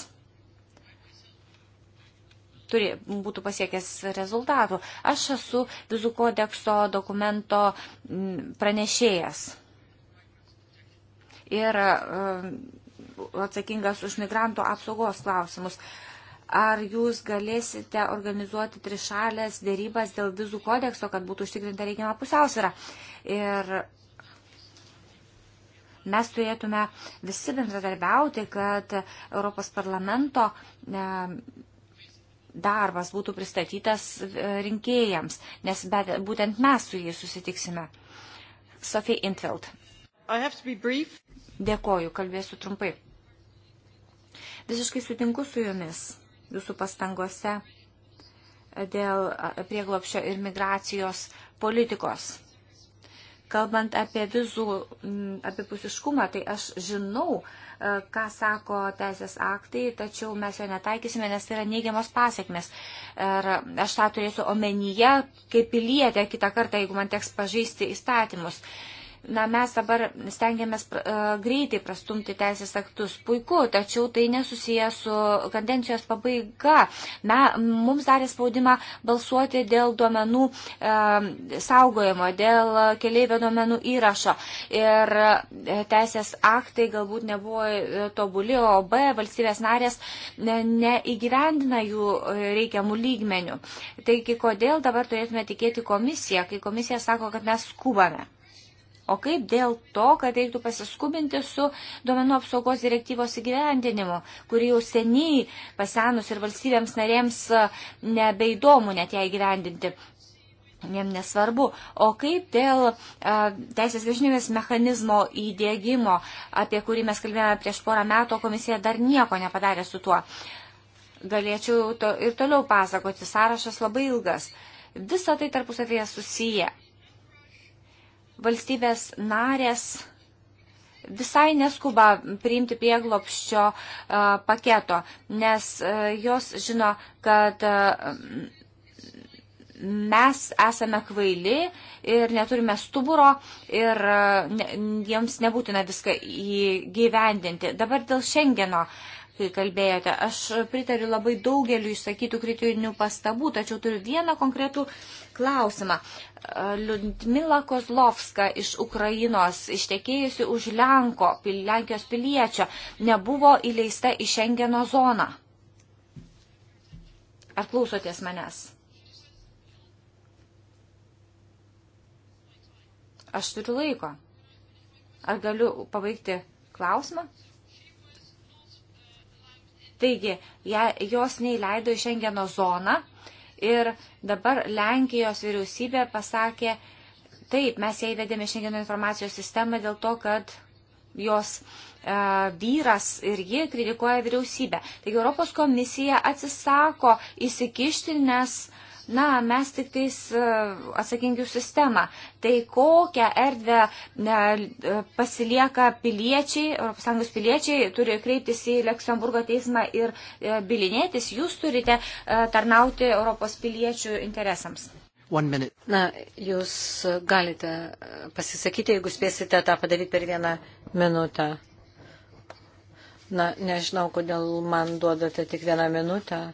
turi, būtų pasiekęs rezultatų. Aš esu vizų kodekso dokumento pranešėjas ir um, atsakingas už migrantų apsaugos klausimus. Ar jūs galėsite organizuoti trišalės dėrybas dėl vizų kodekso, kad būtų užtikrinta reikiama pusiausvėra? Ir mes turėtume visi bendradarbiauti, kad Europos parlamento darbas būtų pristatytas e, rinkėjams, nes būtent mes su jais susitiksime. Sofija Intveld. Dėkoju, kalbėsiu trumpai. Visiškai sutinku su jumis, jūsų pastangose dėl prieglopščio ir migracijos politikos. Kalbant apie vizų apipusiškumą, tai aš žinau, ką sako teisės aktai, tačiau mes jo netaikysime, nes tai yra neigiamos pasiekmes. Ir aš tą turėsiu omenyje kaip pilietė kitą kartą, jeigu man teks pažeisti įstatymus. Uh, Na, mes dabar stengiamės e, greitai prastumti teisės aktus. Puiku, tačiau tai nesusiję su kadencijos pabaiga. Na, mums darė spaudimą balsuoti dėl duomenų e, saugojimo, dėl keliaivio duomenų įrašo. Ir e, teisės aktai galbūt nebuvo e, tobuli, o B valstybės narės neįgyvendina jų reikiamų lygmenių. Taigi, kodėl dabar turėtume tikėti komisiją, kai komisija sako, kad mes skubame? O kaip dėl to, kad reiktų pasiskubinti su duomenų apsaugos direktyvos įgyvendinimu, kuri jau seniai pasenus ir valstybėms narėms e, nebeįdomu net ją įgyvendinti. Jiem nesvarbu. O kaip dėl a, e, teisės viršinimės mechanizmo įdėgymo, apie kurį mes kalbėjome prieš porą metų, komisija dar nieko nepadarė su tuo. Galėčiau to, ir toliau pasakoti, sąrašas labai ilgas. Visa tai tarpusavėje susiję valstybės narės visai neskuba priimti prieglopščio e, paketo, nes e, jos žino, kad e, mes esame kvaili ir neturime stuburo ir jiems nebūtina viską įgyvendinti. Dabar dėl Šengeno. Uh, kai kalbėjote. Aš pritariu labai daugeliu išsakytų kritinių pastabų, tačiau turiu vieną konkretų klausimą. Liudmila Kozlovska iš Ukrainos, ištekėjusi už Lenko, Lenkijos piliečio, nebuvo įleista į Šengeno zoną. Ar klausotės manęs? Aš turiu laiko. Ar galiu pabaigti klausimą? Taigi, ja, jos neįleido į Šengeno zoną ir dabar Lenkijos vyriausybė pasakė, taip, mes ją įvedėme Šengeno informacijos sistemą dėl to, kad jos e, vyras ir ji kritikuoja vyriausybę. Taigi Europos komisija atsisako įsikišti, nes e, Na, mes tik tais e, atsakingi už sistemą. Tai kokią erdvę ne, e, pasilieka piliečiai, ES piliečiai turi kreiptis į Leksemburgo teismą ir e, bilinėtis, jūs turite tarnauti Europos piliečių interesams. Na, jūs galite pasisakyti, jeigu spėsite tą padaryti per vieną minutę. Na, nežinau, kodėl man duodate tik vieną minutę.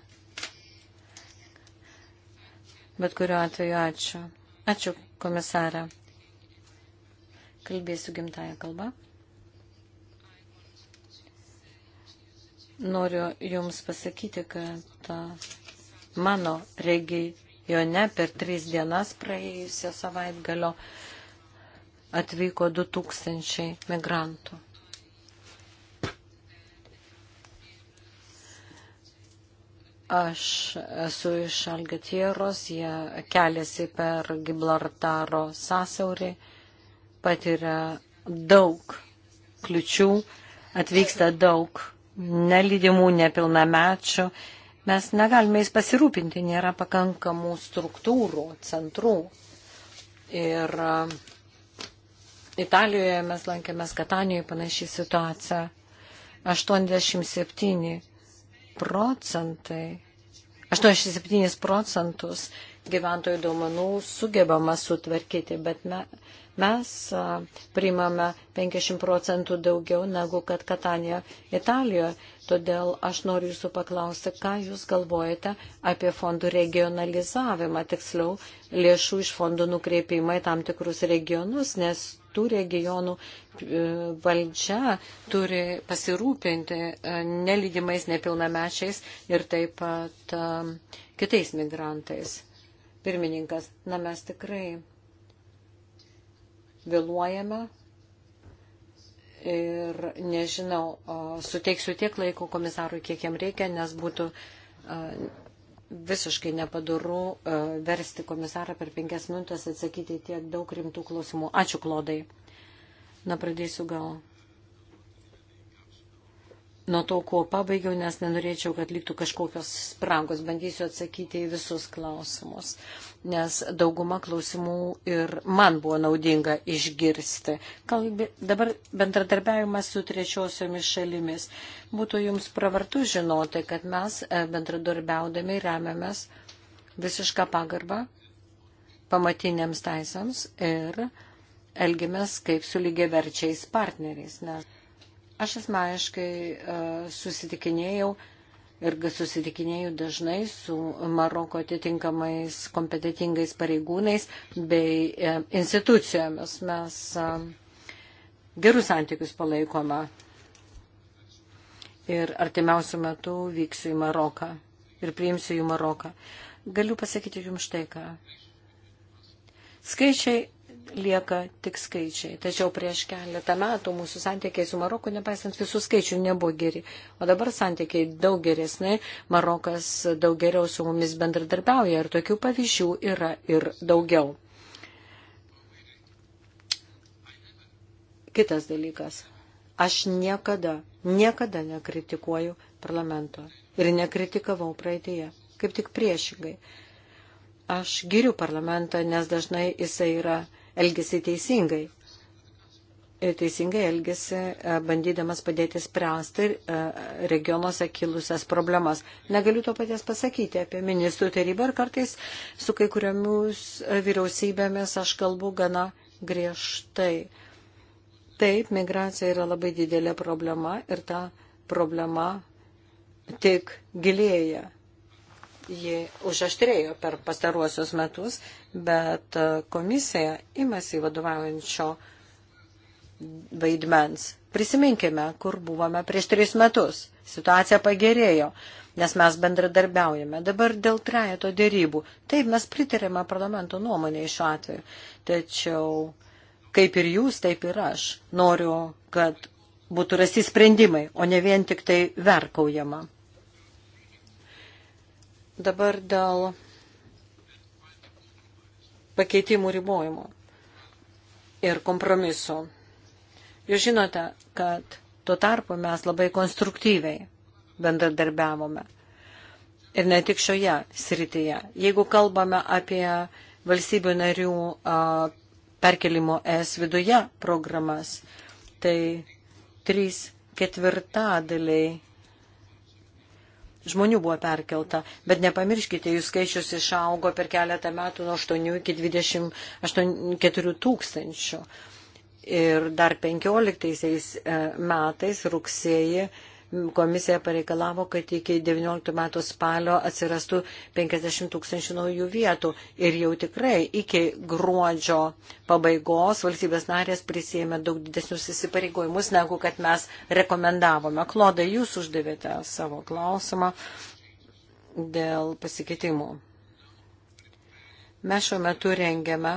Bet kuriuo atveju ačiū. Ačiū, komisarė. Kalbėsiu gimtają kalbą. Noriu Jums pasakyti, kad mano regione per tris dienas praėjusio savaitgalio atvyko 2000 migrantų. Aš esu iš Algatieros, jie keliasi per Gibraltaro sąsiaurį, patiria daug kliučių, atvyksta daug nelydimų nepilnamečių. Mes negalime jais pasirūpinti, nėra pakankamų struktūrų, centrų. Ir e, Italijoje mes lankėmės Katanijoje panašiai situacija. 87 procentai, 87 procentus gyventojų duomenų sugebama sutvarkyti, bet me, mes priimame 50 procentų daugiau negu kad Katanija Italijoje. Todėl aš noriu jūsų paklausti, ką jūs galvojate apie fondų regionalizavimą, tiksliau lėšų iš fondų nukreipimą į tam tikrus regionus, nes tų regionų e, valdžia turi pasirūpinti e, nelydimais nepilnamečiais ir taip pat e, kitais migrantais. Pirmininkas, na mes tikrai vėluojame ir nežinau, suteiksiu tiek laiko komisarui, kiek jam reikia, nes būtų visiškai nepadaru e, versti komisarą per penkias minutės atsakyti tiek daug rimtų klausimų. Ačiū, Klodai. Na, pradėsiu gal nuo to, kuo pabaigiau, nes nenorėčiau, kad liktų kažkokios sprangos. Bandysiu atsakyti į visus klausimus, nes dauguma klausimų ir man buvo naudinga išgirsti. Kalbė, dabar bendradarbiavimas su trečiosiomis šalimis. Būtų jums pravartu žinoti, kad mes e, bendradarbiaudami remiamės visišką pagarbą pamatiniams teisėms ir elgiamės kaip su lygiaverčiais partneriais. Nes Aš asmeniškai e, susitikinėjau ir susitikinėjau dažnai su Maroko atitinkamais kompetitingais pareigūnais bei e, institucijomis. Mes e, gerus santykius palaikome ir artimiausių metų vyksiu į Maroką ir priimsiu į Maroką. Galiu pasakyti jums štai ką. Skaičiai lieka tik skaičiai. Tačiau prieš keletą metų mūsų santykiai su Maroku, nepaisant visų skaičių, nebuvo geri. O dabar santykiai daug geresni, Marokas daug geriau su mumis bendradarbiauja ir tokių pavyzdžių yra ir daugiau. Kitas dalykas. Aš niekada, niekada nekritikuoju parlamento ir nekritikavau praeitėje. Kaip tik priešingai. Aš giriu parlamentą, nes dažnai jisai yra elgesi teisingai. Ir teisingai elgesi, e, bandydamas padėti spręsti e, regionuose kilusias problemas. Negaliu to paties pasakyti apie ministrų tarybą ir kartais su kai kuriomis e, vyriausybėmis aš kalbu gana griežtai. Taip, migracija yra labai didelė problema ir ta problema tik gilėja ji užaštrėjo per pastaruosius metus, bet komisija imasi vadovaujančio vaidmens. Prisiminkime, kur buvome prieš tris metus. Situacija pagerėjo, nes mes bendradarbiaujame. Dabar dėl trejato dėrybų. Taip, mes pritarėme parlamento nuomonė šiuo atveju. Tačiau, kaip ir jūs, taip ir aš noriu, kad būtų rasti sprendimai, o ne vien tik tai verkaujama. Dabar dėl pakeitimų ribojimo ir kompromiso. Jūs žinote, kad tuo tarpu mes labai konstruktyviai bendradarbiavome. Ir ne tik šioje srityje. Jeigu kalbame apie valstybių narių a, perkelimo es viduje programas, tai trys ketvirtadaliai žmonių buvo perkelta. Bet nepamirškite, jų skaičius išaugo per keletą metų nuo 8 iki 24 tūkstančių. Ir dar 15 e, metais rugsėjai komisija pareikalavo, kad iki 19 metų spalio atsirastų 50 tūkstančių naujų vietų. Ir jau tikrai iki gruodžio pabaigos valstybės narės prisėmė daug didesnius įsipareigojimus, negu kad mes rekomendavome. Klodai, jūs uždavėte savo klausimą dėl pasikeitimų. Mes šiuo metu rengiame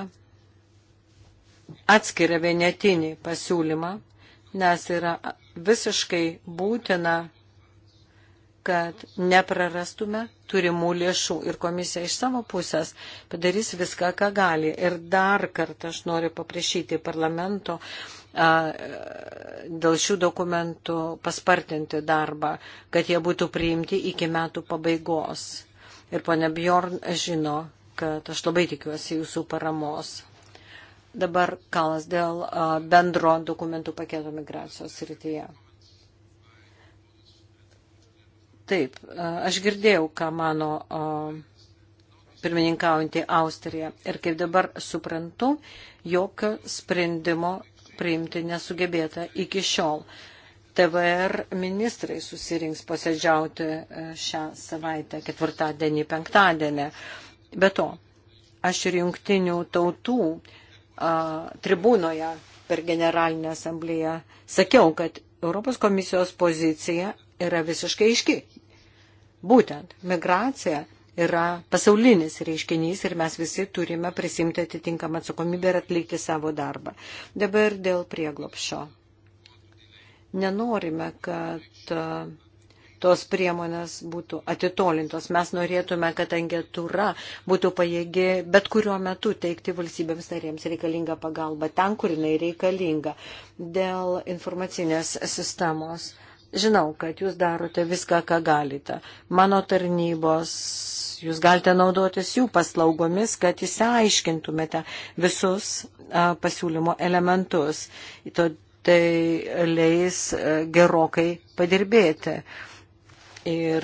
atskirą vienetinį pasiūlymą, nes yra visiškai būtina, kad neprarastume turimų lėšų ir komisija iš savo pusės padarys viską, ką gali. Ir dar kartą aš noriu paprašyti parlamento dėl šių dokumentų paspartinti darbą, kad jie būtų priimti iki metų pabaigos. Ir ponia Bjorn žino, kad aš labai tikiuosi jūsų paramos dabar kalas dėl bendro dokumentų paketo migracijos srityje. Taip, aš girdėjau, ką mano pirmininkaujantį Austriją ir kaip dabar suprantu, jokio sprendimo priimti nesugebėta iki šiol. TVR ministrai susirinks posėdžiauti e, šią savaitę, ketvirtadienį, penktadienį. Be to, aš ir jungtinių tautų uh, tribūnoje per generalinę asamblėją sakiau, kad Europos komisijos pozicija yra visiškai aiški. Būtent migracija yra pasaulinis reiškinys ir mes visi turime prisimti atitinkamą atsakomybę ir atlikti savo darbą. Dabar dėl prieglopšio. Nenorime, kad tos priemonės būtų atitolintos. Mes norėtume, kad agentūra būtų pajėgi bet kuriuo metu teikti valstybėms narėms reikalingą pagalbą ten, kur jinai reikalinga dėl informacinės sistemos. Žinau, kad jūs darote viską, ką galite. Mano tarnybos, jūs galite naudotis jų paslaugomis, kad įsiaiškintumėte visus a, pasiūlymo elementus. To tai leis gerokai padirbėti ir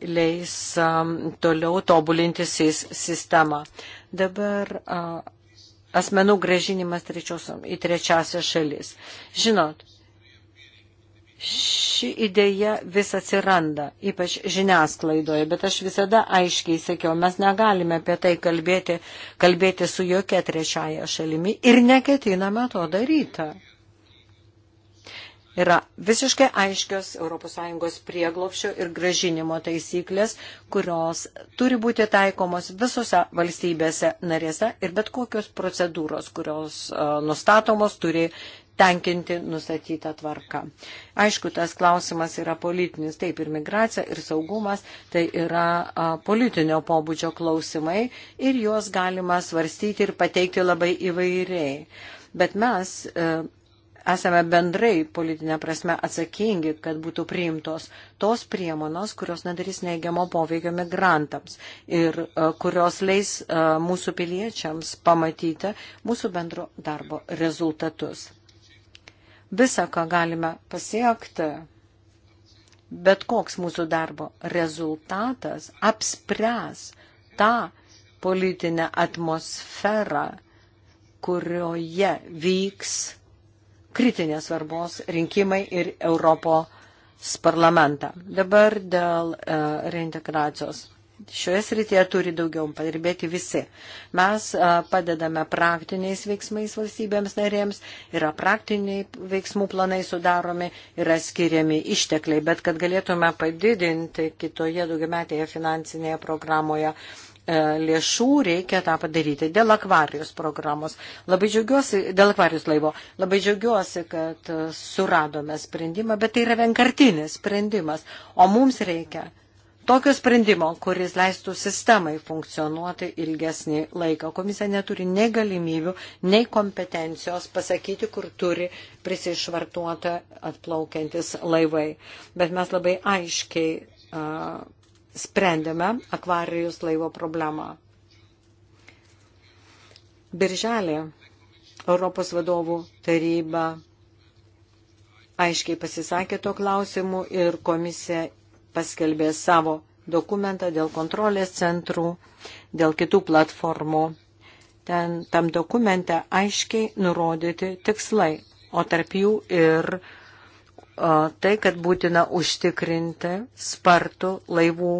leis um, toliau tobulinti SIS sistemą. Dabar asmenų gražinimas trečios, į trečiasią šalis. Žinot, ši idėja vis atsiranda, ypač žiniasklaidoje, bet aš visada aiškiai sakiau, mes negalime apie tai kalbėti, kalbėti su jokia trečiaja šalimi ir neketiname to daryti yra visiškai aiškios ES prieglopščio ir gražinimo taisyklės, kurios turi būti taikomos visose valstybėse narėse ir bet kokios procedūros, kurios e, nustatomos, turi tenkinti nustatytą tvarką. Aišku, tas klausimas yra politinis, taip ir migracija, ir saugumas, tai yra a, e, politinio pobūdžio klausimai ir juos galima svarstyti ir pateikti labai įvairiai. Bet mes a, e, esame bendrai politinė prasme atsakingi, kad būtų priimtos tos priemonos, kurios nedarys neigiamo poveikio migrantams ir e, kurios leis e, mūsų piliečiams pamatyti mūsų bendro darbo rezultatus. Visa, ką galime pasiekti, bet koks mūsų darbo rezultatas apspręs tą politinę atmosferą, kurioje vyks kritinės svarbos rinkimai ir Europos parlamentą. Dabar dėl e, reintegracijos. Šioje srityje turi daugiau padirbėti visi. Mes e, padedame praktiniais veiksmais valstybėms narėms, yra praktiniai veiksmų planai sudaromi, yra skiriami ištekliai, bet kad galėtume padidinti kitoje daugiametėje finansinėje programoje E, lėšų reikia tą padaryti dėl akvarijos programos. Labai džiaugiuosi, dėl akvarijos laivo, labai džiaugiuosi, kad e, suradome sprendimą, bet tai yra vienkartinis sprendimas, o mums reikia Tokio sprendimo, kuris leistų sistemai funkcionuoti ilgesnį laiką. Komisija neturi nei galimybių, nei kompetencijos pasakyti, kur turi prisišvartuoti atplaukiantis laivai. Bet mes labai aiškiai uh, sprendėme akvarijus laivo problemą. Birželį Europos vadovų taryba aiškiai pasisakė to klausimu ir komisija paskelbė savo dokumentą dėl kontrolės centrų, dėl kitų platformų. Ten tam dokumente aiškiai nurodyti tikslai, o tarp jų ir uh, tai, kad būtina užtikrinti spartų laivų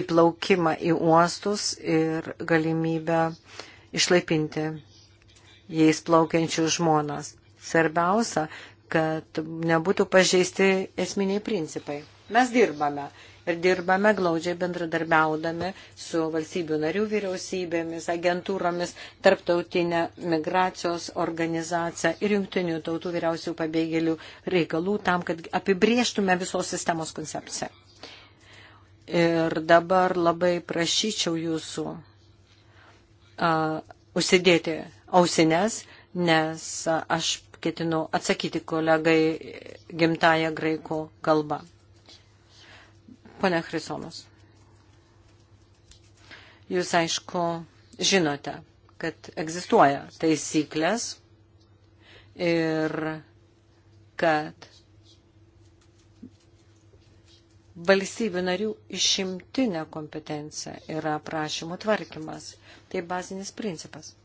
įplaukimą į uostus ir galimybę išlaipinti jais plaukiančius žmonas. Svarbiausia, kad nebūtų pažeisti esminiai principai. Mes dirbame ir dirbame glaudžiai bendradarbiaudami su valstybių narių vyriausybėmis, agentūromis, tarptautinė migracijos organizacija ir jungtinių tautų vyriausių pabėgėlių reikalų tam, kad apibrieštume visos sistemos koncepciją. Ir dabar labai prašyčiau jūsų uh, užsidėti ausines, nes aš ketinu atsakyti kolegai gimtają graikų kalbą. Pone Chrysomas, jūs aišku žinote, kad egzistuoja taisyklės ir kad valstybių narių išimtinė kompetencija yra prašymų tvarkymas. Tai bazinis principas.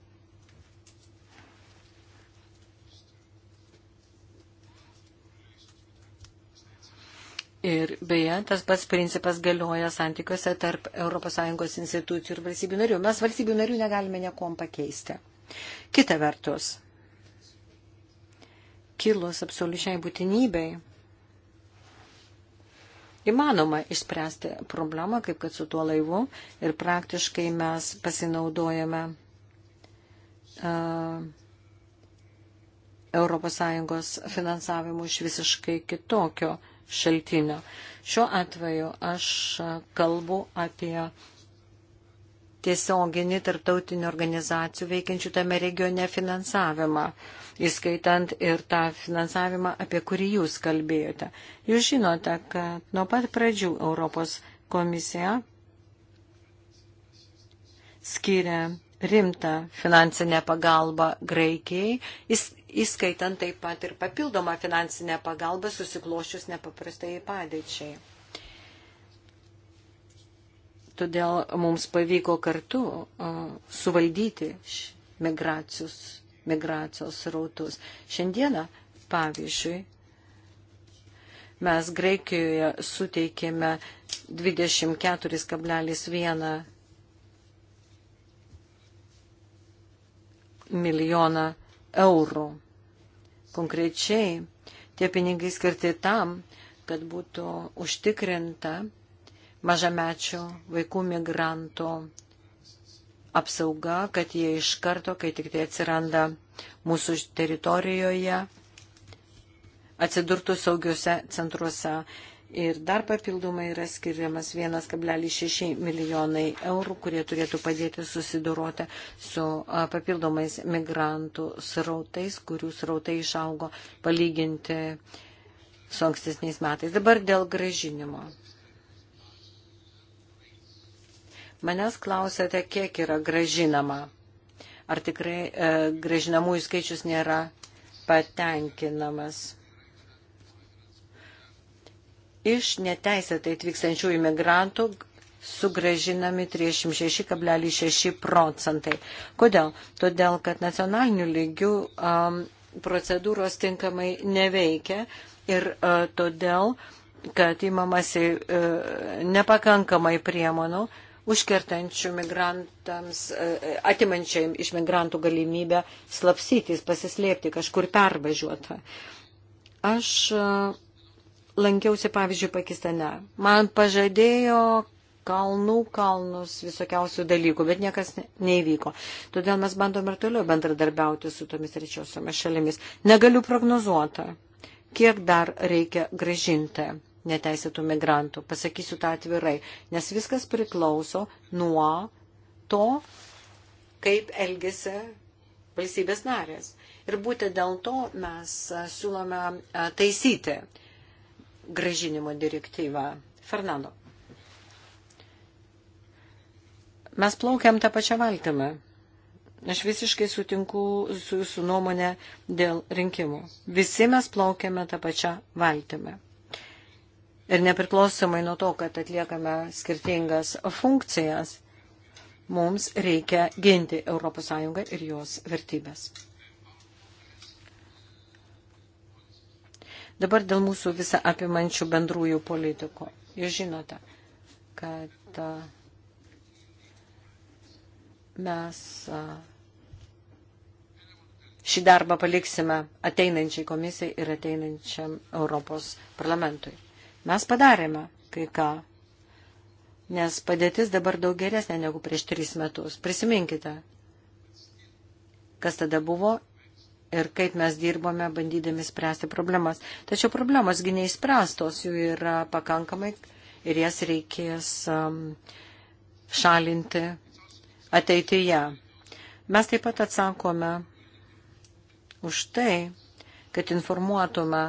Ir beje, tas pats principas galioja santykiuose tarp ES institucijų ir valstybių narių. Mes valstybių narių negalime niekom pakeisti. Kita vertus, kilus absoliučiai būtinybei, įmanoma išspręsti problemą, kaip kad su tuo laivu, ir praktiškai mes pasinaudojame uh, ES finansavimu iš visiškai kitokio uh, šaltinio. Šiuo atveju aš kalbu apie tiesioginį tarptautinių organizacijų veikiančių tame regione finansavimą, įskaitant ir tą finansavimą, apie kurį jūs kalbėjote. Jūs žinote, kad nuo pat pradžių Europos komisija skiria rimtą finansinę pagalbą Graikijai, jis, įskaitant taip pat ir papildomą finansinę pagalbą susiklošius nepaprastai padėčiai. Todėl mums pavyko kartu uh, suvaldyti migracijos, migracijos rautus. Šiandieną, pavyzdžiui, mes Graikijoje suteikėme 24,1 milijoną eurų. Konkrečiai tie pinigai skirti tam, kad būtų užtikrinta mažamečio vaikų migranto apsauga, kad jie iš karto, kai tik tai atsiranda mūsų teritorijoje, atsidurtų saugiuose centruose ir dar papildomai yra skiriamas 1,6 milijonai eurų, kurie turėtų padėti susidoroti su papildomais migrantų srautais, kurių srautai išaugo palyginti su ankstesniais metais. Dabar dėl gražinimo. Manęs klausėte, kiek yra gražinama. Ar tikrai e, gražinamųjų skaičius nėra patenkinamas? iš neteisėtai atvykstančių imigrantų sugražinami 36,6 procentai. Kodėl? Todėl, kad nacionalinių lygių um, procedūros tinkamai neveikia ir uh, todėl, kad įmamasi uh, e, nepakankamai priemonų, užkertančių migrantams, e, e, atimančiai iš migrantų galimybę slapsytis, pasislėpti, kažkur pervažiuoti. Aš uh, lankiausi, pavyzdžiui, Pakistane. Man pažadėjo kalnų kalnus visokiausių dalykų, bet niekas neįvyko. Todėl mes bandom ir toliau bendradarbiauti su tomis trečiosiomis šalimis. Negaliu prognozuoti, kiek dar reikia gražinti neteisėtų migrantų. Pasakysiu tą atvirai, nes viskas priklauso nuo to, kaip elgesi valstybės narės. Ir būtent dėl to mes siūlome taisyti gražinimo direktyvą. Fernando. Mes plaukiam tą pačią valtimą. Aš visiškai sutinku su jūsų nuomonė dėl rinkimų. Visi mes plaukiame tą pačią valtimą. Ir nepriklausomai nuo to, kad atliekame skirtingas funkcijas, mums reikia ginti ES ir jos vertybės. Dabar dėl mūsų visą apimančių bendrųjų politikų. Jūs žinote, kad mes šį darbą paliksime ateinančiai komisijai ir ateinančiam Europos parlamentui. Mes padarėme kai ką, nes padėtis dabar daug geresnė negu prieš tris metus. Prisiminkite, kas tada buvo ir kaip mes dirbome bandydami spręsti problemas. Tačiau problemasgi neįspręstos, jų yra pakankamai ir jas reikės um, šalinti ateityje. Mes taip pat atsakome už tai, kad informuotume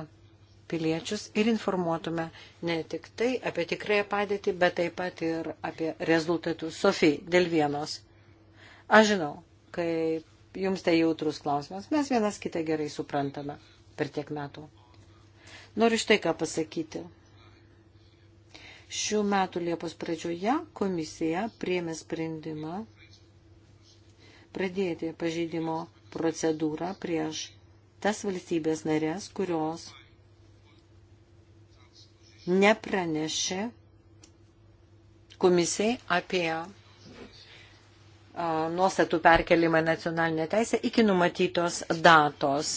piliečius ir informuotume ne tik tai apie tikrąją padėtį, bet taip pat ir apie rezultatus. Sofija, dėl vienos. Aš žinau, kaip jums tai jautrus klausimas. Mes vienas kitą gerai suprantame per tiek metų. Noriu štai ką pasakyti. Šių metų Liepos pradžioje komisija priėmė sprendimą pradėti pažeidimo procedūrą prieš tas valstybės narės, kurios nepranešė komisijai apie nuostatų perkelimą nacionalinę teisę iki numatytos datos.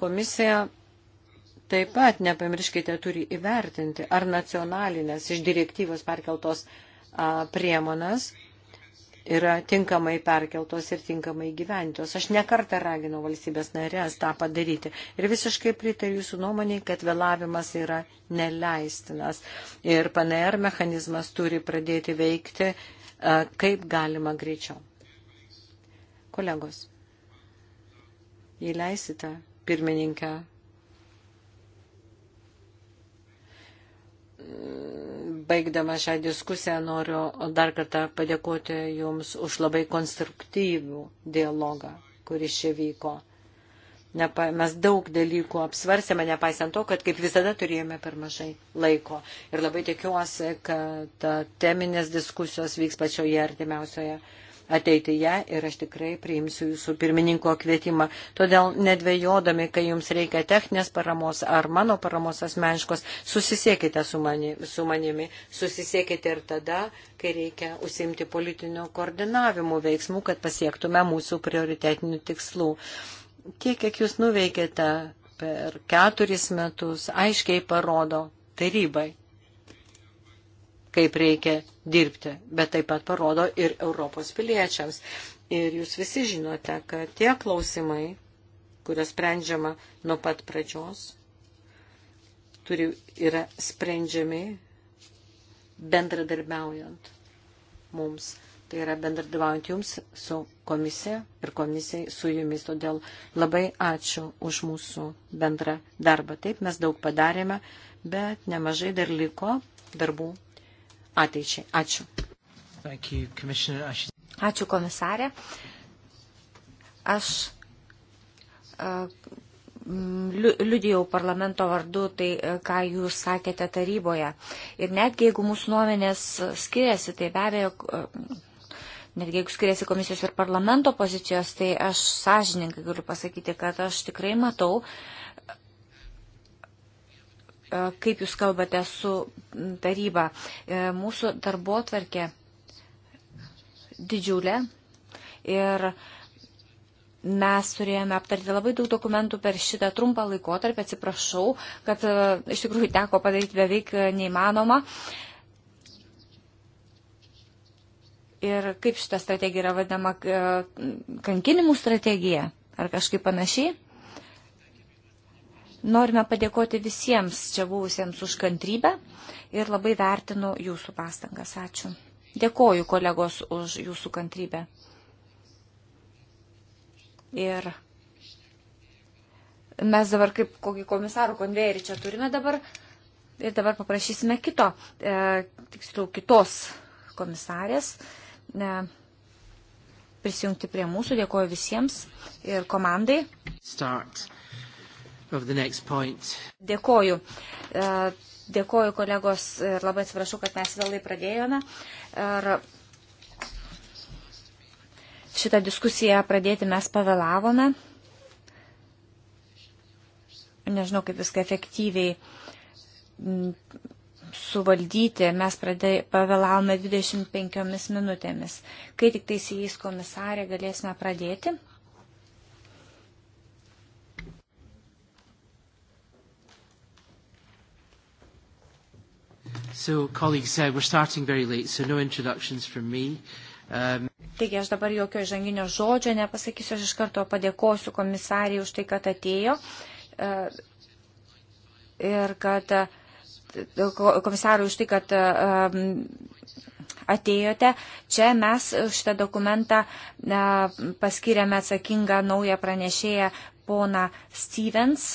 Komisija taip pat, nepamirškite, turi įvertinti, ar nacionalinės iš direktyvos perkeltos priemonas yra tinkamai perkeltos ir tinkamai gyventos. Aš nekartą raginau valstybės narės tą padaryti. Ir visiškai pritariu jūsų nuomonį, kad vėlavimas yra neleistinas. Ir PNR mechanizmas turi pradėti veikti E, kaip galima greičiau. Kolegos, jei leisite pirmininkę baigdama šią diskusiją noriu dar kartą padėkoti Jums už labai konstruktyvų dialogą, kuris čia vyko. Nepa, mes daug dalykų apsvarsėme, nepaisant to, kad kaip visada turėjome per mažai laiko. Ir labai tikiuosi, kad teminės diskusijos vyks pačioje artimiausioje ateityje ir aš tikrai priimsiu jūsų pirmininko kvietimą. Todėl nedvėjodami, kai jums reikia techninės paramos ar mano paramos asmeniškos, susisiekite su, mani, su manimi, susisiekite ir tada, kai reikia užsimti politinio koordinavimo veiksmų, kad pasiektume mūsų prioritetinių tikslų tiek, kiek jūs nuveikėte per keturis metus, aiškiai parodo tarybai, kaip reikia dirbti, bet taip pat parodo ir Europos piliečiams. Ir jūs visi žinote, kad tie klausimai, kurios sprendžiama nuo pat pradžios, turi, yra sprendžiami bendradarbiaujant mums tai yra bendradabaujant jums su komisija ir komisijai su jumis. Todėl labai ačiū už mūsų bendrą darbą. Taip, mes daug padarėme, bet nemažai dar liko darbų ateičiai. Ačiū. You, ačiū komisarė. Aš uh, liudijau parlamento vardu tai, ką jūs sakėte taryboje. Ir netgi jeigu mūsų nuomenės skiriasi, tai be abejo Netgi jeigu skiriasi komisijos ir parlamento pozicijos, tai aš sąžininkai galiu pasakyti, kad aš tikrai matau, e, kaip jūs kalbate su taryba. E, mūsų darbo tvarkė didžiulė ir mes turėjome aptarti labai daug dokumentų per šitą trumpą laikotarpį, atsiprašau, kad e, iš tikrųjų teko padaryti beveik neįmanoma. Uh, ir kaip šita strategija yra vadinama e, kankinimų strategija ar kažkaip panašiai. Norime padėkoti visiems čia buvusiems už kantrybę ir labai vertinu jūsų pastangas. Ačiū. Dėkoju kolegos už jūsų kantrybę. Ir mes dabar kaip kokį komisarų konvejerį čia turime dabar ir dabar paprašysime kito, e, tiksliau kitos komisarės. E, ne, prisijungti prie mūsų. Dėkuoju visiems ir komandai. Dėkuoju. E, Dėkuoju kolegos ir labai atsiprašau, kad mes vėlai pradėjome. Ir šitą diskusiją pradėti mes pavėlavome. Nežinau, kaip viską efektyviai suvaldyti, mes pradėj, pavėlavome 25 minutėmis. Kai tik tai įsijys komisarė, galėsime pradėti. So, colleagues, uh, we're starting very late, so no introductions from me. Um, Taigi aš dabar jokio žanginio žodžio nepasakysiu, aš iš karto padėkosiu komisarijai už tai, kad atėjo uh, ir kad uh, komisarui už tai, kad um, atėjote. Čia mes šitą dokumentą paskiriame atsakingą naują pranešėją poną Stevens.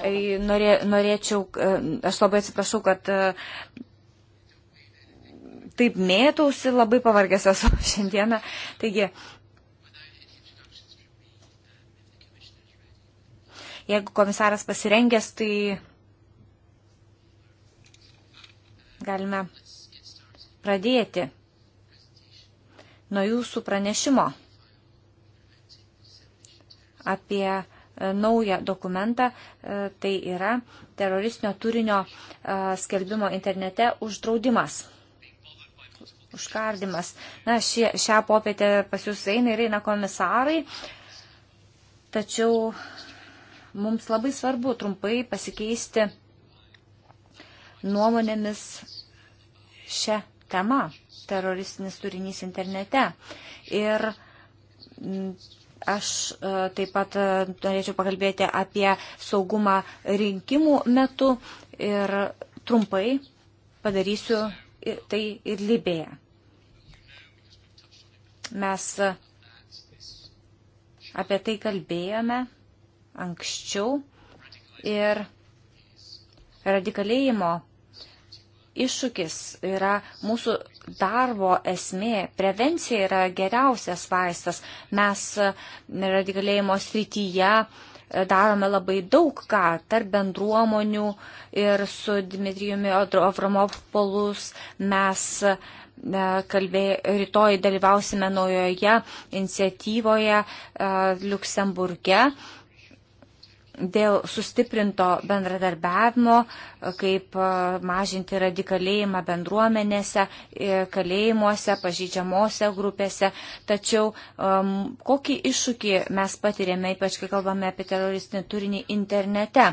Norė, norėčiau, e, aš labai atsiprašau, kad e, taip mėtausi, labai pavargęs esu šiandieną. Taigi, jeigu komisaras pasirengęs, tai galime pradėti nuo jūsų pranešimo apie e, naują dokumentą, e, tai yra teroristinio turinio e, skelbimo internete uždraudimas užkardimas. Na, šie, šią popietę pas jūs eina ir eina komisarai, tačiau mums labai svarbu trumpai pasikeisti nuomonėmis šią temą - teroristinis turinys internete. Ir aš e, taip pat e, norėčiau pakalbėti apie saugumą rinkimų metu ir trumpai padarysiu tai ir Libėje. Mes apie tai kalbėjome anksčiau ir radikalėjimo iššūkis yra mūsų darbo esmė. Prevencija yra geriausias vaistas. Mes radikalėjimo srityje uh, darome labai daug ką tarp bendruomonių ir su Dmitrijumi Avramopolus mes e, kalbė, rytoj dalyvausime naujoje iniciatyvoje e, Luksemburge dėl sustiprinto bendradarbiavimo, kaip e, mažinti radikalėjimą bendruomenėse, e, kalėjimuose, pažydžiamose grupėse. Tačiau e, kokį iššūkį mes patirėme, ypač kai kalbame apie teroristinį turinį internete.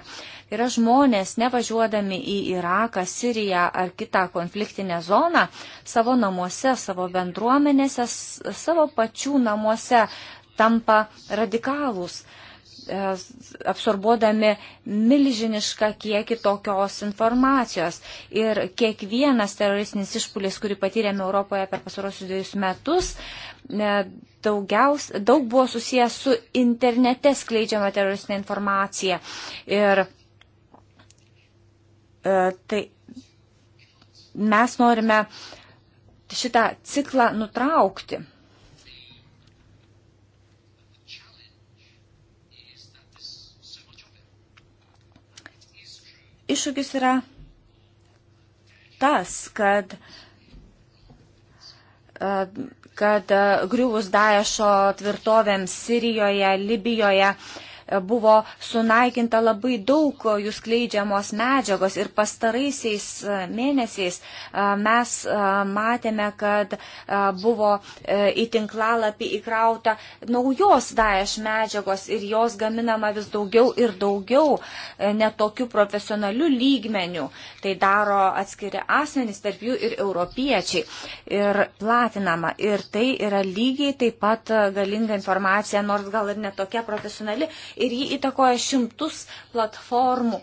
Yra žmonės, nevažiuodami į Iraką, Siriją ar kitą konfliktinę zoną, savo namuose, savo bendruomenėse, savo pačių namuose tampa radikalūs. Uh, E, absorbuodami milžinišką kiekį tokios informacijos. Ir kiekvienas teroristinis išpulis, kurį patyrėme Europoje per pasarosius dviejus metus, e, daugiaus, daug buvo susijęs su internete skleidžiama teroristinė informacija. Ir e, tai mes norime šitą ciklą nutraukti. Iššūkis yra tas, kad e, kad e, griuvus Daešo tvirtovėms Sirijoje, Libijoje, uh, buvo sunaikinta labai daug jūs kleidžiamos medžiagos ir pastaraisiais e, mėnesiais e, mes e, matėme, kad buvo į tinklalapį įkrauta naujos daeš medžiagos ir jos gaminama vis daugiau ir daugiau netokių profesionalių lygmenių. Tai daro atskiri asmenys, tarp jų ir europiečiai. Ir platinama. Ir tai yra lygiai taip pat galinga informacija, nors gal ir netokia profesionali ir jį įtakoja šimtus platformų.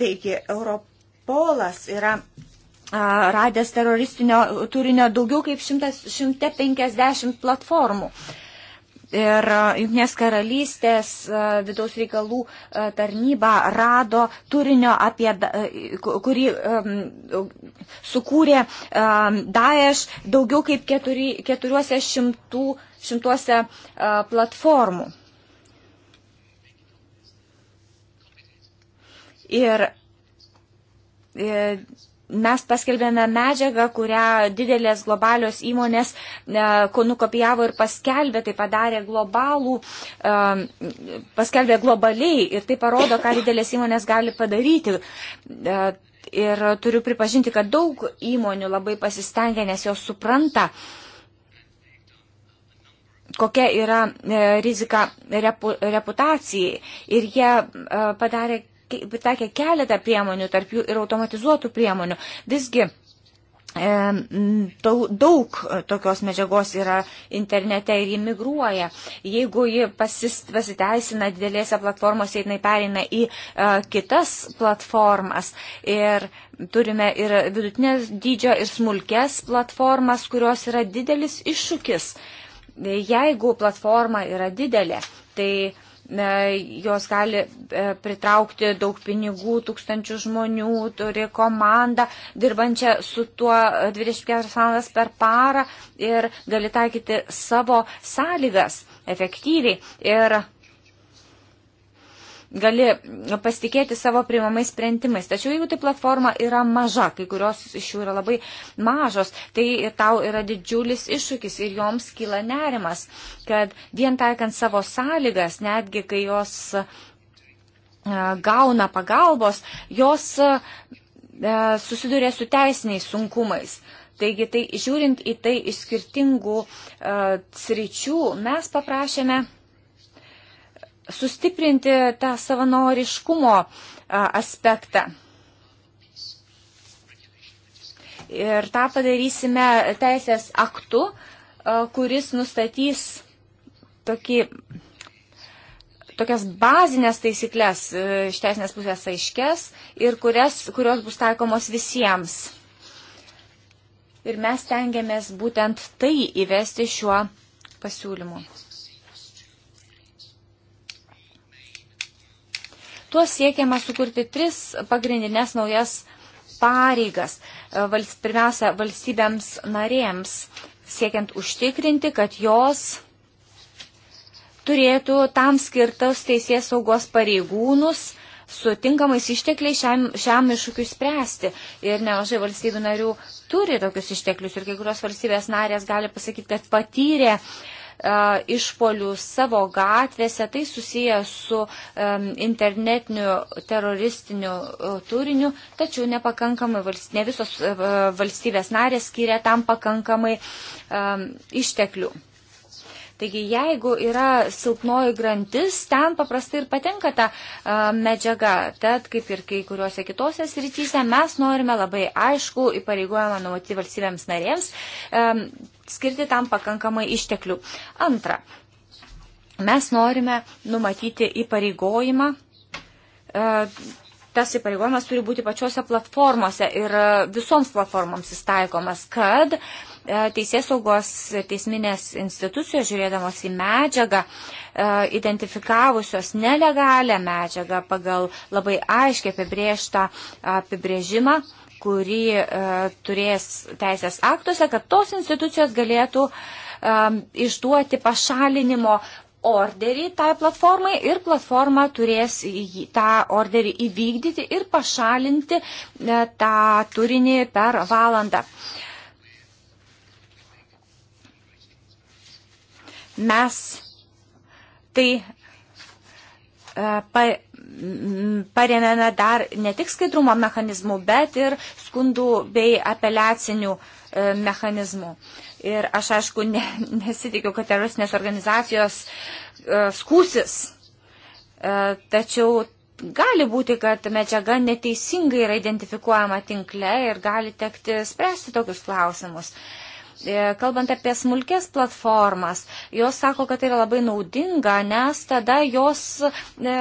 Taigi Europolas yra a, radęs teroristinio turinio daugiau kaip 100, 150 platformų. Ir Junknės karalystės vidaus reikalų tarnyba rado turinio, apie, kurį sukūrė Daesh daugiau kaip keturi, keturiuose šimtų, šimtuose platformų. Ir e, mes paskelbėme medžiagą, kurią didelės globalios įmonės e, nukopijavo ir paskelbė, tai padarė globalų, e, paskelbė globaliai ir tai parodo, ką didelės įmonės gali padaryti. Ir turiu pripažinti, kad daug įmonių labai pasistengia, nes jos supranta, kokia yra rizika reputacijai. Ir jie padarė pritaikė keletą priemonių, tarp jų ir automatizuotų priemonių. Visgi e, daug e, tokios medžiagos yra internete ir ji migruoja. Jeigu ji pasist, pasiteisina didelėse platformose, jinai pereina į uh, kitas platformas. Ir turime ir vidutinės dydžio ir smulkės platformas, kurios yra didelis iššūkis. Jeigu platforma yra didelė, tai uh, E, jos gali e, pritraukti daug pinigų, tūkstančių žmonių, turi komandą, dirbančią su tuo 24 valandas per parą ir gali taikyti savo sąlygas efektyviai. Ir gali pasitikėti savo priimamais sprendimais. Tačiau jeigu tai platforma yra maža, kai kurios iš jų yra labai mažos, tai tau yra didžiulis iššūkis ir joms kyla nerimas, kad vien taikant savo sąlygas, netgi kai jos e, gauna pagalbos, jos e, susiduria su teisiniais sunkumais. Taigi, tai žiūrint į tai iš skirtingų uh, sričių, mes paprašėme uh, sustiprinti tą savanoriškumo aspektą. Ir tą padarysime teisės aktu, kuris nustatys tokį, tokias bazinės taisyklės e, iš teisinės pusės aiškės ir kurias, kurios bus taikomos visiems. Ir mes tengiamės būtent tai įvesti šiuo pasiūlymu. Tuo siekiama sukurti tris pagrindinės naujas pareigas, e, vals, pirmiausia, valstybėms narėms, siekiant užtikrinti, kad jos turėtų tam skirtas teisės saugos pareigūnus su tinkamais ištekliai šiam, šiam iššūkiu spręsti. Ir nemažai valstybių narių turi tokius išteklius ir kai kurios valstybės narės gali pasakyti, kad patyrė uh, E, išpolių savo gatvėse, tai susiję su e, internetiniu teroristiniu e, turiniu, tačiau nepakankamai, ne visos valstybės narės skiria tam pakankamai išteklių. Taigi jeigu yra silpnoji grantis, ten paprastai ir patenka ta a, medžiaga. Tad kaip ir kai kuriuose kitose srityse mes norime labai aišku įpareigojimą numatyti valstybėms narėms, a, skirti tam pakankamai išteklių. Antra, mes norime numatyti įpareigojimą. A, tas įpareigojimas turi būti pačiose platformose ir visoms platformoms įstaikomas, kad uh, E, teisės saugos teisminės institucijos, žiūrėdamos į medžiagą, e, identifikavusios nelegalią medžiagą pagal labai aiškiai apibrieštą apibrėžimą kuri e, turės teisės aktuose, kad tos institucijos galėtų e, išduoti pašalinimo orderį tai platformai ir platforma turės tą orderį įvykdyti ir pašalinti e, tą turinį per valandą. E, Mes tai e, pa, paremėme dar ne tik skaidrumo mechanizmų, bet ir skundų bei apeliacinių e, mechanizmų. Ir aš, aišku, ne, nesitikiu, kad teroristinės organizacijos e, skūsis, tačiau gali būti, kad medžiaga neteisingai yra identifikuojama tinkle ir gali tekti spręsti tokius klausimus. Uh, E, kalbant apie smulkės platformas, jos sako, kad tai yra labai naudinga, nes tada jos e,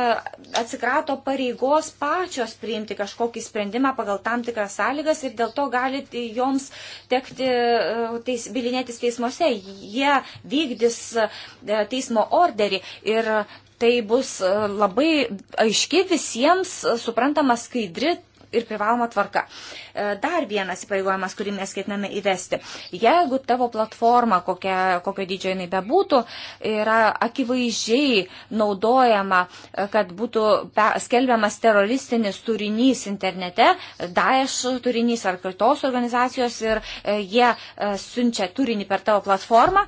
atsikrato pareigos pačios priimti kažkokį sprendimą pagal tam tikras sąlygas ir dėl to gali joms tekti e, teis, bilinėtis teismuose. Jie vykdys teismo orderį ir tai bus labai aiški visiems suprantama skaidri ir privaloma tvarka. E, dar vienas įpareigojimas, kurį mes ketiname įvesti. Jeigu tavo platforma, kokia, kokio dydžio jinai bebūtų, yra akivaizdžiai naudojama, e, kad būtų skelbiamas teroristinis turinys internete, Daesh turinys ar kitos organizacijos ir e, jie siunčia turinį per tavo platformą,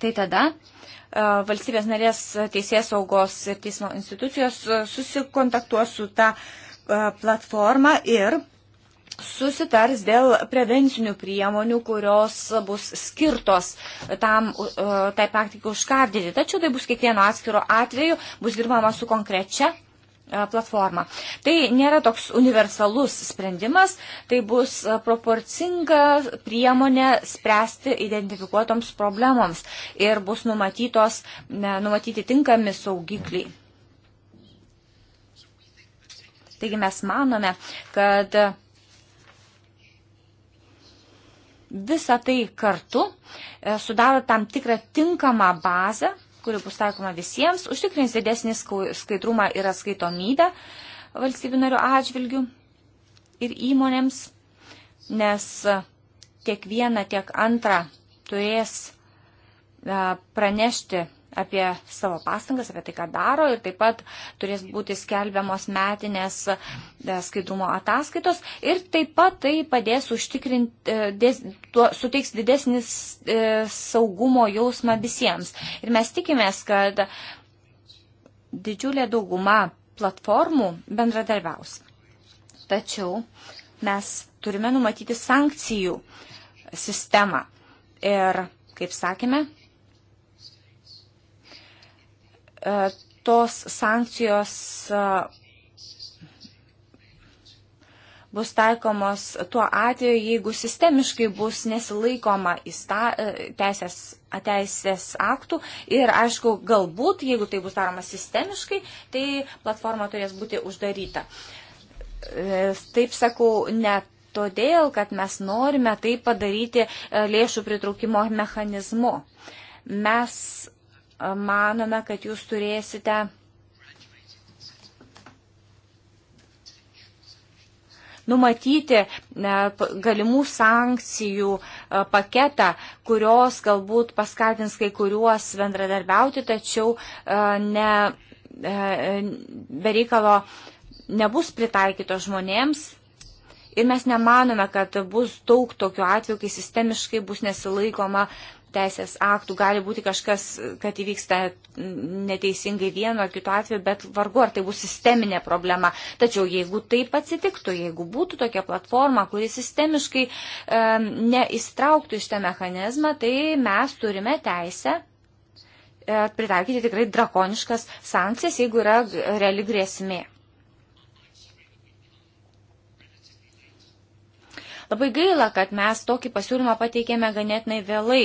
tai tada valstybės narės teisės saugos ir teismo institucijos susikontaktuos su ta uh, platformą ir susitars dėl prevencinių priemonių, kurios bus skirtos tam, tai praktikai užkardyti. Tačiau tai bus kiekvieno atskiro atveju, bus dirbama su konkrečia platforma. Tai nėra toks universalus sprendimas, tai bus proporcinga priemonė spręsti identifikuotoms problemoms ir bus numatytos, numatyti tinkami saugikliai. Taigi mes manome, kad visa tai kartu e, sudaro tam tikrą tinkamą bazę, kuri bus taikoma visiems, užtikrins didesnį skaidrumą ir atskaitomybę valstybių narių atžvilgių ir įmonėms, nes tiek vieną, tiek antrą turės e, pranešti apie savo pastangas, apie tai, ką daro ir taip pat turės būti skelbiamos metinės e, skaidrumo ataskaitos ir taip pat tai padės užtikrinti, e, dės, tuo, suteiks didesnis e, saugumo jausmą visiems. Ir mes tikimės, kad didžiulė dauguma platformų bendradarbiaus. Tačiau mes turime numatyti sankcijų sistemą. Ir, kaip sakėme, E, tos sankcijos e, bus taikomos tuo atveju, jeigu sistemiškai bus nesilaikoma įsta, e, teisės, teisės aktų ir, aišku, galbūt, jeigu tai bus daroma sistemiškai, tai platforma turės būti uždaryta. Taip sakau, ne todėl, kad mes norime tai padaryti lėšų pritraukimo mechanizmu. Mes manome, kad jūs turėsite numatyti e, galimų sankcijų e, paketą, kurios galbūt paskatins kai kuriuos bendradarbiauti, tačiau e, ne, bereikalo nebus pritaikytos žmonėms. Ir mes nemanome, kad bus daug tokių atvejų, kai sistemiškai bus nesilaikoma uh, teisės aktų. Gali būti kažkas, kad įvyksta neteisingai vieno ar kito atveju, bet vargu ar tai bus sisteminė problema. Tačiau jeigu taip atsitiktų, jeigu būtų tokia platforma, kuri sistemiškai e, neįstrauktų iš tą mechanizmą, tai mes turime teisę e, pritaikyti tikrai drakoniškas sankcijas, jeigu yra reali grėsmė. Labai gaila, kad mes tokį pasiūlymą pateikėme ganėtinai vėlai.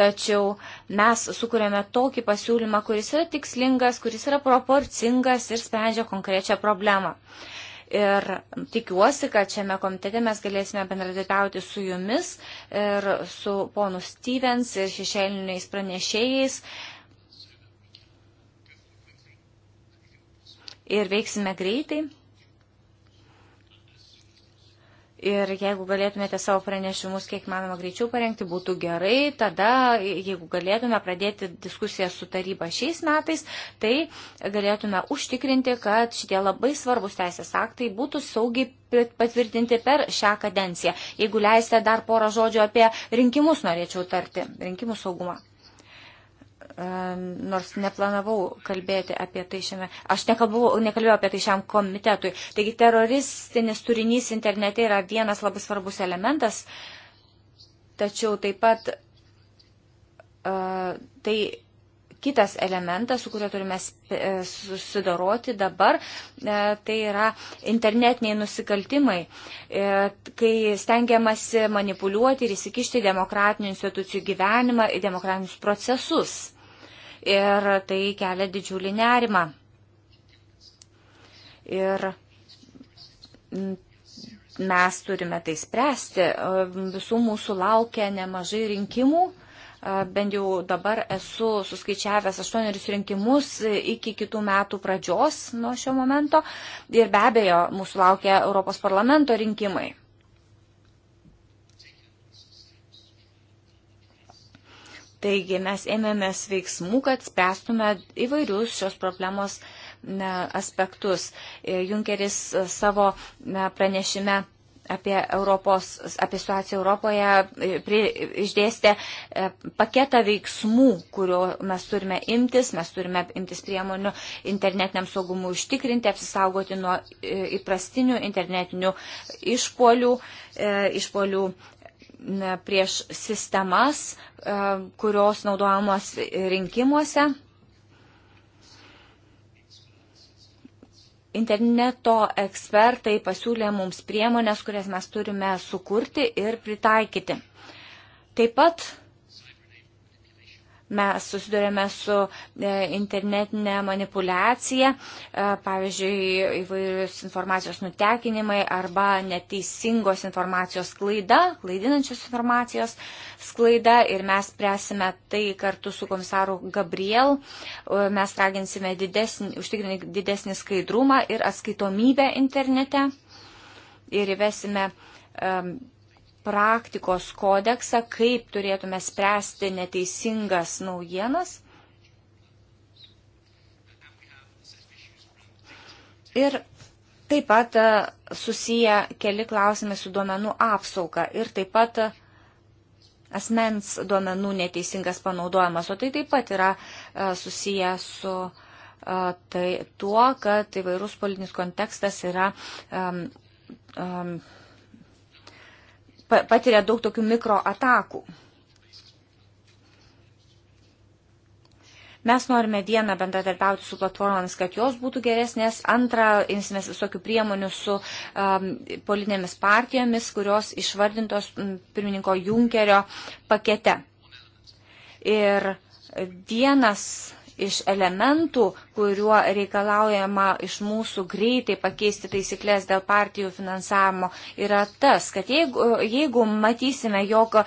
Tačiau mes sukūrėme tokį pasiūlymą, kuris yra tikslingas, kuris yra proporcingas ir sprendžia konkrečią problemą. Ir tikiuosi, kad šiame komitete mes galėsime bendradarbiauti su jumis ir su ponu Stevens ir šešėliniais pranešėjais. Ir veiksime greitai. Ir jeigu galėtumėte savo pranešimus kiek manoma greičiau parengti, būtų gerai. Tada, jeigu galėtume pradėti diskusiją su taryba šiais metais, tai galėtume užtikrinti, kad šitie labai svarbus teisės aktai būtų saugiai patvirtinti per šią kadenciją. Jeigu leisite dar porą žodžių apie rinkimus, norėčiau tarti. Rinkimų saugumą nors neplanavau kalbėti apie tai šiame, aš nekalbau, nekalbėjau apie tai šiam komitetui. Taigi teroristinis turinys internete yra vienas labai svarbus elementas, tačiau taip pat e, tai kitas elementas, su kuriuo turime e, susidoroti dabar, e, tai yra internetiniai nusikaltimai, kai stengiamasi manipuliuoti ir įsikišti demokratinių institucijų gyvenimą, demokratinius procesus ir tai kelia didžiulį nerimą. Ir mes turime tai spręsti. Visų mūsų laukia nemažai rinkimų. Bent jau dabar esu suskaičiavęs aštuonerius rinkimus iki kitų metų pradžios nuo šio momento. Ir be abejo, mūsų laukia Europos parlamento rinkimai. Taigi mes ėmėmės veiksmų, kad spręstume įvairius šios problemos aspektus. E, Junkeris e, savo pranešime apie, Europos, apie situaciją Europoje e, pri, išdėstė paketą veiksmų, kurio mes turime imtis. Mes turime imtis priemonių internetiniam saugumui užtikrinti, apsisaugoti nuo įprastinių internetinių išpolių, išpolių prieš sistemas, e, kurios naudojamos rinkimuose. Interneto ekspertai pasiūlė mums priemonės, kurias mes turime sukurti ir pritaikyti. Taip pat mes susidurėme su e, internetinė manipulacija, e, pavyzdžiui, įvairius informacijos nutekinimai arba neteisingos informacijos klaida, klaidinančios informacijos sklaida ir mes presime tai kartu su komisaru Gabriel, mes raginsime didesnį, užtikrinti didesnį skaidrumą ir atskaitomybę internete ir įvesime um, praktikos kodeksą, kaip turėtume spręsti neteisingas naujienas. Ir taip pat e, susiję keli klausimai su duomenų apsauga ir taip pat e, asmens duomenų neteisingas panaudojimas, o tai taip pat yra e, susiję su tai tuo, kad įvairūs politinis kontekstas yra um, um, patiria daug tokių mikroatakų. Mes norime vieną bendradarbiauti su platformomis, kad jos būtų geresnės, antrą imsimės visokių priemonių su um, politinėmis partijomis, kurios išvardintos mm, pirmininko Junkerio pakete. Ir vienas iš elementų, kuriuo reikalaujama iš mūsų greitai pakeisti taisyklės dėl partijų finansavimo, yra tas, kad jeigu, jeigu matysime, jog e,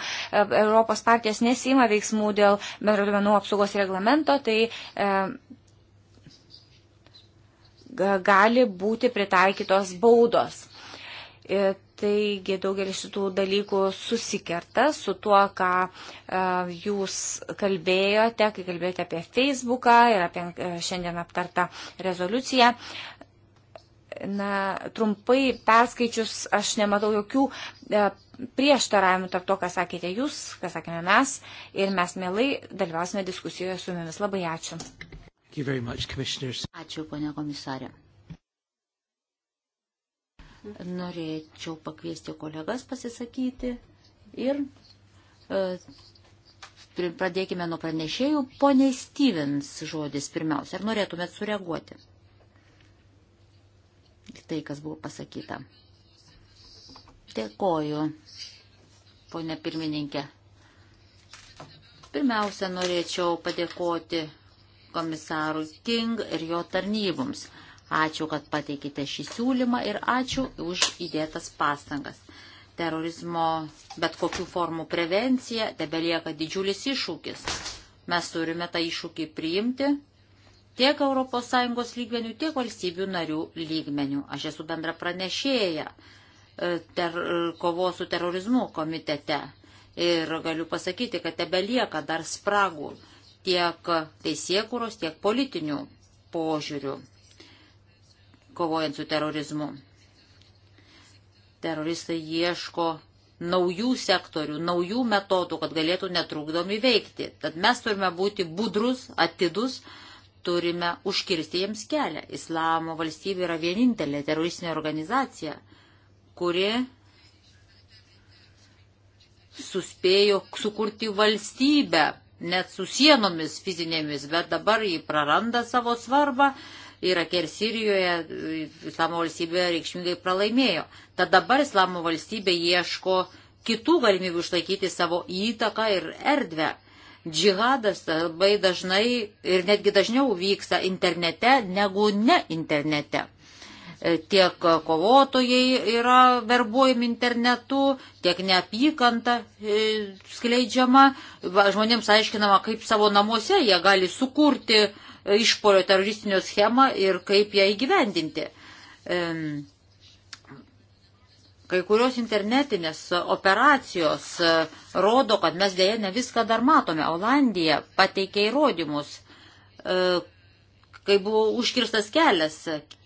Europos partijos nesima veiksmų dėl bendroduomenų apsaugos reglamento, tai e, gali būti pritaikytos baudos. Ir e, Taigi daugelis šitų dalykų susikerta su tuo, ką e, jūs kalbėjote, kai kalbėjote apie Facebooką ir apie e, šiandien aptartą rezoliuciją. Na, trumpai perskaičius, aš nematau jokių e, prieštaravimų tarp to, ką sakėte jūs, ką sakėme mes, ir mes mielai dalyvausime diskusijoje su jumis. Labai ačiū. Much, Ačiū, ponia komisarė. Norėčiau pakviesti kolegas pasisakyti ir e, pradėkime nuo pranešėjų. Pone Stevens žodis pirmiausia. Ar norėtumėt sureaguoti? Tai, kas buvo pasakyta. Dėkoju, ponė pirmininkė. Pirmiausia, norėčiau padėkoti komisarui King ir jo tarnyboms. Ačiū, kad pateikite šį siūlymą ir ačiū už įdėtas pastangas. Terorizmo bet kokių formų prevencija tebelieka didžiulis iššūkis. Mes turime tą iššūkį priimti tiek ES lygmenių, tiek valstybių narių lygmenių. Aš esu bendra pranešėja e, ter, kovos su terorizmu komitete ir galiu pasakyti, kad tebelieka dar spragų tiek teisėkūros, tiek politinių požiūrių kovojant su terorizmu. Teroristai ieško naujų sektorių, naujų metodų, kad galėtų netrukdomi veikti. Tad mes turime būti budrus, atidus, turime užkirsti jiems kelią. Islamo valstybė yra vienintelė teroristinė organizacija, kuri suspėjo sukurti valstybę, net su sienomis fizinėmis, bet dabar jį praranda savo svarbą Irake ir Sirijoje Islamo valstybė reikšmingai pralaimėjo. Tad dabar Islamo valstybė ieško kitų galimybių išlaikyti savo įtaką ir erdvę. Džihadas labai dažnai ir netgi dažniau vyksta internete negu ne internete e, tiek kovotojai yra verbuojami internetu, tiek neapykanta e, skleidžiama, žmonėms aiškinama, kaip savo namuose jie gali sukurti išpolio teroristinio schemą ir kaip ją įgyvendinti. Kai kurios internetinės operacijos e, rodo, kad mes dėja ne viską dar matome. Olandija pateikė įrodymus, e, kai buvo užkirstas kelias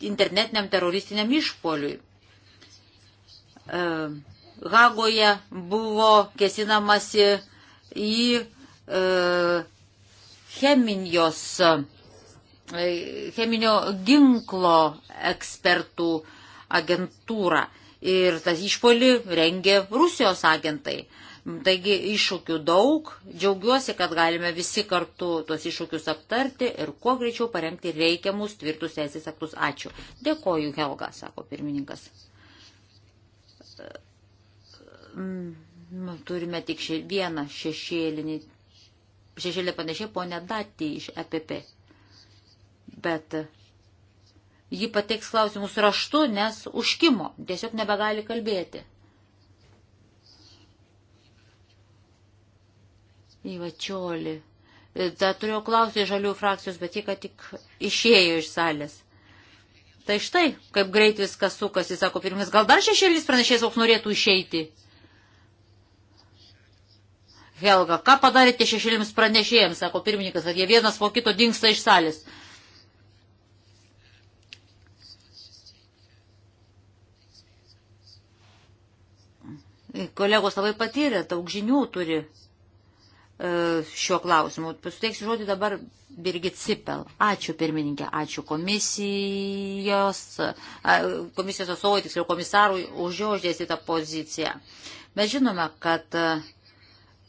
internetiniam teroristiniam išpoliui. E, Hagoje buvo kesinamasi į e, cheminjos E, cheminio ginklo ekspertų agentūrą. Ir tas išpolį rengė Rusijos agentai. Taigi iššūkių daug, džiaugiuosi, kad galime visi kartu tuos iššūkius aptarti ir kuo greičiau parengti reikiamus tvirtus teisės aktus. Ačiū. Dėkoju, Helga, sako pirmininkas. Mm, turime tik še, vieną šešėlinį. Šešėlį panašiai ponė Datį iš EPP bet ji pateiks klausimus raštu, nes užkimo, tiesiog nebegali kalbėti. Įvačioli. Ta turėjau klausyti žalių frakcijos, bet jie ką tik išėjo iš salės. Tai štai, kaip greit viskas sukasi, sako pirmininkas, gal dar šešėlis pranešės, koks norėtų išeiti. Helga, ką padarėte šešėlims pranešėjams, sako pirmininkas, kad jie vienas po kito dinksta iš salės. Kolegos labai patyrė, daug žinių turi e, šiuo klausimu. Suteiksiu žodį dabar Birgit Sipel. Ačiū pirmininkė, ačiū komisijos, komisijos atstovui, tiksliau komisarui, už jo uždėstytą poziciją. Mes žinome, kad e,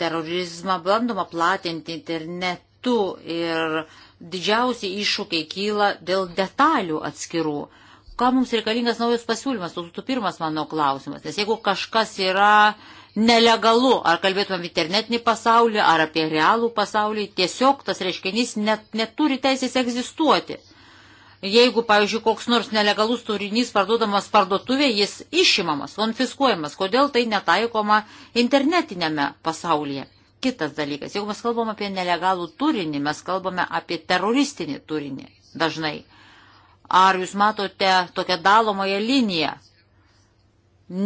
terorizmą bandoma platinti internetu ir didžiausi iššūkiai kyla dėl detalių atskirų. Ką mums reikalingas naujas pasiūlymas? Tu, tu pirmas mano klausimas. Nes jeigu kažkas yra nelegalu, ar kalbėtumėm internetinį pasaulį, ar apie realų pasaulį, tiesiog tas reiškinys net, neturi teisės egzistuoti. Jeigu, pavyzdžiui, koks nors nelegalus turinys parduodamas parduotuvėje, jis išimamas, konfiskuojamas. Kodėl tai netaikoma internetinėme pasaulyje? Kitas dalykas, jeigu mes kalbam apie nelegalų turinį, mes kalbame apie teroristinį turinį dažnai. Ar jūs matote tokią dalomąją liniją?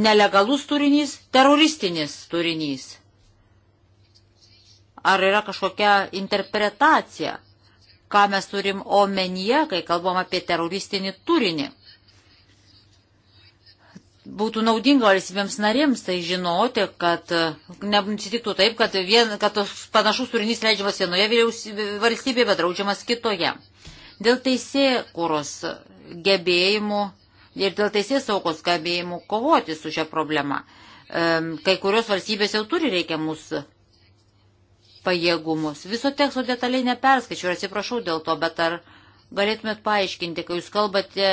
Nelegalus turinys, teroristinis turinys. Ar yra kažkokia interpretacija, ką mes turim omenyje, kai kalbam apie teroristinį turinį? būtų naudinga valstybėms narėms tai žinoti, kad nenusitiktų taip, kad, vien, kad panašus turinys leidžiamas vienoje valstybėje, bet draudžiamas kitoje. Dėl teisėkuros gebėjimų ir dėl teisės saugos gebėjimų kovoti su šią problemą. Kai kurios valstybės jau turi reikiamus pajėgumus. Viso teksto detaliai neperskaičiu ir atsiprašau dėl to, bet ar galėtumėt paaiškinti, kai jūs kalbate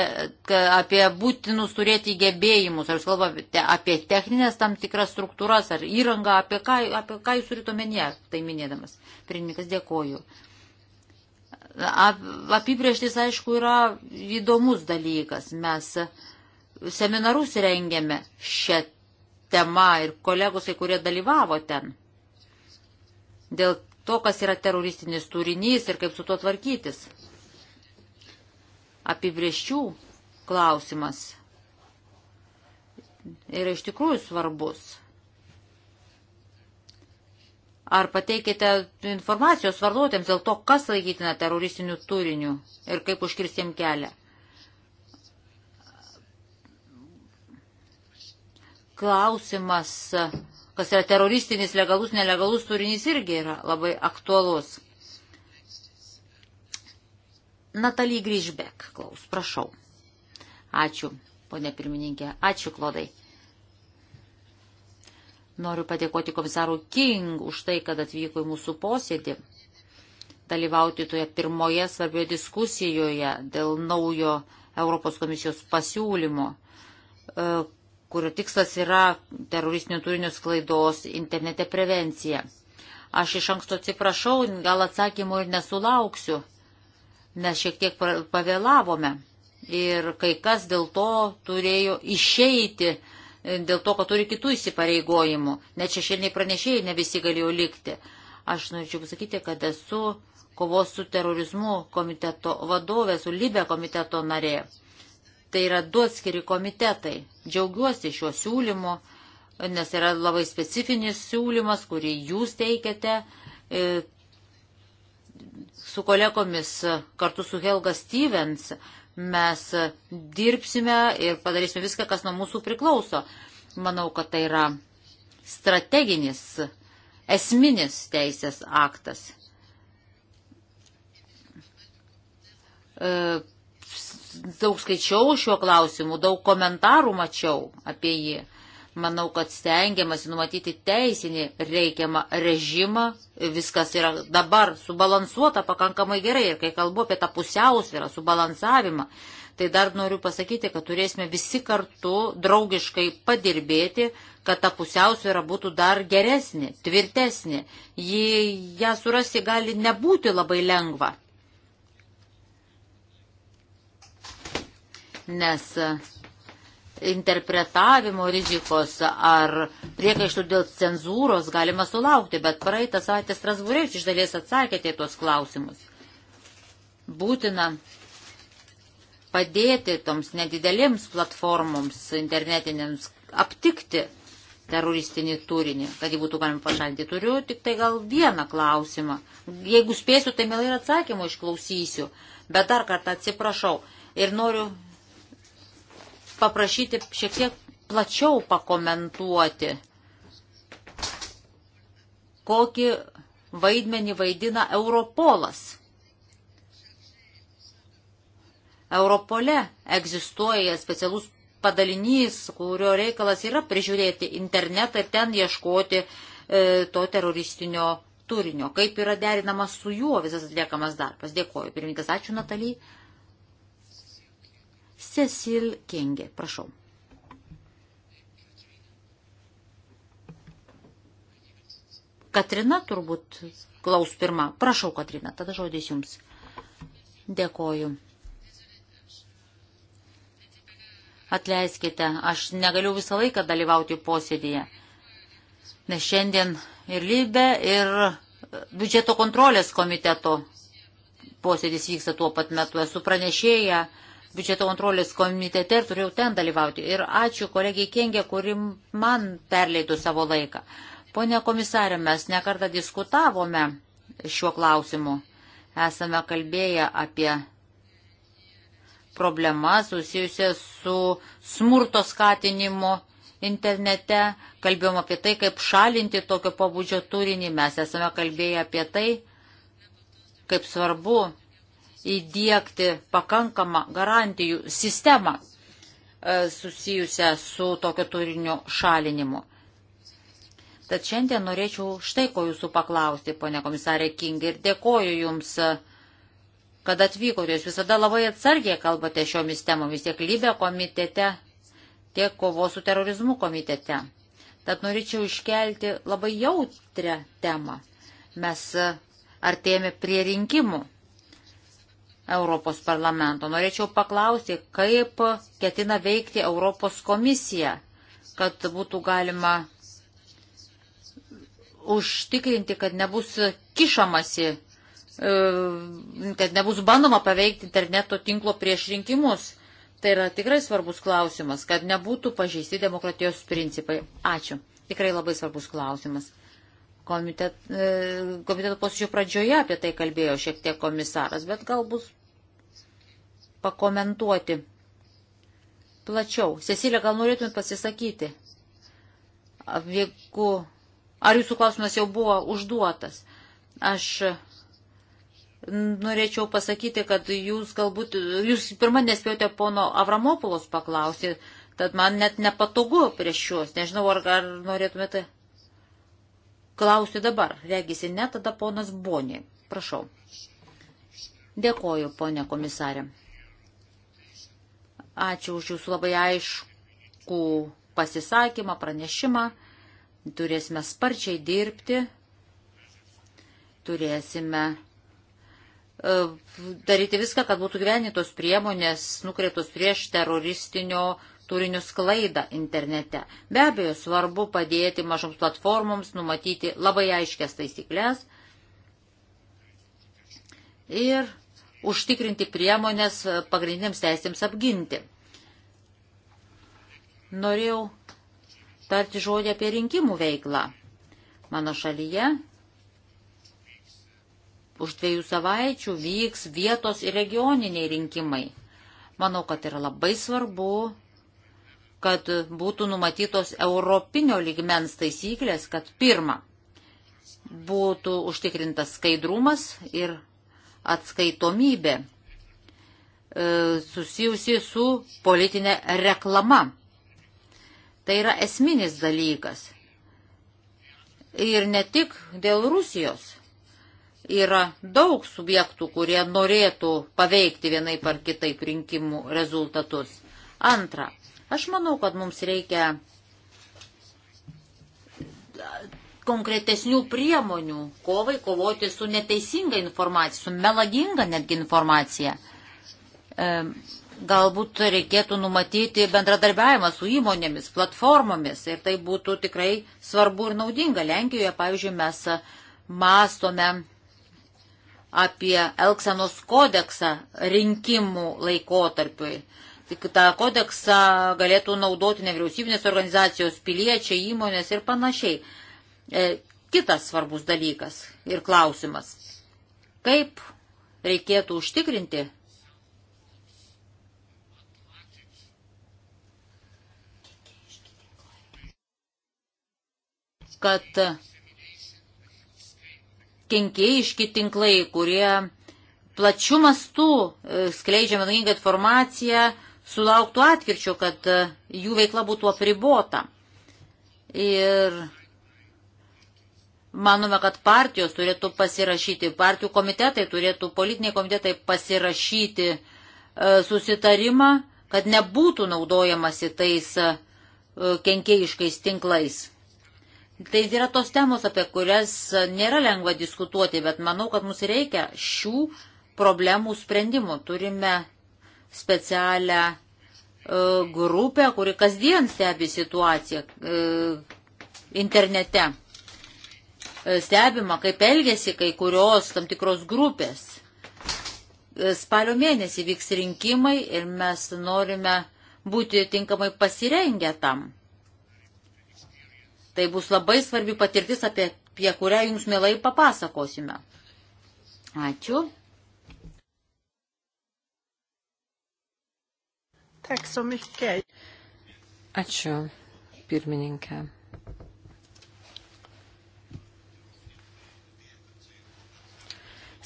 apie būtinus turėti gebėjimus, ar jūs kalbate apie techninės tam tikras struktūras ar įrangą, apie ką, apie ką jūs turite omenyje, tai minėdamas. Pirmininkas, dėkoju. Apibrieštis, aišku, yra įdomus dalykas. Mes seminarus rengėme šią temą ir kolegos, kai kurie dalyvavo ten. Dėl to, kas yra teroristinis turinys ir kaip su tuo tvarkytis. Apibrieščių klausimas yra iš tikrųjų svarbus. Ar pateikite informacijos vartotojams dėl to, kas laikytina teroristiniu turiniu ir kaip užkirstėm kelią? Klausimas, kas yra teroristinis, legalus, nelegalus turinys irgi yra labai aktualus. Natalija Grįžbek, klaus, prašau. Ačiū, ponė pirmininkė. Ačiū, Klodai. Noriu padėkoti komisaru King už tai, kad atvyko į mūsų posėdį, dalyvauti toje pirmoje svarbioje diskusijoje dėl naujo Europos komisijos pasiūlymo, e, kurio tikslas yra teroristinių turinių sklaidos internete prevencija. Aš iš anksto atsiprašau, gal atsakymų ir nesulauksiu, nes šiek tiek pavėlavome ir kai kas dėl to turėjo išeiti dėl to, kad turi kitų įsipareigojimų. Net šešėliniai pranešėjai ne visi galėjo likti. Aš norėčiau pasakyti, kad esu kovos su terorizmu komiteto vadovė, su Libė komiteto narė. Tai yra du atskiri komitetai. Džiaugiuosi šiuo siūlymu, nes yra labai specifinis siūlymas, kurį jūs teikiate e, su kolegomis kartu su Helga Stevens Mes dirbsime ir padarysime viską, kas nuo mūsų priklauso. Manau, kad tai yra strateginis, esminis teisės aktas. E, daug skaičiau šiuo klausimu, daug komentarų mačiau apie jį Manau, kad stengiamasi numatyti teisinį reikiamą režimą. Viskas yra dabar subalansuota pakankamai gerai. Ir kai kalbu apie tą pusiausvyrą, subalansavimą, tai dar noriu pasakyti, kad turėsime visi kartu draugiškai padirbėti, kad ta pusiausvyrą būtų dar geresnė, tvirtesnė. Ji, ją surasti gali nebūti labai lengva. Nes interpretavimo rizikos ar priekaištų dėl cenzūros galima sulaukti, bet praeitą savaitę Strasbūrė iš dalies atsakėte į tuos klausimus. Būtina padėti toms nedidelėms platformoms internetinėms aptikti teroristinį turinį, kad jį būtų galima pašalinti. Turiu tik tai gal vieną klausimą. Jeigu spėsiu, tai mielai ir atsakymą išklausysiu. Bet dar kartą atsiprašau ir noriu paprašyti šiek tiek plačiau pakomentuoti, kokį vaidmenį vaidina Europolas. Europole egzistuoja specialus padalinys, kurio reikalas yra prižiūrėti internetą ir ten ieškoti e, to teroristinio turinio. Kaip yra derinamas su juo visas atliekamas darbas. Dėkoju. Pirmininkas, ačiū Natalijai. Cecil Kengė. Prašau. Katrina turbūt klaus pirmą. Prašau, Katrina, tada žodis jums. Dėkoju. Atleiskite, aš negaliu visą laiką dalyvauti posėdėje, nes šiandien ir lybė, ir biudžeto kontrolės komiteto posėdis vyksta tuo pat metu. Esu pranešėję biudžeto kontrolės komitete ir turėjau ten dalyvauti. Ir ačiū kolegiai Kengė, kuri man perleidų savo laiką. Pone komisarė, mes nekartą diskutavome šiuo klausimu. Esame kalbėję apie problemas susijusias su smurto skatinimu internete, kalbėjom apie tai, kaip šalinti tokio pabudžio turinį, mes esame kalbėję apie tai, kaip svarbu įdėkti pakankamą garantijų sistemą e, susijusią su tokio turinio šalinimu. Tad šiandien norėčiau štai ko jūsų paklausti, ponė komisarė King, ir dėkoju jums, e, kad atvykote. Jūs visada labai atsargiai kalbate šiomis temomis tiek lybė komitete, tiek kovo su terorizmu komitete. Tad norėčiau iškelti labai jautrę temą. Mes e, artėjame prie rinkimų Europos parlamento. Norėčiau paklausti, kaip ketina veikti Europos komisija, kad būtų galima užtikrinti, kad nebus kišamasi, e, kad nebus bandoma paveikti interneto tinklo prieš rinkimus. Tai yra tikrai svarbus klausimas, kad nebūtų pažeisti demokratijos principai. Ačiū. Tikrai labai svarbus klausimas. Komitet, e, komiteto posėdžio pradžioje apie tai kalbėjo šiek tiek komisaras, bet galbūt pakomentuoti plačiau. Cecilė, gal norėtumėt pasisakyti? Jeigu, ar jūsų klausimas jau buvo užduotas? Aš norėčiau pasakyti, kad jūs galbūt, jūs pirmą nespėjote pono Avramopulos paklausyti, tad man net nepatogu prieš juos. Nežinau, ar, ar norėtumėte klausti dabar. Regisi, ne tada ponas Bonė. Prašau. Dėkoju, ponė komisarė. Ačiū už jūsų labai aiškų pasisakymą, pranešimą. Turėsime sparčiai dirbti, turėsime e, daryti viską, kad būtų gyvenintos priemonės nukreiptos prieš teroristinio turinių sklaidą internete. Be abejo, svarbu padėti mažoms platformoms numatyti labai aiškias taisyklės ir užtikrinti priemonės e, pagrindiniams teisėms apginti. Norėjau tarti žodį apie rinkimų veiklą. Mano šalyje už dviejų savaičių vyks vietos ir regioniniai rinkimai. Manau, kad yra labai svarbu, kad būtų numatytos europinio lygmens taisyklės, kad pirma, būtų užtikrintas skaidrumas ir atskaitomybė e, susijusi su politinė reklama. Tai yra esminis dalykas. Ir ne tik dėl Rusijos. Yra daug subjektų, kurie norėtų paveikti vienai par kitaip rinkimų rezultatus. Antra, aš manau, kad mums reikia konkretesnių priemonių kovai kovoti su neteisinga informacija, su melaginga netgi informacija. E, galbūt reikėtų numatyti bendradarbiavimą su įmonėmis, platformomis ir tai būtų tikrai svarbu ir naudinga. Lenkijoje, pavyzdžiui, mes mastome apie Elksenos kodeksą rinkimų laikotarpiui. Tik tą kodeksą galėtų naudoti nevyriausybinės organizacijos, piliečiai, įmonės ir panašiai. E, kitas svarbus dalykas ir klausimas. Kaip reikėtų užtikrinti, kad kenkėjiški tinklai, kurie plačių mastų e, skleidžia melagingą informaciją, sulauktų atkirčio, kad e, jų veikla būtų apribota. Ir Manome, kad partijos turėtų pasirašyti, partijų komitetai turėtų, politiniai komitetai pasirašyti e, susitarimą, kad nebūtų naudojamasi tais e, kenkėjiškais tinklais. Tai yra tos temos, apie kurias e, nėra lengva diskutuoti, bet manau, kad mums reikia šių problemų sprendimų. Turime specialią e, grupę, kuri kasdien stebi situaciją e, internete. E, stebima, kaip elgesi kai kurios tam tikros grupės. E, spalio mėnesį vyks rinkimai ir mes norime būti tinkamai pasirengę tam. Tai bus labai svarbi patirtis, apie, apie kurią jums mielai papasakosime. Ačiū. Ačiū, pirmininkė.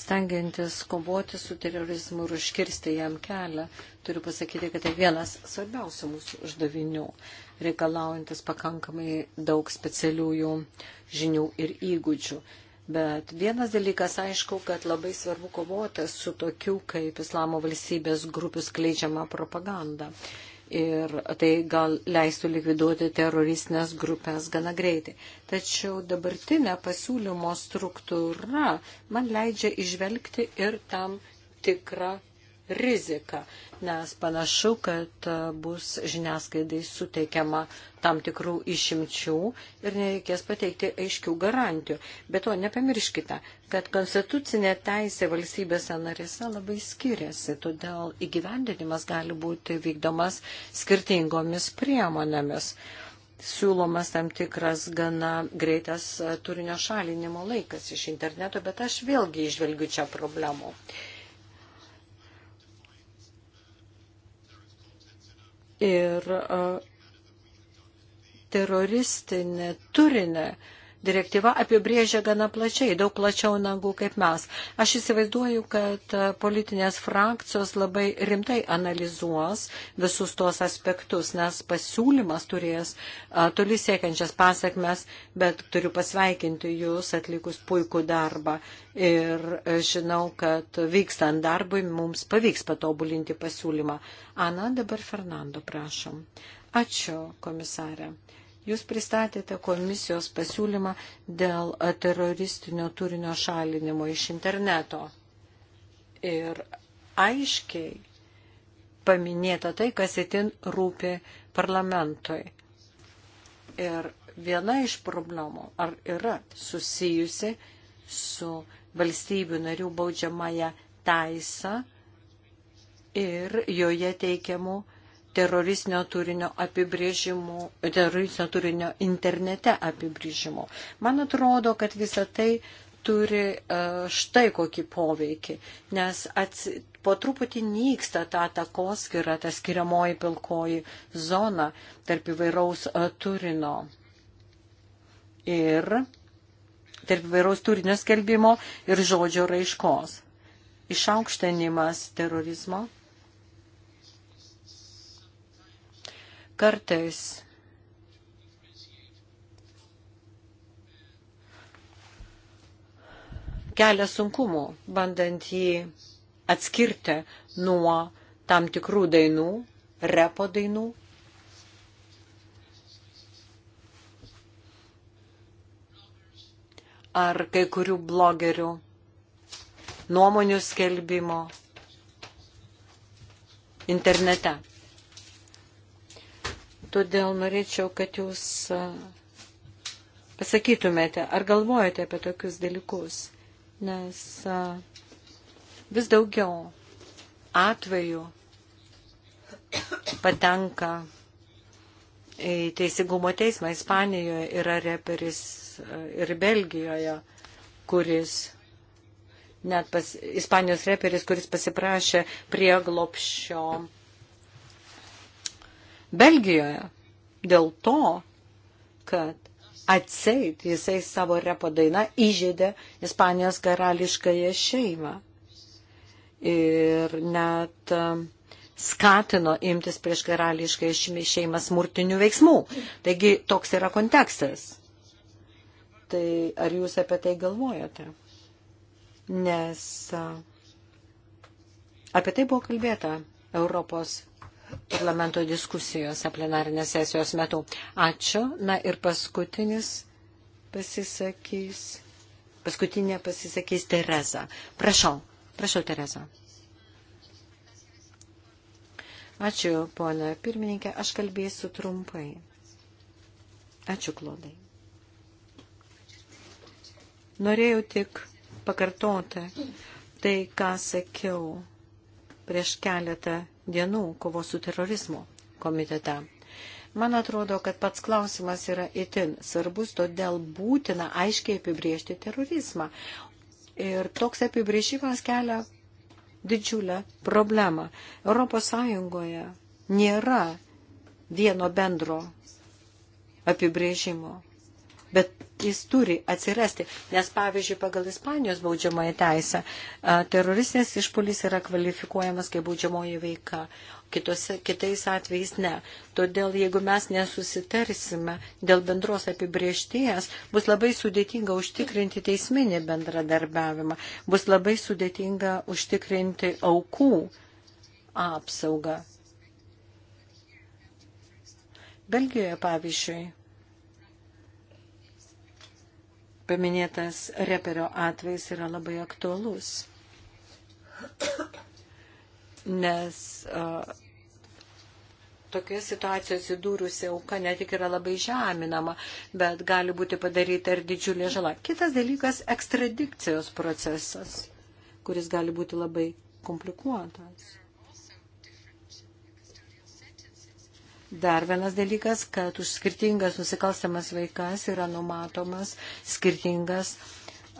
stengiantis kovoti su terorizmu ir užkirsti jam kelią, turiu pasakyti, kad tai vienas svarbiausių mūsų uždavinių, reikalaujantis pakankamai daug specialiųjų žinių ir įgūdžių. Bet vienas dalykas, aišku, kad labai svarbu kovoti su tokiu kaip Islamo valstybės grupių skleidžiama propaganda ir tai gal leistų likviduoti teroristinės grupės gana greitai. Tačiau dabartinė pasiūlymo struktūra man leidžia išvelgti ir tam tikrą rizika, nes panašu, kad e, bus žiniasklaidai suteikiama tam tikrų išimčių ir nereikės pateikti aiškių garantijų. Bet to nepamirškite, kad konstitucinė teisė valstybėse narėse labai skiriasi, todėl įgyvendinimas gali būti vykdomas skirtingomis priemonėmis siūlomas tam tikras gana greitas e, turinio šalinimo laikas iš interneto, bet aš vėlgi išvelgiu čia problemų. ir teroristinę turinę direktyva apibrėžia gana plačiai, daug plačiau negu kaip mes. Aš įsivaizduoju, kad politinės frakcijos labai rimtai analizuos visus tos aspektus, nes pasiūlymas turės toli siekiančias pasiekmes, bet turiu pasveikinti jūs atlikus puikų darbą. Ir e, žinau, kad vykstant darbui mums pavyks patobulinti pasiūlymą. Ana, dabar Fernando, prašom. Ačiū, komisarė. Jūs pristatėte komisijos pasiūlymą dėl teroristinio turinio šalinimo iš interneto. Ir aiškiai paminėta tai, kas itin rūpi parlamentui. Ir viena iš problemų ar yra susijusi su valstybių narių baudžiamąją teisą ir joje teikiamų teroristinio turinio apibrėžimų, teroristinio turinio internete apibrėžimų. Man atrodo, kad visa tai turi e, štai kokį poveikį, nes ats, po truputį nyksta ta takoskira, ta skiriamoji pilkoji zona tarp įvairaus e, turino. Ir tarp įvairaus turinio skelbimo ir žodžio raiškos. Išaukštinimas terorizmo Kartais kelia sunkumų, bandant jį atskirti nuo tam tikrų dainų, repo dainų. Ar kai kurių blogerių nuomonių skelbimo internete. Todėl norėčiau, kad jūs pasakytumėte, ar galvojate apie tokius dalykus, nes vis daugiau atvejų patenka į Teisingumo teismą Ispanijoje, yra reperis ir Belgijoje, kuris net pas, Ispanijos reperis, kuris pasiprašė prieglopščio Belgijoje dėl to, kad atseit jisai savo repo dainą įžeidė Ispanijos karališkąją šeimą. Ir net um, skatino imtis prieš karališką šeimą smurtinių veiksmų. Taigi toks yra kontekstas. Tai ar jūs apie tai galvojate? Nes um, apie tai buvo kalbėta Europos parlamento diskusijose plenarinės sesijos metu. Ačiū. Na ir paskutinis pasisakys. Paskutinė pasisakys Tereza. Prašau. Prašau, Tereza. Ačiū, pona pirmininkė. Aš kalbėsiu trumpai. Ačiū, Klodai. Norėjau tik pakartoti tai, ką sakiau prieš keletą dienų kovos su terorizmu komitete. Man atrodo, kad pats klausimas yra itin svarbus, todėl būtina aiškiai apibriežti terorizmą. Ir toks apibrėžimas kelia didžiulę problemą. Europos Sąjungoje nėra vieno bendro apibrėžimo bet jis turi atsirasti. Nes, pavyzdžiui, pagal Ispanijos baudžiamąją teisę teroristinės išpolis yra kvalifikuojamas kaip baudžiamoji veika, Kitose, kitais atvejais ne. Todėl, jeigu mes nesusitarsime dėl bendros apibriešties, bus labai sudėtinga užtikrinti teisminį bendradarbiavimą, bus labai sudėtinga užtikrinti aukų apsaugą. Belgijoje, pavyzdžiui, paminėtas reperio atvejs yra labai aktualus. Nes uh, tokioje situacijoje atsidūrusi auka ne tik yra labai žeminama, bet gali būti padaryta ir didžiulė žala. Kitas dalykas - ekstradikcijos procesas, kuris gali būti labai komplikuotas. Dar vienas dalykas, kad už skirtingas nusikalstamas veikas yra numatomas skirtingas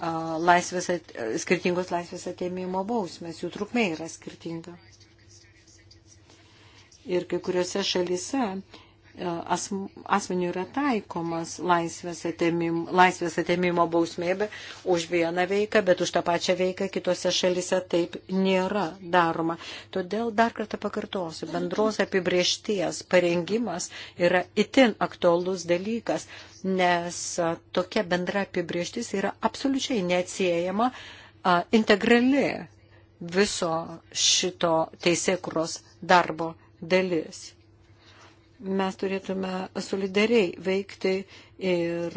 uh, laisvės, at, skirtingos laisvės atėmimo bausmės, jų trukmė yra skirtinga. Ir kai kuriuose šalyse E, asmeniu yra taikomas laisvės, atėmim, laisvės atėmimo bausmėbė už vieną veiką, bet už tą pačią veiką kitose šalise taip nėra daroma. Todėl dar kartą pakartosiu, bendros apibriešties parengimas yra itin aktualus dalykas, nes e, tokia bendra apibrieštis yra absoliučiai neatsiejama, e, integrali viso šito teisėkuros darbo dalis mes turėtume solidariai veikti ir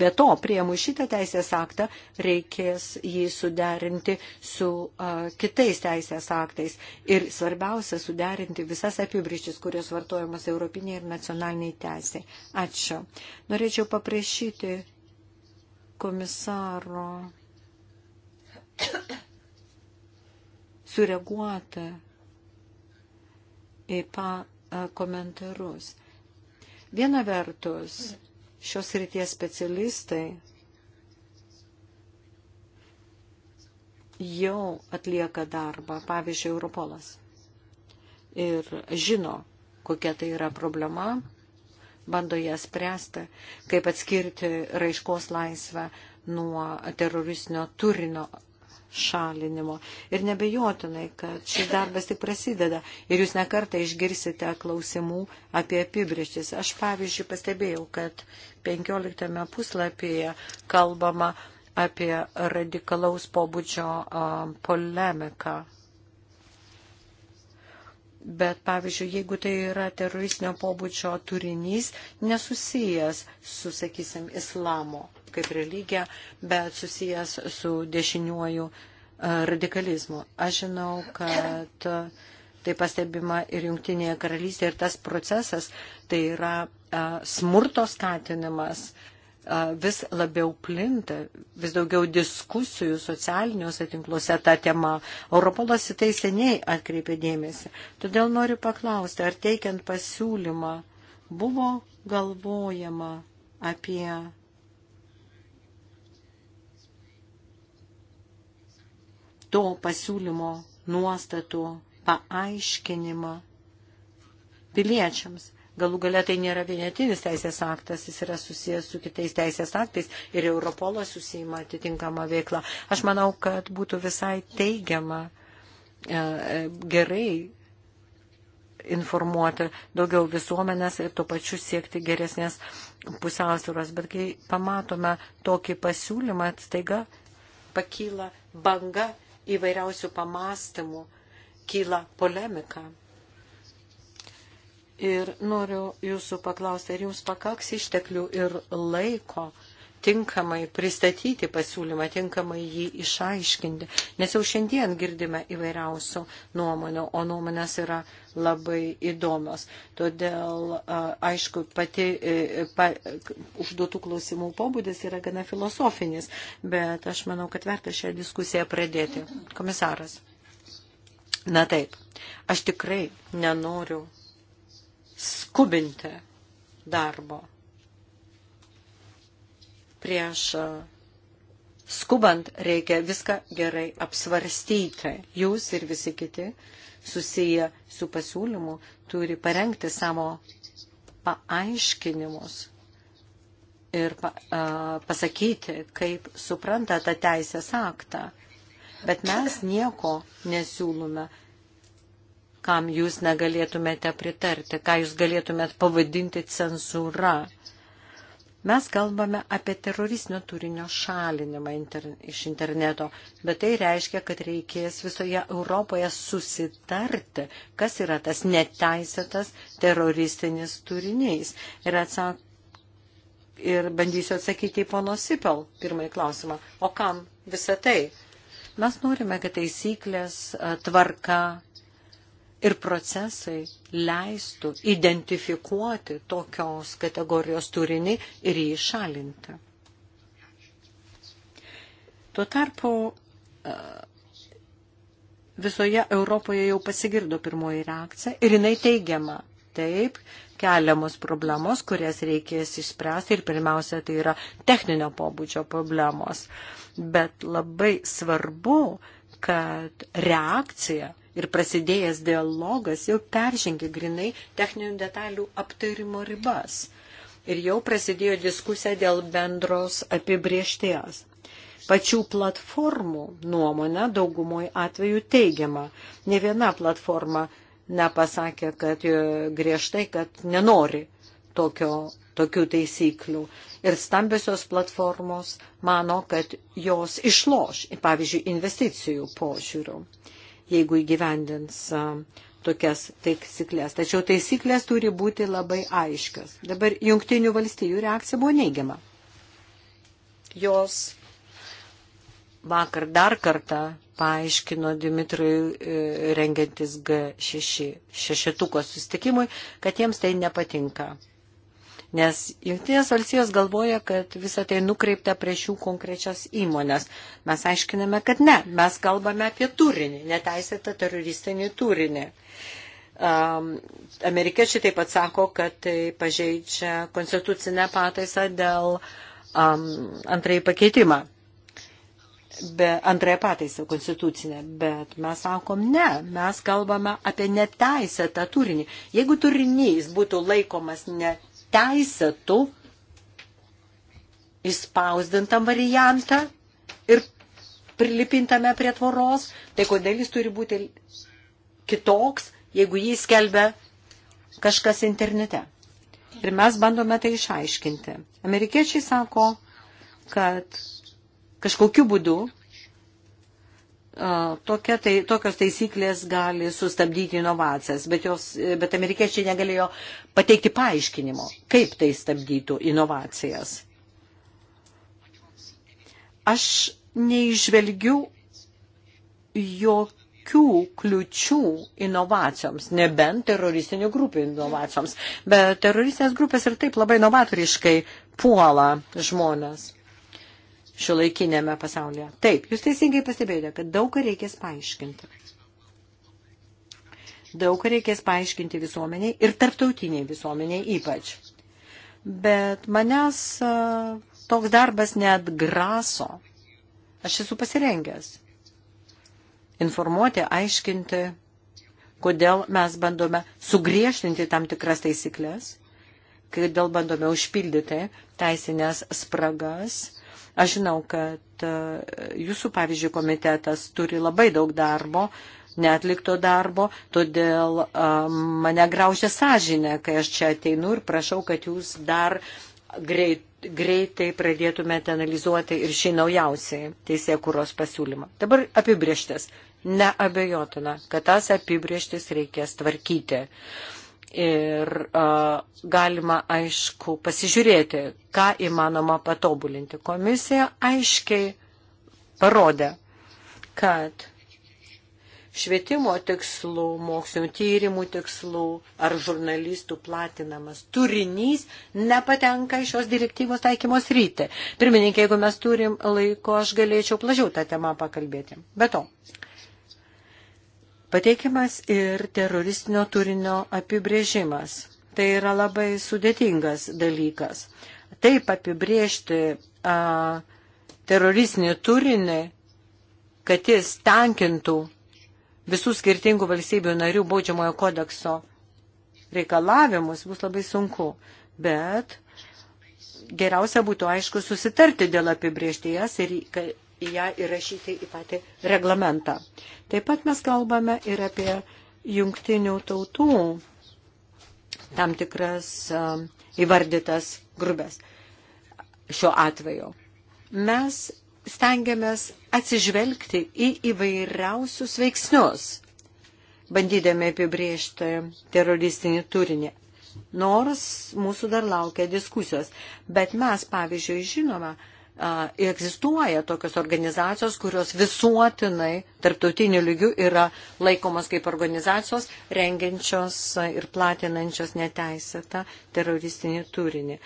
be to, prieimu šitą teisės aktą, reikės jį suderinti su a, kitais teisės aktais ir svarbiausia suderinti visas apibrištis, kurios vartojamos europiniai ir nacionaliniai teisai. Ačiū. Norėčiau paprašyti komisaro sureaguoti į pa komentarus. Viena vertus, šios ryties specialistai jau atlieka darbą, pavyzdžiui, Europolas. Ir žino, kokia tai yra problema, bando ją spręsti, kaip atskirti raiškos laisvę nuo teroristinio turinio šalinimo. Ir nebejotinai, kad šis darbas tik prasideda ir jūs nekartą išgirsite klausimų apie apibrištis. Aš pavyzdžiui pastebėjau, kad 15 puslapyje kalbama apie radikalaus pobūdžio polemiką. Bet, pavyzdžiui, jeigu tai yra teroristinio pobūdžio turinys, nesusijęs su, sakysim, islamo kaip religija, bet susijęs su dešiniuoju e, radikalizmu. Aš žinau, kad e, tai pastebima ir Junktinėje karalystėje ir tas procesas tai yra e, smurto skatinimas vis labiau plinta, vis daugiau diskusijų socialiniuose tinkluose tą temą. Europolas į tai seniai atkreipė dėmesį. Todėl noriu paklausti, ar teikiant pasiūlymą buvo galvojama apie to pasiūlymo nuostatų paaiškinimą piliečiams. Galų galia tai nėra vienetinis teisės aktas, jis yra susijęs su kitais teisės aktais ir Europolas susijima atitinkamą veiklą. Aš manau, kad būtų visai teigiama e, e, gerai informuoti daugiau visuomenės ir tuo pačiu siekti geresnės pusiausvėros. Bet kai pamatome tokį pasiūlymą, staiga pakyla banga įvairiausių pamastymų kyla polemika. Ir noriu jūsų paklausti, ar jums pakaks išteklių ir laiko tinkamai pristatyti pasiūlymą, tinkamai jį išaiškinti. Nes jau šiandien girdime įvairiausių nuomonių, o nuomonės yra labai įdomios. Todėl, aišku, pati e, pa, užduotų klausimų pobūdis yra gana filosofinis, bet aš manau, kad verta šią diskusiją pradėti. Komisaras. Na taip, aš tikrai nenoriu skubinti darbo prieš e, skubant reikia viską gerai apsvarstyti. Jūs ir visi kiti susiję su pasiūlymu turi parengti savo paaiškinimus ir pa, a, e, pasakyti, kaip supranta tą teisės aktą. Bet mes nieko nesiūlome, kam jūs negalėtumėte pritarti, ką jūs galėtumėt pavadinti cenzūra. Mes kalbame apie teroristinio turinio šalinimą interne, iš interneto, bet tai reiškia, kad reikės visoje Europoje susitarti, kas yra tas neteisėtas teroristinis turinys. Ir, atsak, ir bandysiu atsakyti į pono Sipel pirmąjį klausimą. O kam visą tai? Mes norime, kad taisyklės, tvarka, ir procesai leistų identifikuoti tokios kategorijos turinį ir jį šalinti. Tuo tarpu e, visoje Europoje jau pasigirdo pirmoji reakcija ir jinai teigiama. Taip, keliamos problemos, kurias reikės išspręsti ir pirmiausia, tai yra techninio pobūdžio problemos. Bet labai svarbu, kad reakcija ir prasidėjęs dialogas jau peržengė grinai techninių detalių aptarimo ribas. Ir jau prasidėjo diskusija dėl bendros apibriešties. Pačių platformų nuomonė daugumoje atveju teigiama. Ne viena platforma nepasakė, kad e, griežtai, kad nenori tokio, tokių taisyklių. Ir stambiosios platformos mano, kad jos išloš, pavyzdžiui, investicijų požiūrių jeigu įgyvendins tokias taisyklės. Tačiau taisyklės turi būti labai aiškios. Dabar jungtinių valstybių reakcija buvo neigiama. Jos vakar dar kartą paaiškino Dimitrai e, rengiantis G6 šešetuko sustikimui, kad jiems tai nepatinka. Nes Junktinės valstijos galvoja, kad visą tai nukreipta prieš jų konkrečias įmonės. Mes aiškiname, kad ne, mes kalbame apie turinį, neteisėtą teroristinį turinį. Um, amerikiečiai taip pat sako, kad tai pažeidžia konstitucinę pataisą dėl um, antrai pakeitimą. Be antrąją pataisą konstitucinę, bet mes sakom, ne, mes kalbame apie neteisėtą turinį. Jeigu turinys būtų laikomas ne teisėtų įspausdintą variantą ir prilipintame prie tvoros, tai kodėl jis turi būti kitoks, jeigu jį skelbia kažkas internete. Ir mes bandome tai išaiškinti. Amerikiečiai sako, kad kažkokiu būdu Tokia, tai, tokios taisyklės gali sustabdyti inovacijas, bet, jos, bet amerikiečiai negalėjo pateikti paaiškinimo, kaip tai stabdytų inovacijas. Aš neižvelgiu jokių kliučių inovacijoms, nebent teroristinių grupių inovacijoms, bet teroristinės grupės ir taip labai novatoriškai puola žmonės šio laikinėme pasaulyje. Taip, jūs teisingai pastebėjote, kad daug ką reikės paaiškinti. Daug ką reikės paaiškinti visuomeniai ir tarptautiniai visuomeniai ypač. Bet manęs toks darbas net graso. Aš esu pasirengęs informuoti, aiškinti, kodėl mes bandome sugriežtinti tam tikras taisyklės, kodėl bandome užpildyti teisinės spragas, Aš žinau, kad e, jūsų, pavyzdžiui, komitetas turi labai daug darbo, netlikto darbo, todėl e, mane graužia sąžinę, kai aš čia ateinu ir prašau, kad jūs dar greit, greitai pradėtumėte analizuoti ir šį naujausiai teisė kūros pasiūlymą. Dabar apibrieštis. Neabejotina, kad tas apibrieštis reikės tvarkyti. Uh, ir a, galima, aišku, pasižiūrėti, ką įmanoma patobulinti. Komisija aiškiai parodė, kad švietimo tikslų, mokslinio tyrimų tikslų ar žurnalistų platinamas turinys nepatenka iš šios direktyvos taikymos rytį. Pirmininkė, jeigu mes turim laiko, aš galėčiau plažiau tą temą pakalbėti. Be to, Pateikiamas ir teroristinio turinio apibrėžimas. Tai yra labai sudėtingas dalykas. Taip apibrėžti a, teroristinį turinį, kad jis tankintų visų skirtingų valstybių narių baudžiamojo kodekso reikalavimus, bus labai sunku. Bet geriausia būtų, aišku, susitarti dėl apibriežties ir taikyti ją įrašyti į patį reglamentą. Taip pat mes kalbame ir apie jungtinių tautų tam tikras įvardytas grubės šiuo atveju. Mes stengiamės atsižvelgti į įvairiausius veiksnius, bandydami apibriežti teroristinį turinį. Nors mūsų dar laukia diskusijos, bet mes, pavyzdžiui, žinome, egzistuoja tokios organizacijos, kurios visuotinai tarptautiniu lygiu yra laikomas kaip organizacijos rengiančios ir platinančios neteisėtą teroristinį turinį.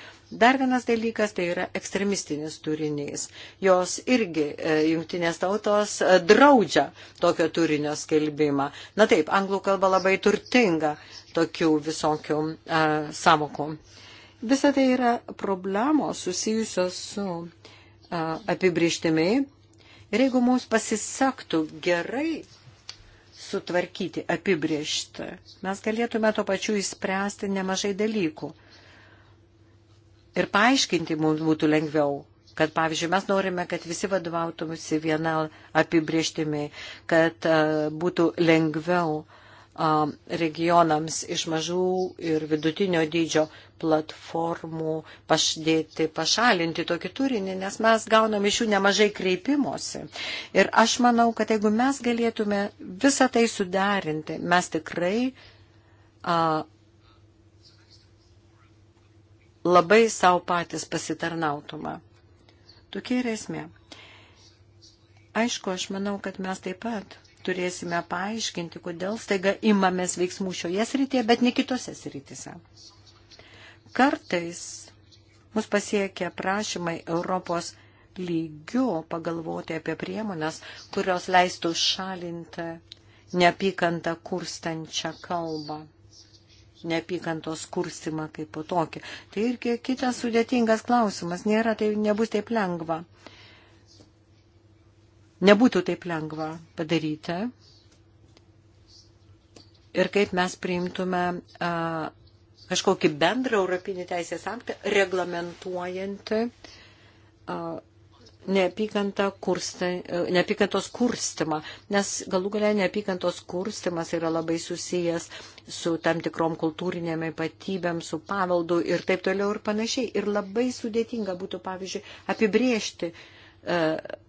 Dar vienas dalykas tai yra ekstremistinis turinys. Jos irgi e, jungtinės tautos e, draudžia tokio turinio skelbimą. Na taip, anglų kalba labai turtinga tokių visokių uh, e, samokų. Visą tai yra problemos susijusios su uh, apibrieštimi. Ir jeigu mums pasisaktų gerai sutvarkyti apibriežtą, mes galėtume to pačiu įspręsti nemažai dalykų. Ir paaiškinti mums būtų lengviau, kad, pavyzdžiui, mes norime, kad visi vadovautumėsi viena apibrieštimi, kad būtų lengviau regionams iš mažų ir vidutinio dydžio platformų pašdėti, pašalinti tokį turinį, nes mes gaunam iš jų nemažai kreipimosi. Ir aš manau, kad jeigu mes galėtume visą tai suderinti, mes tikrai a, labai savo patys pasitarnautumą. Tokia yra esmė. Aišku, aš manau, kad mes taip pat turėsime paaiškinti, kodėl staiga imamės veiksmų šioje srityje, bet ne kitose srityse. Kartais mus pasiekia prašymai Europos lygių pagalvoti apie priemonės, kurios leistų šalinti neapykantą kurstančią kalbą neapykantos kurstimą kaip po tokį. Tai irgi kitas sudėtingas klausimas. Nėra, tai nebus taip lengva. Uh, nebūtų taip lengva padaryti ir kaip mes priimtume a, kažkokį bendrą europinį teisės aktą reglamentuojantį a, kursti, neapykantos kurstimą, nes galų galia neapykantos kurstimas yra labai susijęs su tam tikrom kultūrinėm ypatybėm, su paveldu ir taip toliau ir panašiai. Ir labai sudėtinga būtų, pavyzdžiui, apibriežti uh,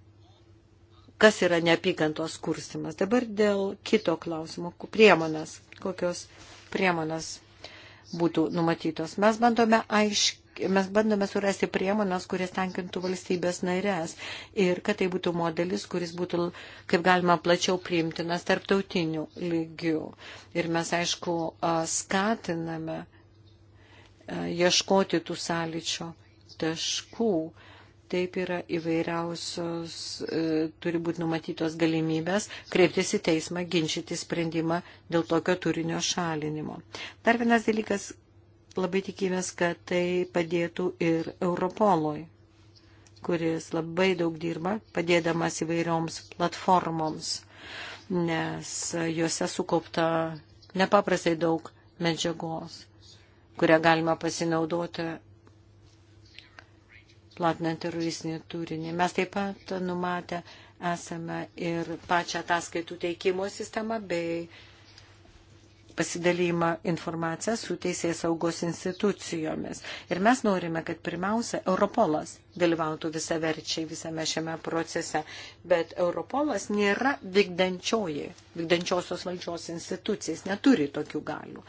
kas yra neapykantos kurstimas. Dabar dėl kito klausimo, priemonės, kokios priemonės būtų numatytos. Mes bandome aiškiai. Mes bandome surasti priemonas, kurias tenkintų valstybės narės ir kad tai būtų modelis, kuris būtų kaip galima plačiau priimtinas tarptautinių lygių. Ir mes, aišku, skatiname ieškoti tų sąlyčio taškų Taip yra įvairiausios, e, turi būti numatytos galimybės kreiptis į teismą, ginčyti sprendimą dėl tokio turinio šalinimo. Dar vienas dalykas, labai tikimės, kad tai padėtų ir Europolui, kuris labai daug dirba, padėdamas įvairioms platformoms, nes juose sukaupta nepaprastai daug medžiagos, kurią galima pasinaudoti platinant teroristinį turinį. Mes taip pat numatę esame ir pačią ataskaitų teikimo sistemą bei pasidalymą informaciją su teisės saugos institucijomis. Ir mes norime, kad pirmiausia Europolas dalyvautų visaverčiai visame šiame procese, bet Europolas nėra vykdančioji, vykdančiosios valdžios institucijas, neturi tokių galių.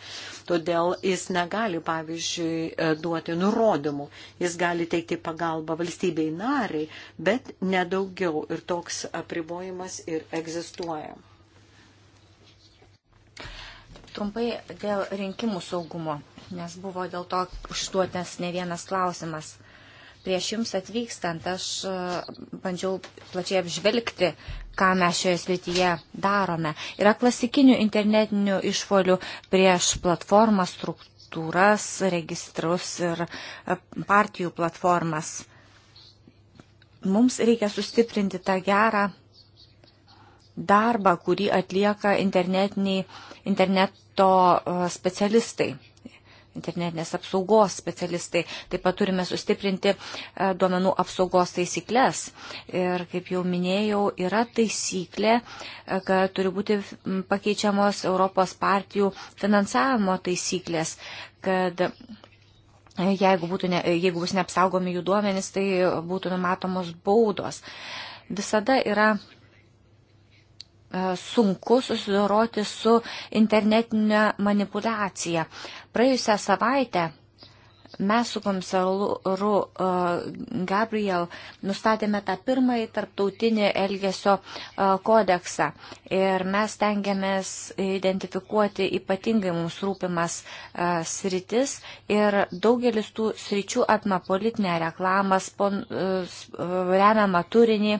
Todėl jis negali, pavyzdžiui, e, duoti nurodymų, jis gali teikti pagalbą valstybei nariai, bet nedaugiau ir toks apribojimas ir egzistuoja. Trumpai dėl rinkimų saugumo, nes buvo dėl to užduotas ne vienas klausimas. Prieš jums atvykstant aš e, bandžiau plačiai apžvelgti, ką mes šioje srityje darome. Yra klasikinių internetinių išpolių prieš platformą struktūrą struktūras, registrus ir e, partijų platformas. Mums reikia sustiprinti tą gerą darbą, kurį atlieka interneto e, specialistai internetinės apsaugos specialistai. Taip pat turime sustiprinti e, duomenų apsaugos taisyklės. Ir kaip jau minėjau, yra taisyklė, e, kad turi būti pakeičiamos Europos partijų finansavimo taisyklės, kad jeigu, būtų ne, jeigu bus neapsaugomi jų duomenys, tai būtų numatomos baudos. Visada yra E, sunku susidoroti su internetinė manipulacija. Praėjusią savaitę mes su komisaru e, Gabriel nustatėme tą pirmąjį tarptautinį elgesio e, kodeksą ir mes tengiamės identifikuoti ypatingai mums rūpimas sritis ir daugelis tų sričių apima politinę reklamą, remiamą turinį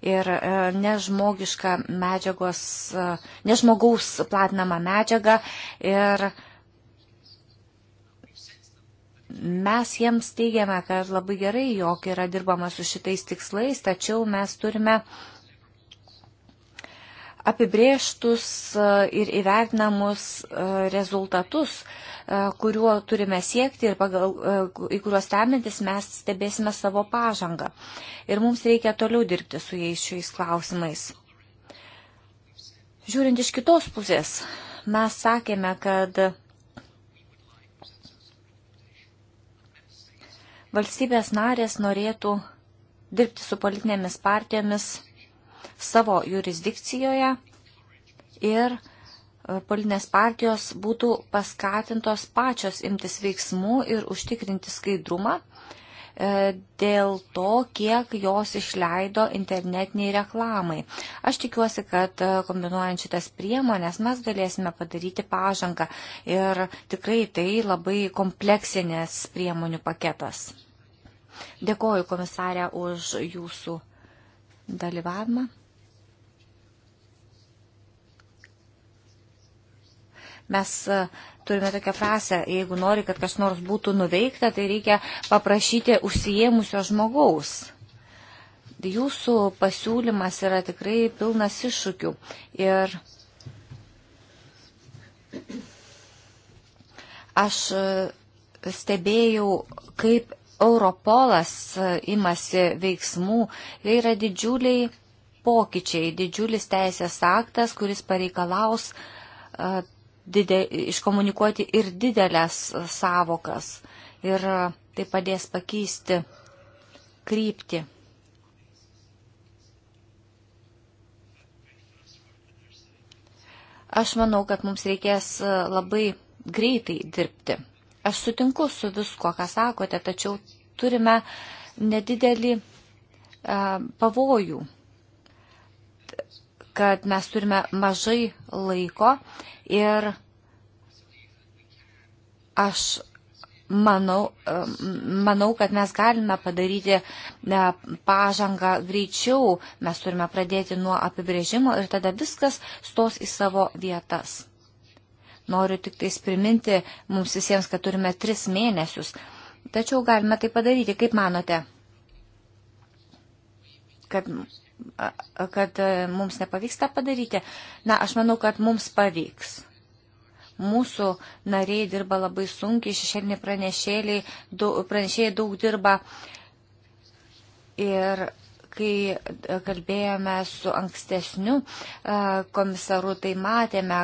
ir e, nežmogišką medžiagos, e, nežmogaus platinamą medžiagą ir mes jiems teigiame, kad labai gerai, jog yra dirbama su šitais tikslais, tačiau mes turime apibrieštus e, ir įvertinamus rezultatus, E, kuriuo turime siekti ir pagal, e, į kuriuos remintis mes stebėsime savo pažangą. Ir mums reikia toliau dirbti su jais šiais klausimais. Žiūrint iš kitos pusės, mes sakėme, kad valstybės narės norėtų dirbti su politinėmis partijomis savo jurisdikcijoje ir E, politinės partijos būtų paskatintos pačios imtis veiksmų ir užtikrinti skaidrumą e, dėl to, kiek jos išleido internetiniai reklamai. Aš tikiuosi, kad e, kombinuojant šitas priemonės mes galėsime padaryti pažangą ir tikrai tai labai kompleksinės priemonių paketas. Dėkoju komisarė už jūsų dalyvavimą. Mes e, turime tokią frasę, jeigu nori, kad kas nors būtų nuveikta, tai reikia paprašyti užsijėmusio žmogaus. Jūsų pasiūlymas yra tikrai pilnas iššūkių. Ir aš e, stebėjau, kaip Europolas e, imasi veiksmų. Tai yra didžiuliai pokyčiai, didžiulis teisės aktas, kuris pareikalaus didė, iškomunikuoti ir didelės savokas. Ir tai padės pakeisti kryptį. Aš manau, kad mums reikės labai greitai dirbti. Aš sutinku su visko, ką sakote, tačiau turime nedidelį a, pavojų kad mes turime mažai laiko ir aš manau, manau, kad mes galime padaryti e, pažangą greičiau, mes turime pradėti nuo apibrėžimo ir tada viskas stos į savo vietas. Noriu tik tais priminti mums visiems, kad turime tris mėnesius. Tačiau galime tai padaryti, kaip manote, kad kad e, mums nepavyksta padaryti? Na, aš manau, kad mums pavyks. Mūsų nariai dirba labai sunkiai, šešėliniai pranešėjai daug dirba. Ir kai e, kalbėjome su ankstesniu e, komisaru, tai matėme,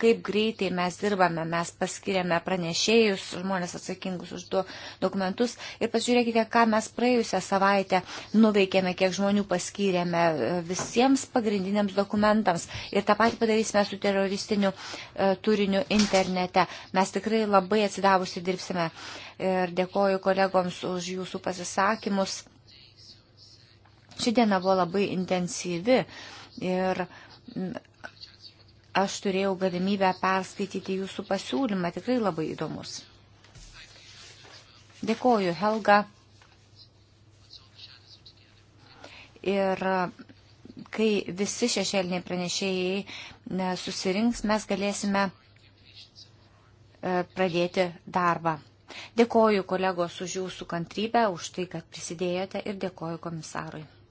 kaip greitai mes dirbame, mes paskiriame pranešėjus, žmonės atsakingus už du dokumentus ir pasižiūrėkite, ką mes praėjusią savaitę nuveikėme, kiek žmonių paskiriame e, visiems pagrindiniams dokumentams ir tą patį padarysime su teroristiniu turiniu internete. Mes tikrai labai atsidavusi dirbsime ir dėkoju kolegoms už jūsų pasisakymus Ši diena buvo labai intensyvi ir aš turėjau galimybę perskaityti jūsų pasiūlymą, tikrai labai įdomus. Dėkoju, Helga. Ir kai visi šešėliniai pranešėjai susirinks, mes galėsime e, pradėti darbą. Dėkoju kolegos už jūsų kantrybę, už tai, kad prisidėjote ir dėkoju komisarui.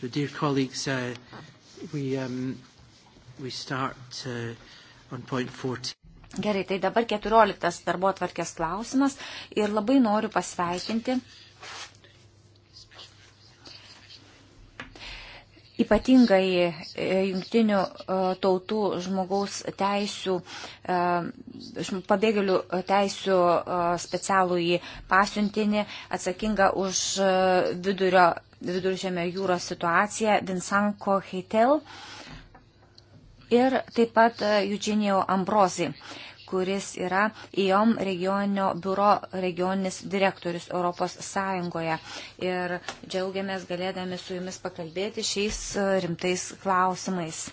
So, dear colleagues, uh, we, um, we start uh, on point 14. Gerai, tai dabar 14 darbo atvarkės klausimas ir labai noriu pasveikinti ypatingai e, jungtinių e, tautų žmogaus teisų, e, pabėgėlių teisų specialų į pasiuntinį atsakingą už vidurio viduržėmio jūros situaciją Vinsanko Heitel ir taip pat e, Eugenijo Ambrozi kuris yra IOM regioninio biuro regioninis direktorius Europos Sąjungoje. Ir džiaugiamės galėdami su jumis pakalbėti šiais e, rimtais klausimais.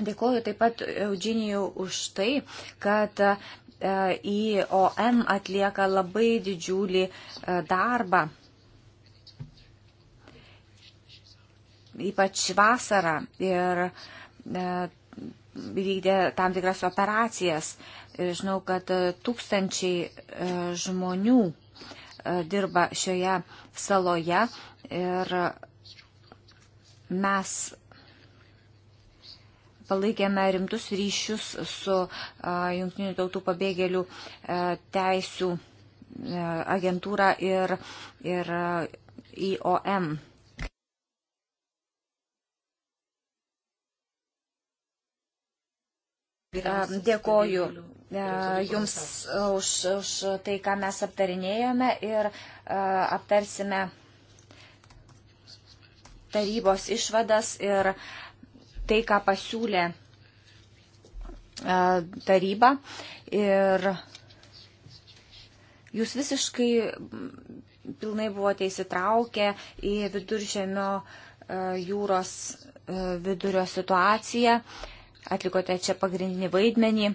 Dėkoju taip pat Eugenijau už tai, kad E IOM atlieka labai didžiulį e, darbą. Ypač vasarą ir e, vykdė tam tikras operacijas. Ir žinau, kad tūkstančiai žmonių dirba šioje saloje ir mes palaikėme rimtus ryšius su Junktinių tautų pabėgėlių teisų agentūra ir, ir IOM. Dėkoju Jums už, už tai, ką mes aptarinėjome ir aptarsime tarybos išvadas ir uh, tai, ką pasiūlė e, taryba. Ir jūs visiškai pilnai buvote įsitraukę į viduržėmio e, jūros e, vidurio situaciją, atlikote čia pagrindinį vaidmenį.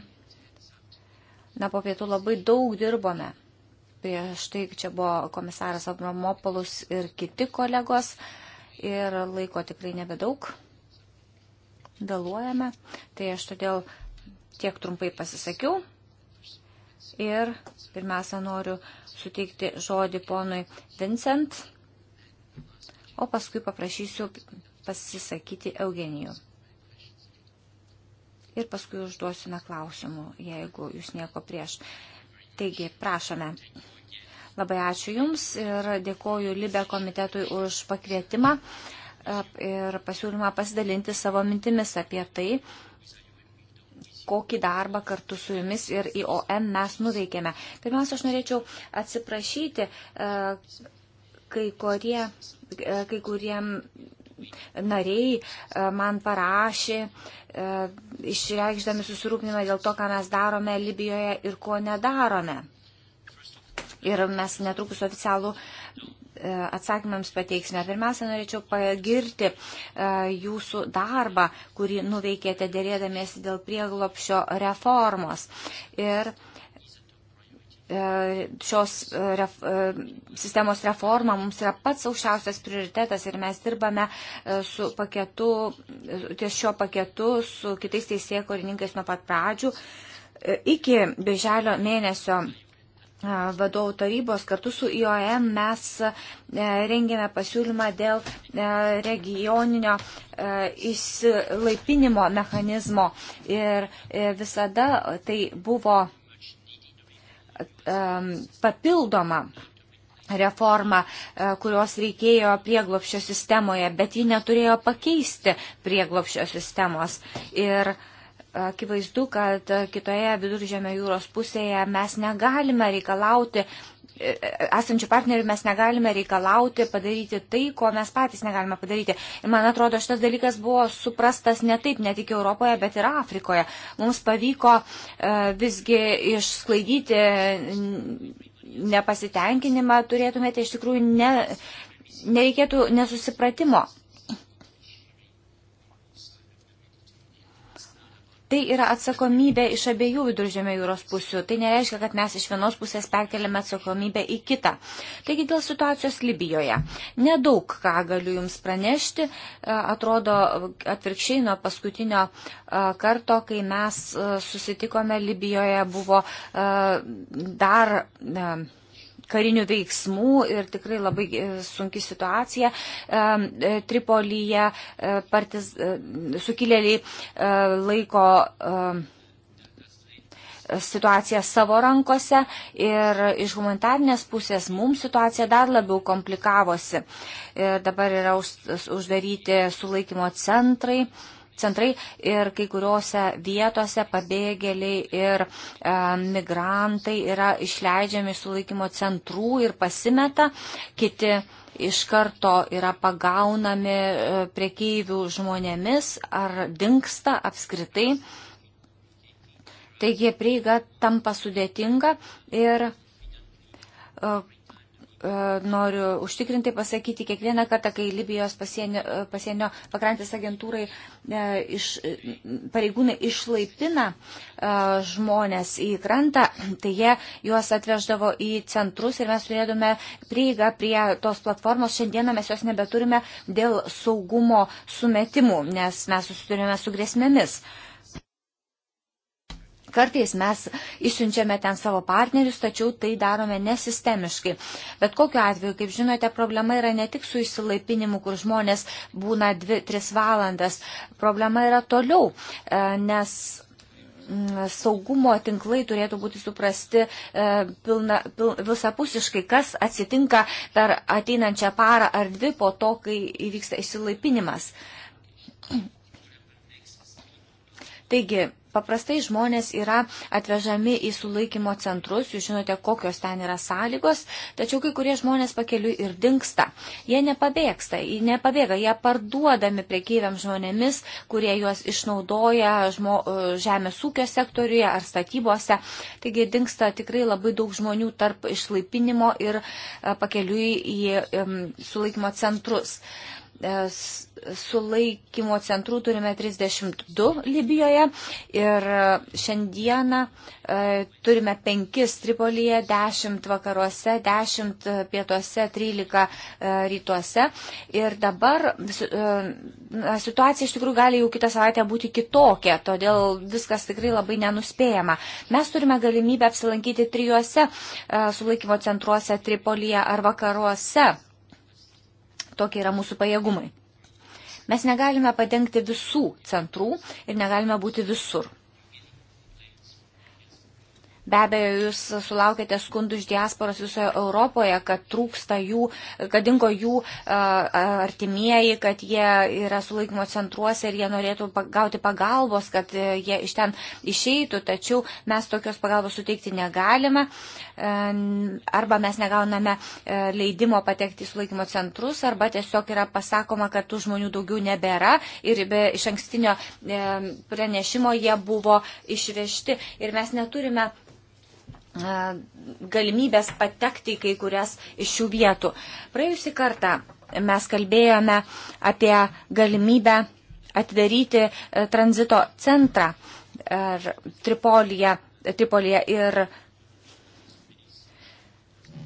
Na, po pietų labai daug dirbome. Prieš tai čia buvo komisaras Abramopolus ir kiti kolegos ir laiko tikrai nebedaug vėluojame, tai aš todėl tiek trumpai pasisakiau. Ir pirmiausia noriu suteikti žodį ponui Vincent, o paskui paprašysiu pasisakyti Eugenijų. Ir paskui užduosime klausimų, jeigu jūs nieko prieš. Taigi, prašome. Labai ačiū Jums ir dėkoju Libė komitetui už pakvietimą ir pasiūlymą pasidalinti savo mintimis apie tai, kokį darbą kartu su jumis ir IOM mes nuveikėme. Pirmiausia, aš norėčiau atsiprašyti e, kai, kurie, e, kai kuriem nariai e, man parašė, išreikšdami susirūpinimą dėl to, ką mes darome Libijoje ir ko nedarome. Ir mes netrukus oficialų uh, E, atsakymams pateiksime. Pirmiausia, norėčiau pagirti e, jūsų darbą, kurį nuveikėte dėrėdamiesi dėl prieglopšio reformos. Ir e, šios ref, sistemos reforma mums yra pats aukščiausias prioritetas ir mes dirbame su paketu, ties šio paketu su kitais teisėkorininkais nuo pat pradžių iki beželio mėnesio vadovų tarybos kartu su IOM mes rengėme pasiūlymą dėl regioninio įsilaipinimo mechanizmo ir e, visada tai buvo papildoma reforma, kurios reikėjo prieglopščio sistemoje, bet ji neturėjo pakeisti prieglopščio sistemos. Ir uh, Akivaizdu, kad kitoje viduržėmio jūros pusėje mes negalime reikalauti, e, e, esančių partnerių mes negalime reikalauti padaryti tai, ko mes patys negalime padaryti. Ir man atrodo, šitas dalykas buvo suprastas ne taip, ne tik Europoje, bet ir Afrikoje. Mums pavyko e, visgi išsklaidyti nepasitenkinimą, turėtumėte iš tikrųjų ne, nereikėtų nesusipratimo. Tai yra atsakomybė iš abiejų viduržėmio jūros pusių. Tai nereiškia, kad mes iš vienos pusės perkeliame atsakomybę į kitą. Taigi dėl situacijos Libijoje. Nedaug ką galiu Jums pranešti. E, atrodo atvirkščiai nuo paskutinio e, karto, kai mes e, susitikome Libijoje, buvo dar karinių veiksmų ir tikrai labai e, sunki situacija e, e, Tripolyje. Partiz, sukilėliai laiko situaciją savo rankose ir iš humanitarnės pusės mums situacija dar labiau komplikavosi. Ir dabar yra uždaryti sulaikymo centrai. Uh, centrai ir kai kuriuose vietose pabėgėliai ir e, migrantai yra išleidžiami sulaikymo centrų ir pasimeta, kiti iš karto yra pagaunami e, priekyvių žmonėmis ar dinksta apskritai. Taigi prieiga tampa sudėtinga ir e, E, noriu užtikrintai pasakyti, kiekvieną kartą, kai Libijos pasienio, e, pasienio pakrantės agentūrai e, iš, e, pareigūnai išlaipina e, žmonės į krantą, tai jie juos atveždavo į centrus ir mes turėdome prieigą prie tos platformos. Šiandieną mes jos nebeturime dėl saugumo sumetimų, nes mes susidurime su grėsmėmis. E, Kartais mes įsiunčiame ten savo partnerius, tačiau tai darome nesistemiškai. Bet kokiu atveju, kaip žinote, problema yra ne tik su įsilaipinimu, kur žmonės būna 2-3 valandas. Problema yra toliau, e, nes saugumo tinklai turėtų būti suprasti e, pilna, pil, visapusiškai, kas atsitinka per ateinančią parą ar dvi po to, kai įvyksta įsilaipinimas. Taigi, Paprastai žmonės yra atvežami į sulaikymo centrus, jūs žinote, kokios ten yra sąlygos, tačiau kai kurie žmonės pakeliui ir dinksta. Jie nepabėgsta, nepabėga, jie parduodami priekyviam žmonėmis, kurie juos išnaudoja žmo, žemės ūkio sektoriuje ar statybose. Taigi dinksta tikrai labai daug žmonių tarp išlaipinimo ir e, pakeliui į um, sulaikymo centrus. Uh, E, sulaikymo centrų turime 32 Libijoje ir šiandieną e, turime 5 Tripolyje, 10 vakaruose, 10 pietuose, 13 e, rytuose. Ir dabar situacija iš tikrųjų gali jau kitą savaitę būti kitokia, todėl viskas tikrai labai nenuspėjama. Mes turime galimybę apsilankyti trijuose sulaikymo centruose Tripolyje ar vakaruose. Tokie yra mūsų pajėgumai. Mes negalime padengti visų centrų ir negalime būti visur. Be abejo, jūs sulaukėte skundų iš diasporos visoje Europoje, kad trūksta jų, kad dingo jų artimieji, kad jie yra sulaikymo centruose ir jie norėtų gauti pagalbos, kad e, jie iš ten išeitų, tačiau mes tokios pagalbos suteikti negalime. E, arba mes negauname e, leidimo patekti į sulaikymo centrus, arba tiesiog yra pasakoma, kad tų žmonių daugiau nebėra ir be iš ankstinio pranešimo jie buvo išvežti. Ir mes neturime galimybės patekti į kai kurias iš šių vietų. Praėjusį kartą mes kalbėjome apie galimybę atidaryti e, tranzito centrą Tripolyje, Tripolyje ir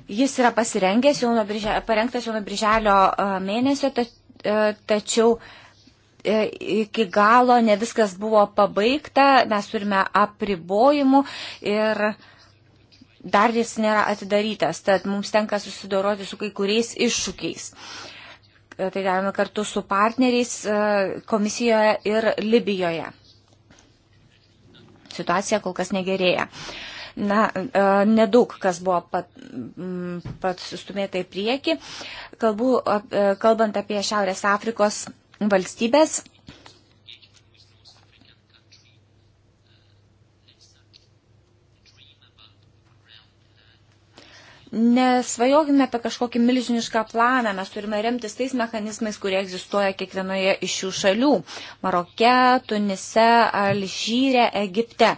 jis yra pasirengęs, jau nubriželio, parengtas jau nuo birželio e, mėnesio, e, tačiau iki galo ne viskas buvo pabaigta, mes turime apribojimų ir uh, dar jis nėra atidarytas, tad mums tenka susidoroti su kai kuriais iššūkiais. E, tai darome kartu su partneriais e, komisijoje ir Libijoje. Situacija kol kas negerėja. Na, e, nedaug kas buvo pat, pat sustumėta į priekį. Kalbu, kalbant apie Šiaurės Afrikos valstybės, Nesvajokime apie kažkokį milžinišką planą, mes turime remtis tais mechanizmais, kurie egzistuoja kiekvienoje iš šių šalių - Maroke, Tunise, Alžyre, Egipte.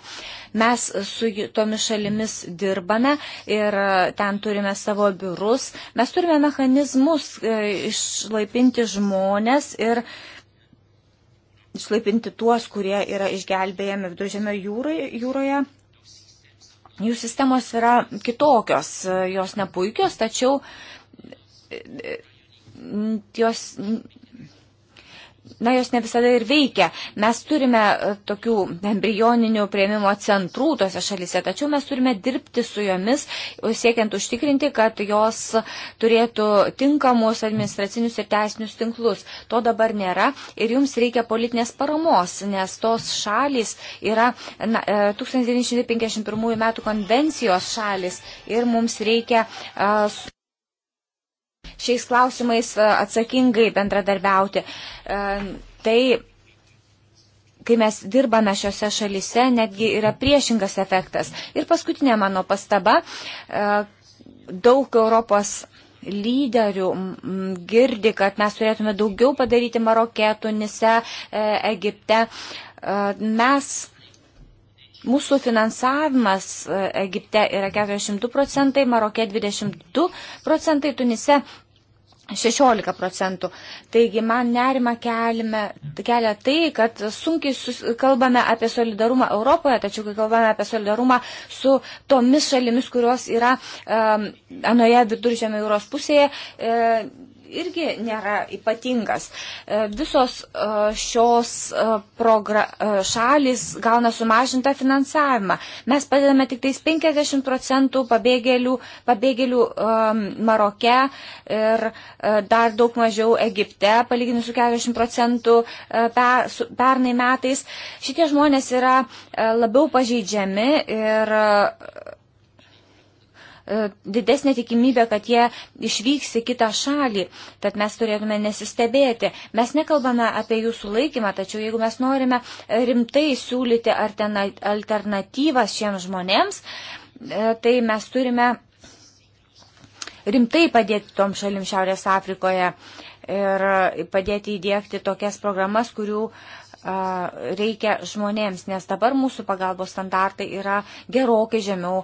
Mes su tomis šalimis dirbame ir e, ten turime savo biurus, mes turime mechanizmus e, išlaipinti žmonės ir išlaipinti tuos, kurie yra išgelbėjami viduržėmio jūroje Jų sistemos yra kitokios, jos nepuikios, tačiau jos na, jos ne visada ir veikia. Mes turime e, tokių embrioninių prieimimo centrų tose šalise, tačiau mes turime dirbti su jomis, siekiant užtikrinti, kad jos turėtų tinkamus administracinius ir teisinius tinklus. To dabar nėra ir jums reikia politinės paramos, nes tos šalys yra na, 1951 e, m. konvencijos šalis ir mums reikia. Uh, šiais klausimais e, atsakingai bendradarbiauti. E, tai, kai mes dirbame šiuose šalise, netgi yra priešingas efektas. Ir paskutinė mano pastaba, e, daug Europos lyderių girdi, kad mes turėtume daugiau padaryti Marokė, Tunise, Egipte. Mes Mūsų finansavimas e, Egipte yra 42 procentai, Marokė 22 procentai, Tunise 16 procentų. Taigi man nerima kelime, kelia tai, kad sunkiai sus, kalbame apie solidarumą Europoje, tačiau kai kalbame apie solidarumą su tomis šalimis, kurios yra um, anoje viduržėmio jūros pusėje, um, irgi nėra ypatingas. E, visos e, šios e, šalis gauna sumažintą finansavimą. Mes padedame tik tais 50 procentų pabėgėlių, pabėgėlių Maroke ir dar daug mažiau Egipte, palyginus su 40 procentų pernai metais. Šitie žmonės yra labiau pažeidžiami ir E, didesnė tikimybė, kad jie išvyks į kitą šalį, tad mes turėtume nesistebėti. Mes nekalbame apie jų sulaikymą, tačiau jeigu mes norime rimtai siūlyti alternatyvas šiems žmonėms, e, tai mes turime rimtai padėti tom šalim Šiaurės Afrikoje ir padėti įdėkti tokias programas, kurių uh, reikia žmonėms, nes dabar mūsų pagalbos standartai yra gerokai žemiau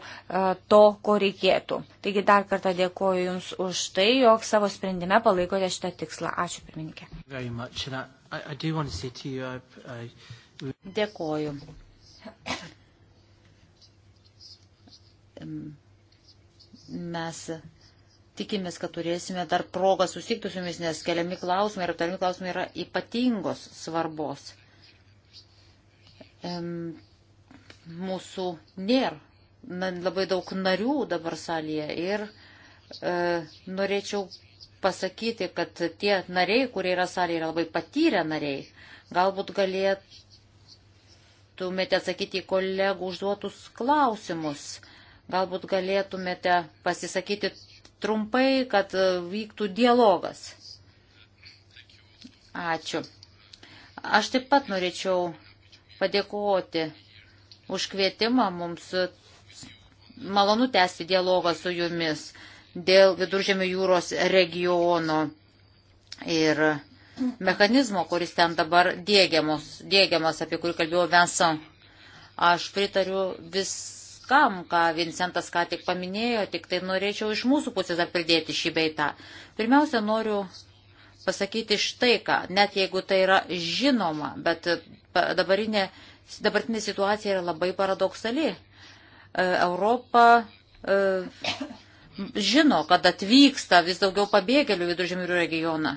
to, ko reikėtų. Taigi dar kartą dėkoju Jums už tai, jog savo sprendime palaikote šitą tikslą. Ačiū, pirmininkė. Dėkoju. Mes tikimės, kad turėsime dar progą susitikti su jumis, nes keliami klausimai ir aptariami klausimai yra ypatingos svarbos mūsų nėra. Labai daug narių dabar salėje ir e, norėčiau pasakyti, kad tie nariai, kurie yra salėje, yra labai patyrę nariai. Galbūt galėtumėte atsakyti į kolegų užduotus klausimus. Galbūt galėtumėte pasisakyti trumpai, kad e, vyktų dialogas. Ačiū. Aš taip pat norėčiau padėkoti už kvietimą mums malonu tęsti dialogą su jumis dėl viduržėmio jūros regiono ir mechanizmo, kuris ten dabar dėgiamas, dėgiamas apie kurį kalbėjau Vincent. Aš pritariu viskam, ką Vincentas ką tik paminėjo, tik tai norėčiau iš mūsų pusės dar pridėti šį beitą. Pirmiausia, noriu pasakyti štai ką, net jeigu tai yra žinoma, bet dabarinė, dabartinė situacija yra labai paradoksali. E, Europa e, žino, kad atvyksta vis daugiau pabėgėlių viduržėmių regioną.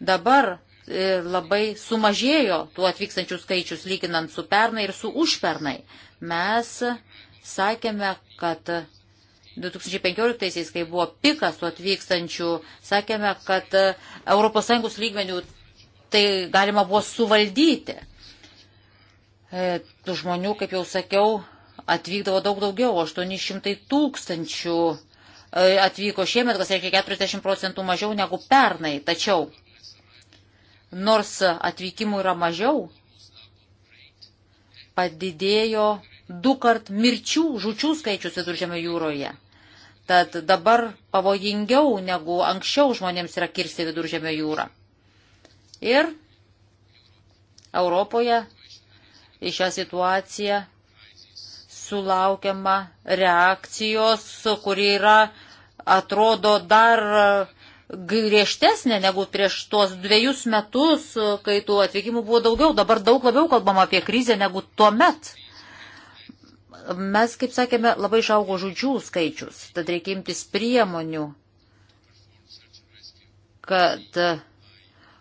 Dabar e, labai sumažėjo tų atvykstančių skaičius, lyginant su pernai ir su užpernai. Mes sakėme, kad 2015-aisiais, kai buvo pikas tų atvykstančių, sakėme, kad ES lygmenių tai galima buvo suvaldyti. E, tų žmonių, kaip jau sakiau, atvykdavo daug daugiau, 800 tūkstančių e, atvyko šiemet, kas reiškia 40 procentų mažiau negu pernai. Tačiau, nors atvykimų yra mažiau, padidėjo du kart mirčių, žučių skaičius viduržėme jūroje. Tad dabar pavojingiau negu anksčiau žmonėms yra kirsti viduržėme jūrą. Ir Europoje į šią situaciją sulaukiama reakcijos, kuri yra, atrodo, dar e, griežtesnė negu prieš tuos dviejus metus, e, kai tų atvykimų buvo daugiau. Dabar daug labiau kalbama apie krizę negu tuo met. Mes, kaip sakėme, labai išaugo žudžių skaičius, tad reikia imtis priemonių, kad uh,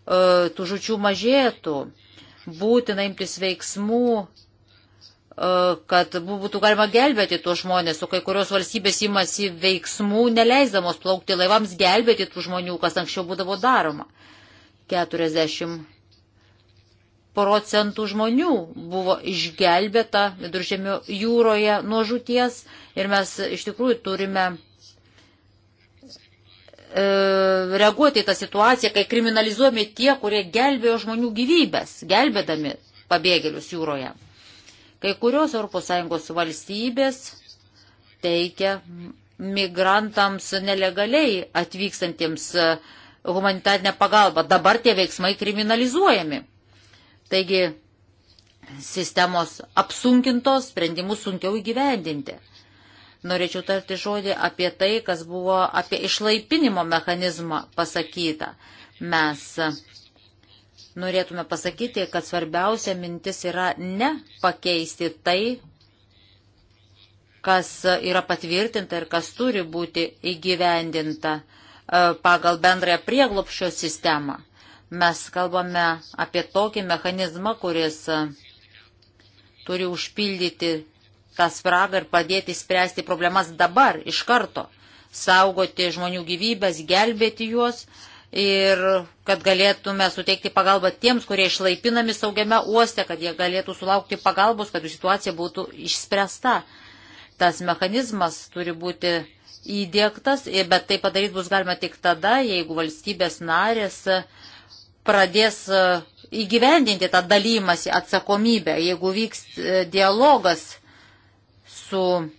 tų žudžių mažėtų. Uh, būtina imtis veiksmų, e, kad būtų galima gelbėti tuos žmonės, o kai kurios valstybės imasi veiksmų, neleisdamos plaukti laivams gelbėti tų žmonių, kas anksčiau būdavo daroma. 40 procentų žmonių buvo išgelbėta viduržėmio jūroje nuo žuties ir mes iš tikrųjų turime E, reaguoti į tą situaciją, kai kriminalizuojami tie, kurie gelbėjo žmonių gyvybės, gelbėdami pabėgėlius jūroje. Kai kurios ES valstybės teikia migrantams nelegaliai atvykstantiems e, humanitarinę pagalbą. Dabar tie veiksmai kriminalizuojami. Taigi sistemos apsunkintos, sprendimus sunkiau įgyvendinti norėčiau tarti žodį apie tai, kas buvo apie išlaipinimo mechanizmą pasakyta. Mes norėtume pasakyti, kad svarbiausia mintis yra ne pakeisti tai, kas yra patvirtinta ir kas turi būti įgyvendinta e, pagal bendrąją prieglopščio sistemą. Mes kalbame apie tokį mechanizmą, kuris e, turi užpildyti tą spragą ir padėti spręsti problemas dabar, iš karto, saugoti žmonių gyvybės, gelbėti juos ir kad galėtume suteikti pagalbą tiems, kurie išlaipinami saugiame uoste, kad jie galėtų sulaukti pagalbos, kad jų situacija būtų išspręsta. Tas mechanizmas turi būti įdėktas, bet tai padaryti bus galima tik tada, jeigu valstybės narės pradės įgyvendinti tą dalymasi atsakomybę, jeigu vyks dialogas su,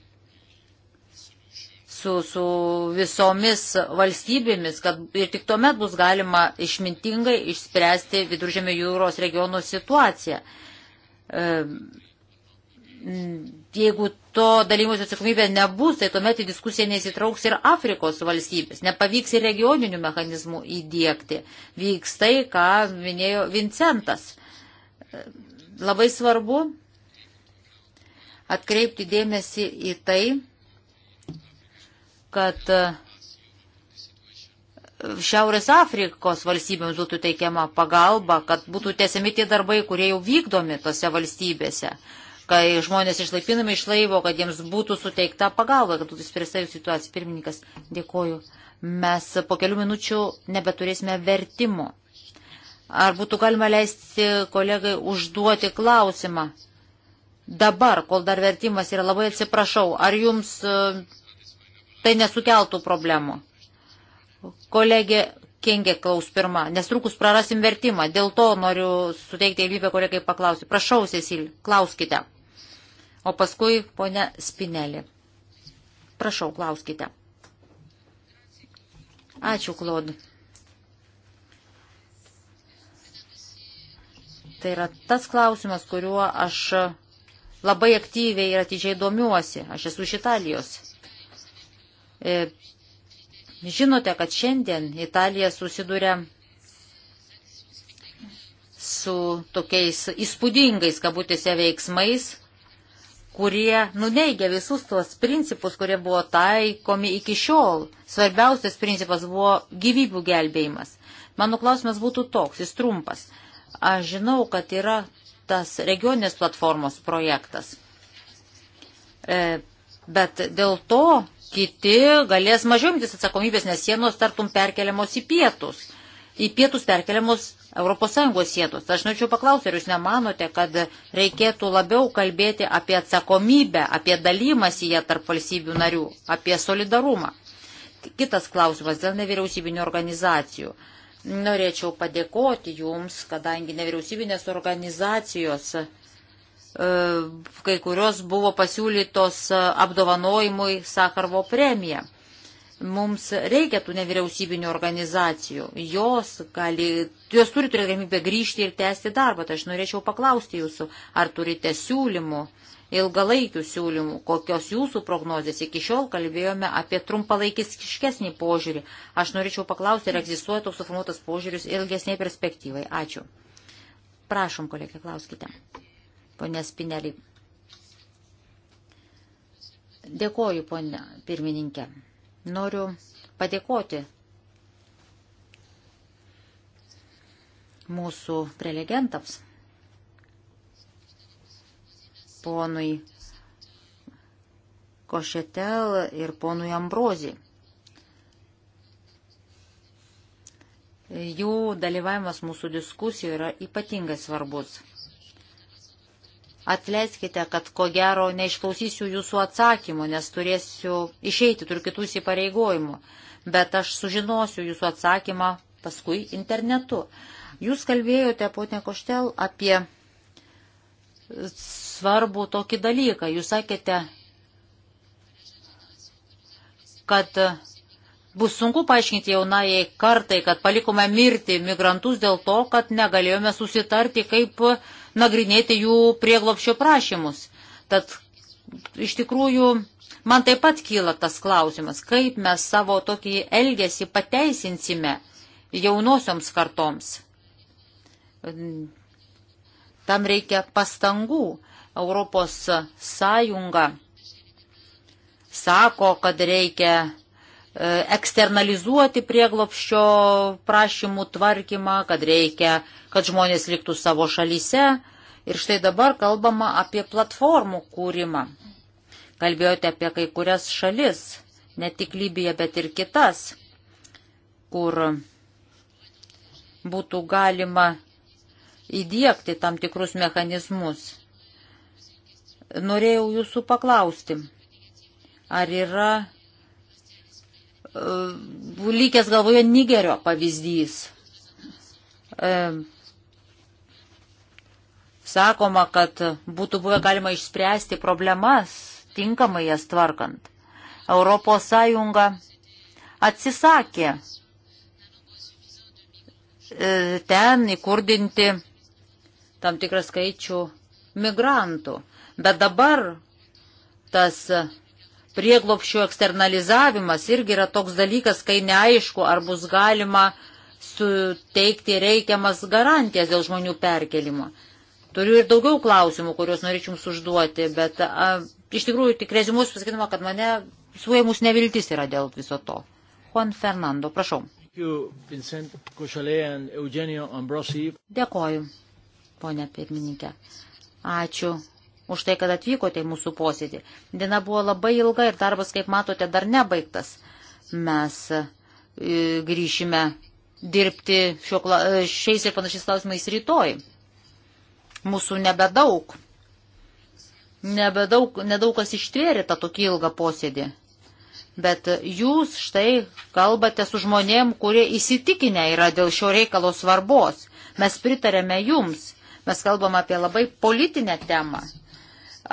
su, su visomis valstybėmis, kad ir tik tuomet bus galima išmintingai išspręsti viduržėmio jūros regionų situaciją. Jeigu to dalymosi atsakomybė nebus, tai tuomet į diskusiją neįsitrauks ir Afrikos valstybės, nepavyks ir regioninių mechanizmų įdėkti. Vyks tai, ką minėjo Vincentas. Labai svarbu atkreipti dėmesį į tai, kad e, Šiaurės Afrikos valstybėms būtų teikiama pagalba, kad būtų tęsiami tie darbai, kurie jau vykdomi tose valstybėse, kai žmonės išlaipinami iš laivo, kad jiems būtų suteikta pagalba, kad būtų spręsta jų situacija. Pirmininkas, dėkoju. Mes po kelių minučių nebeturėsime vertimo. Ar būtų galima leisti kolegai užduoti klausimą? dabar, kol dar vertimas yra labai atsiprašau, ar jums e, tai nesukeltų problemų? Kolegė Kengė klaus pirmą, nes trukus prarasim vertimą, dėl to noriu suteikti eilybę kolegai paklausyti. Prašau, Cecil, klauskite. O paskui ponia Spinelė. Prašau, klauskite. Ačiū, Klod. Tai yra tas klausimas, kuriuo aš labai aktyviai ir atidžiai domiuosi. Aš esu iš Italijos. E, žinote, kad šiandien Italija susiduria su tokiais įspūdingais, kabutėse, veiksmais, kurie nuneigia visus tuos principus, kurie buvo taikomi iki šiol. Svarbiausias principas buvo gyvybių gelbėjimas. Mano klausimas būtų toks, jis trumpas. Aš žinau, kad yra tas regioninės platformos projektas. E, bet dėl to kiti galės mažiau imtis atsakomybės, nes sienos tartum perkeliamos į pietus. Į pietus perkeliamos ES sienos. Aš norėčiau paklausti, ar jūs nemanote, kad reikėtų labiau kalbėti apie atsakomybę, apie dalymas į ją tarp valstybių narių, apie solidarumą. Kitas klausimas dėl nevyriausybinio organizacijų. Norėčiau padėkoti Jums, kadangi nevyriausybinės organizacijos e, kai kurios buvo pasiūlytos apdovanojimui Sakarvo premiją. Mums reikia tų nevyriausybinių organizacijų. Jos, gali, jos turi turėti galimybę grįžti ir tęsti darbą. Tai aš norėčiau paklausti jūsų, ar turite siūlymų ilgalaikių siūlymų, kokios jūsų prognozijas. Iki šiol kalbėjome apie trumpalaikiskesnį požiūrį. Aš norėčiau paklausti, ar egzistuoja toks suformuotas požiūris ilgesniai perspektyvai. Ačiū. Prašom, kolegė, klauskite. Pone Spinelį. Dėkoju, ponė pirmininkė. Noriu padėkoti mūsų prelegentams ponui Košetel ir ponui Ambrozi. Jų dalyvavimas mūsų diskusijoje yra ypatingai svarbus. Atleiskite, kad ko gero neišklausysiu jūsų atsakymų, nes turėsiu išeiti, turiu kitų įsipareigojimų, bet aš sužinosiu jūsų atsakymą paskui internetu. Jūs kalbėjote, ponė Koštel, apie svarbu tokį dalyką. Jūs sakėte, kad bus sunku paaiškinti jaunajai kartai, kad palikome mirti migrantus dėl to, kad negalėjome susitarti, kaip nagrinėti jų prieglopščio prašymus. Tad iš tikrųjų man taip pat kyla tas klausimas, kaip mes savo tokį elgesį pateisinsime jaunosioms kartoms. Tam reikia pastangų. Europos Sąjunga sako, kad reikia e, eksternalizuoti prieglopščio prašymų tvarkymą, kad reikia, kad žmonės liktų savo šalyse. Ir štai dabar kalbama apie platformų kūrimą. Kalbėjote apie kai kurias šalis, ne tik Libiją, bet ir kitas, kur būtų galima įdėkti tam tikrus mechanizmus. Norėjau jūsų paklausti, ar yra uh, e, lygęs galvoje Nigerio pavyzdys. Uh, sakoma, kad būtų buvę galima išspręsti problemas tinkamai jas tvarkant. Europos Sąjunga atsisakė e, ten įkurdinti tam tikrą skaičių migrantų. Bet dabar tas prieglopščių eksternalizavimas irgi yra toks dalykas, kai neaišku, ar bus galima suteikti reikiamas garantijas dėl žmonių perkelimo. Turiu ir daugiau klausimų, kuriuos norėčiau jums užduoti, bet a, iš tikrųjų tik rezimus pasakytume, kad mane suėmus neviltis yra dėl viso to. Juan Fernando, prašau. Dėkoju ponė pirmininkė. Ačiū už tai, kad atvykote į mūsų posėdį. Diena buvo labai ilga ir darbas, kaip matote, dar nebaigtas. Mes e, grįšime dirbti šio, e, šiais ir panašiais klausimais rytoj. Mūsų nebedaug. Nebedaug, nedaug kas ištvėrė tą tokį ilgą posėdį. Bet jūs štai kalbate su žmonėm, kurie įsitikinę yra dėl šio reikalo svarbos. Mes pritarėme jums Mes kalbam apie labai politinę temą.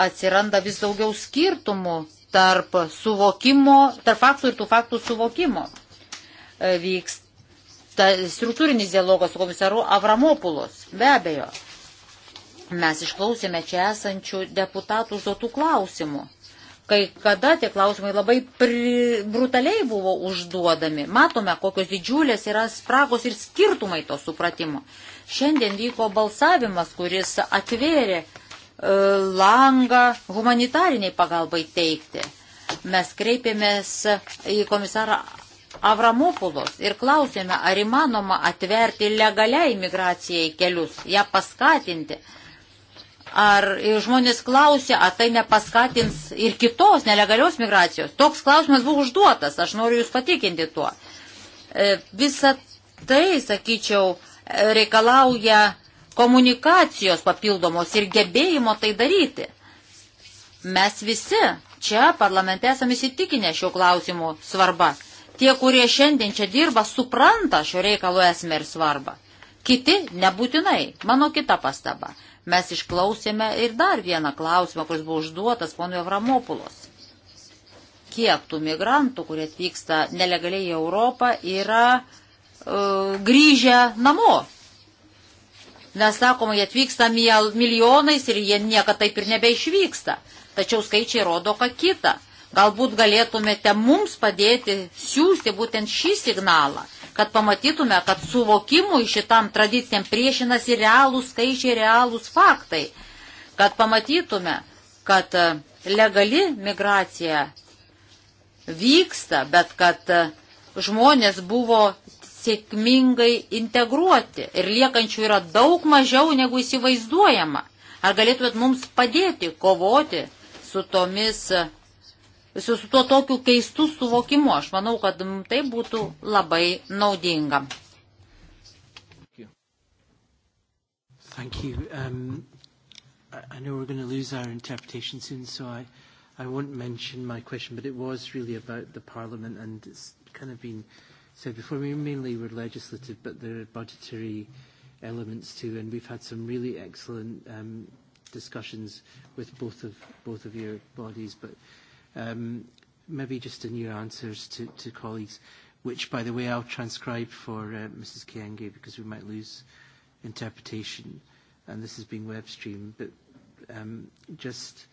Atsiranda vis daugiau skirtumų tarp suvokimo, tarp faktų ir tų faktų suvokimo. E, Vyksta struktūrinis dialogas su komisaru Avramopulos. Be abejo, mes išklausėme čia esančių deputatų užduotų klausimų. Kai kada tie klausimai labai pri, brutaliai buvo užduodami. Matome, kokios didžiulės yra spragos ir skirtumai to supratimo. Šiandien vyko balsavimas, kuris atvėrė e, langą humanitariniai pagalbai teikti. Mes kreipėmės į komisarą Avramopulos ir klausėme, ar įmanoma atverti legaliai migracijai kelius, ją paskatinti. Ar žmonės klausė, ar tai nepaskatins ir kitos nelegalios migracijos? Toks klausimas buvo užduotas, aš noriu Jūs patikinti tuo. E, Visą tai, sakyčiau, reikalauja komunikacijos papildomos ir gebėjimo tai daryti. Mes visi čia parlamente esame įsitikinę šio klausimų svarbą. Tie, kurie šiandien čia dirba, supranta šio reikalo esmę ir svarbą. Kiti nebūtinai. Mano kita pastaba. Mes išklausėme ir dar vieną klausimą, kuris buvo užduotas ponui Avramopulos. Kiek tų migrantų, kurie atvyksta nelegaliai į Europą, yra uh, E, grįžę namo. Nes sakoma, jie atvyksta milijonais ir jie niekada taip ir nebeišvyksta. Tačiau skaičiai rodo ką kitą. Galbūt galėtumėte mums padėti siūsti būtent šį signalą, kad pamatytume, kad suvokimui šitam tradicijam priešinasi realūs skaičiai, realūs faktai. Kad pamatytume, kad e, legali migracija vyksta, bet kad e, žmonės buvo sėkmingai integruoti ir liekančių yra daug mažiau negu įsivaizduojama. Ar galėtumėt mums padėti kovoti su tomis, su, su tuo tokiu keistu suvokimu? Aš manau, kad tai būtų labai naudinga. Thank you. Um, I know we're going to lose our interpretation soon, so I, I won't mention my question, but it was really about the Parliament, and it's kind of been uh, So before we mainly were legislative, but there are budgetary elements too, and we've had some really excellent um, discussions with both of both of your bodies. But um, maybe just in your answers to, to colleagues, which, by the way, I'll transcribe for uh, Mrs. Kienge because we might lose interpretation, and this is being web streamed. But um, just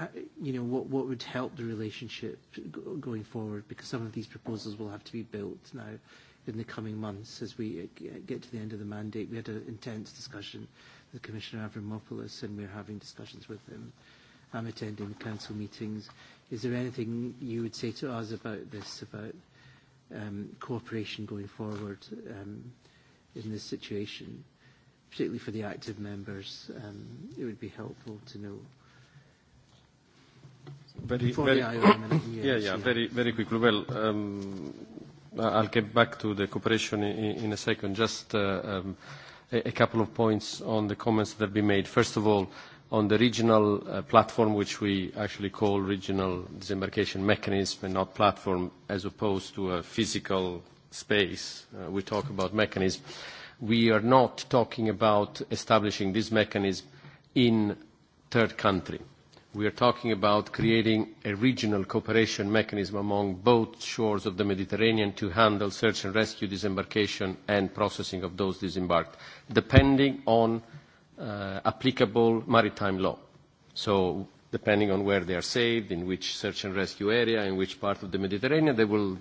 Uh, you know, what, what would help the relationship go, going forward? Because some of these proposals will have to be built now in the coming months as we uh, uh, get to the end of the mandate. We had an intense discussion with Commissioner Avramopoulos, and we're having discussions with him. I'm attending the council meetings. Is there anything you would say to us about this, about um, cooperation going forward um, in this situation? Particularly for the active members, um, it would be helpful to know. Very, for very, the IOM. yeah, yeah, very, very quickly. Well, um, I'll get back to the cooperation in, in a second. Just uh, um, a, a couple of points on the comments that have been made. First of all, on the regional uh, platform, which we actually call regional disembarkation mechanism and not platform, as opposed to a physical space. Uh, we talk about mechanism. We are not talking about establishing this mechanism in third country we are talking about creating a regional cooperation mechanism among both shores of the Mediterranean to handle search and rescue, disembarkation and processing of those disembarked, depending on uh, applicable maritime law. So depending on where they are saved, in which search and rescue area, in which part of the Mediterranean, they will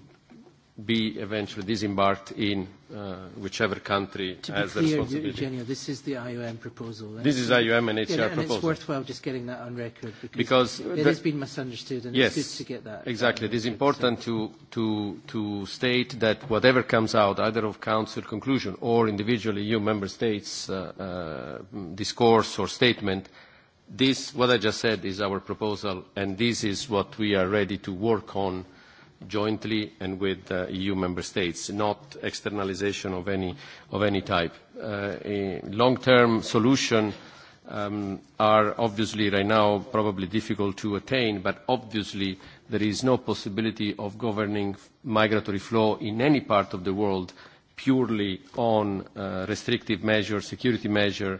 be eventually disembarked in uh, whichever country to has be clear, the responsibility. Eugenio, this is the IOM proposal. Right? Eh? This is IOM and HCR yeah, and proposal. And it's worthwhile just getting that on record because, because it the, has been misunderstood and yes, it's good to get that. Uh, exactly. It is important so. to, to, to state that whatever comes out, either of Council conclusion or individually EU member states' uh, uh, discourse or statement, this, what I just said, is our proposal and this is what we are ready to work on uh, jointly and with uh, EU member states, not externalization of any, of any type. Uh, a long-term solution um, are obviously right now probably difficult to attain, but obviously there is no possibility of governing migratory flow in any part of the world purely on uh, restrictive measures, security measures,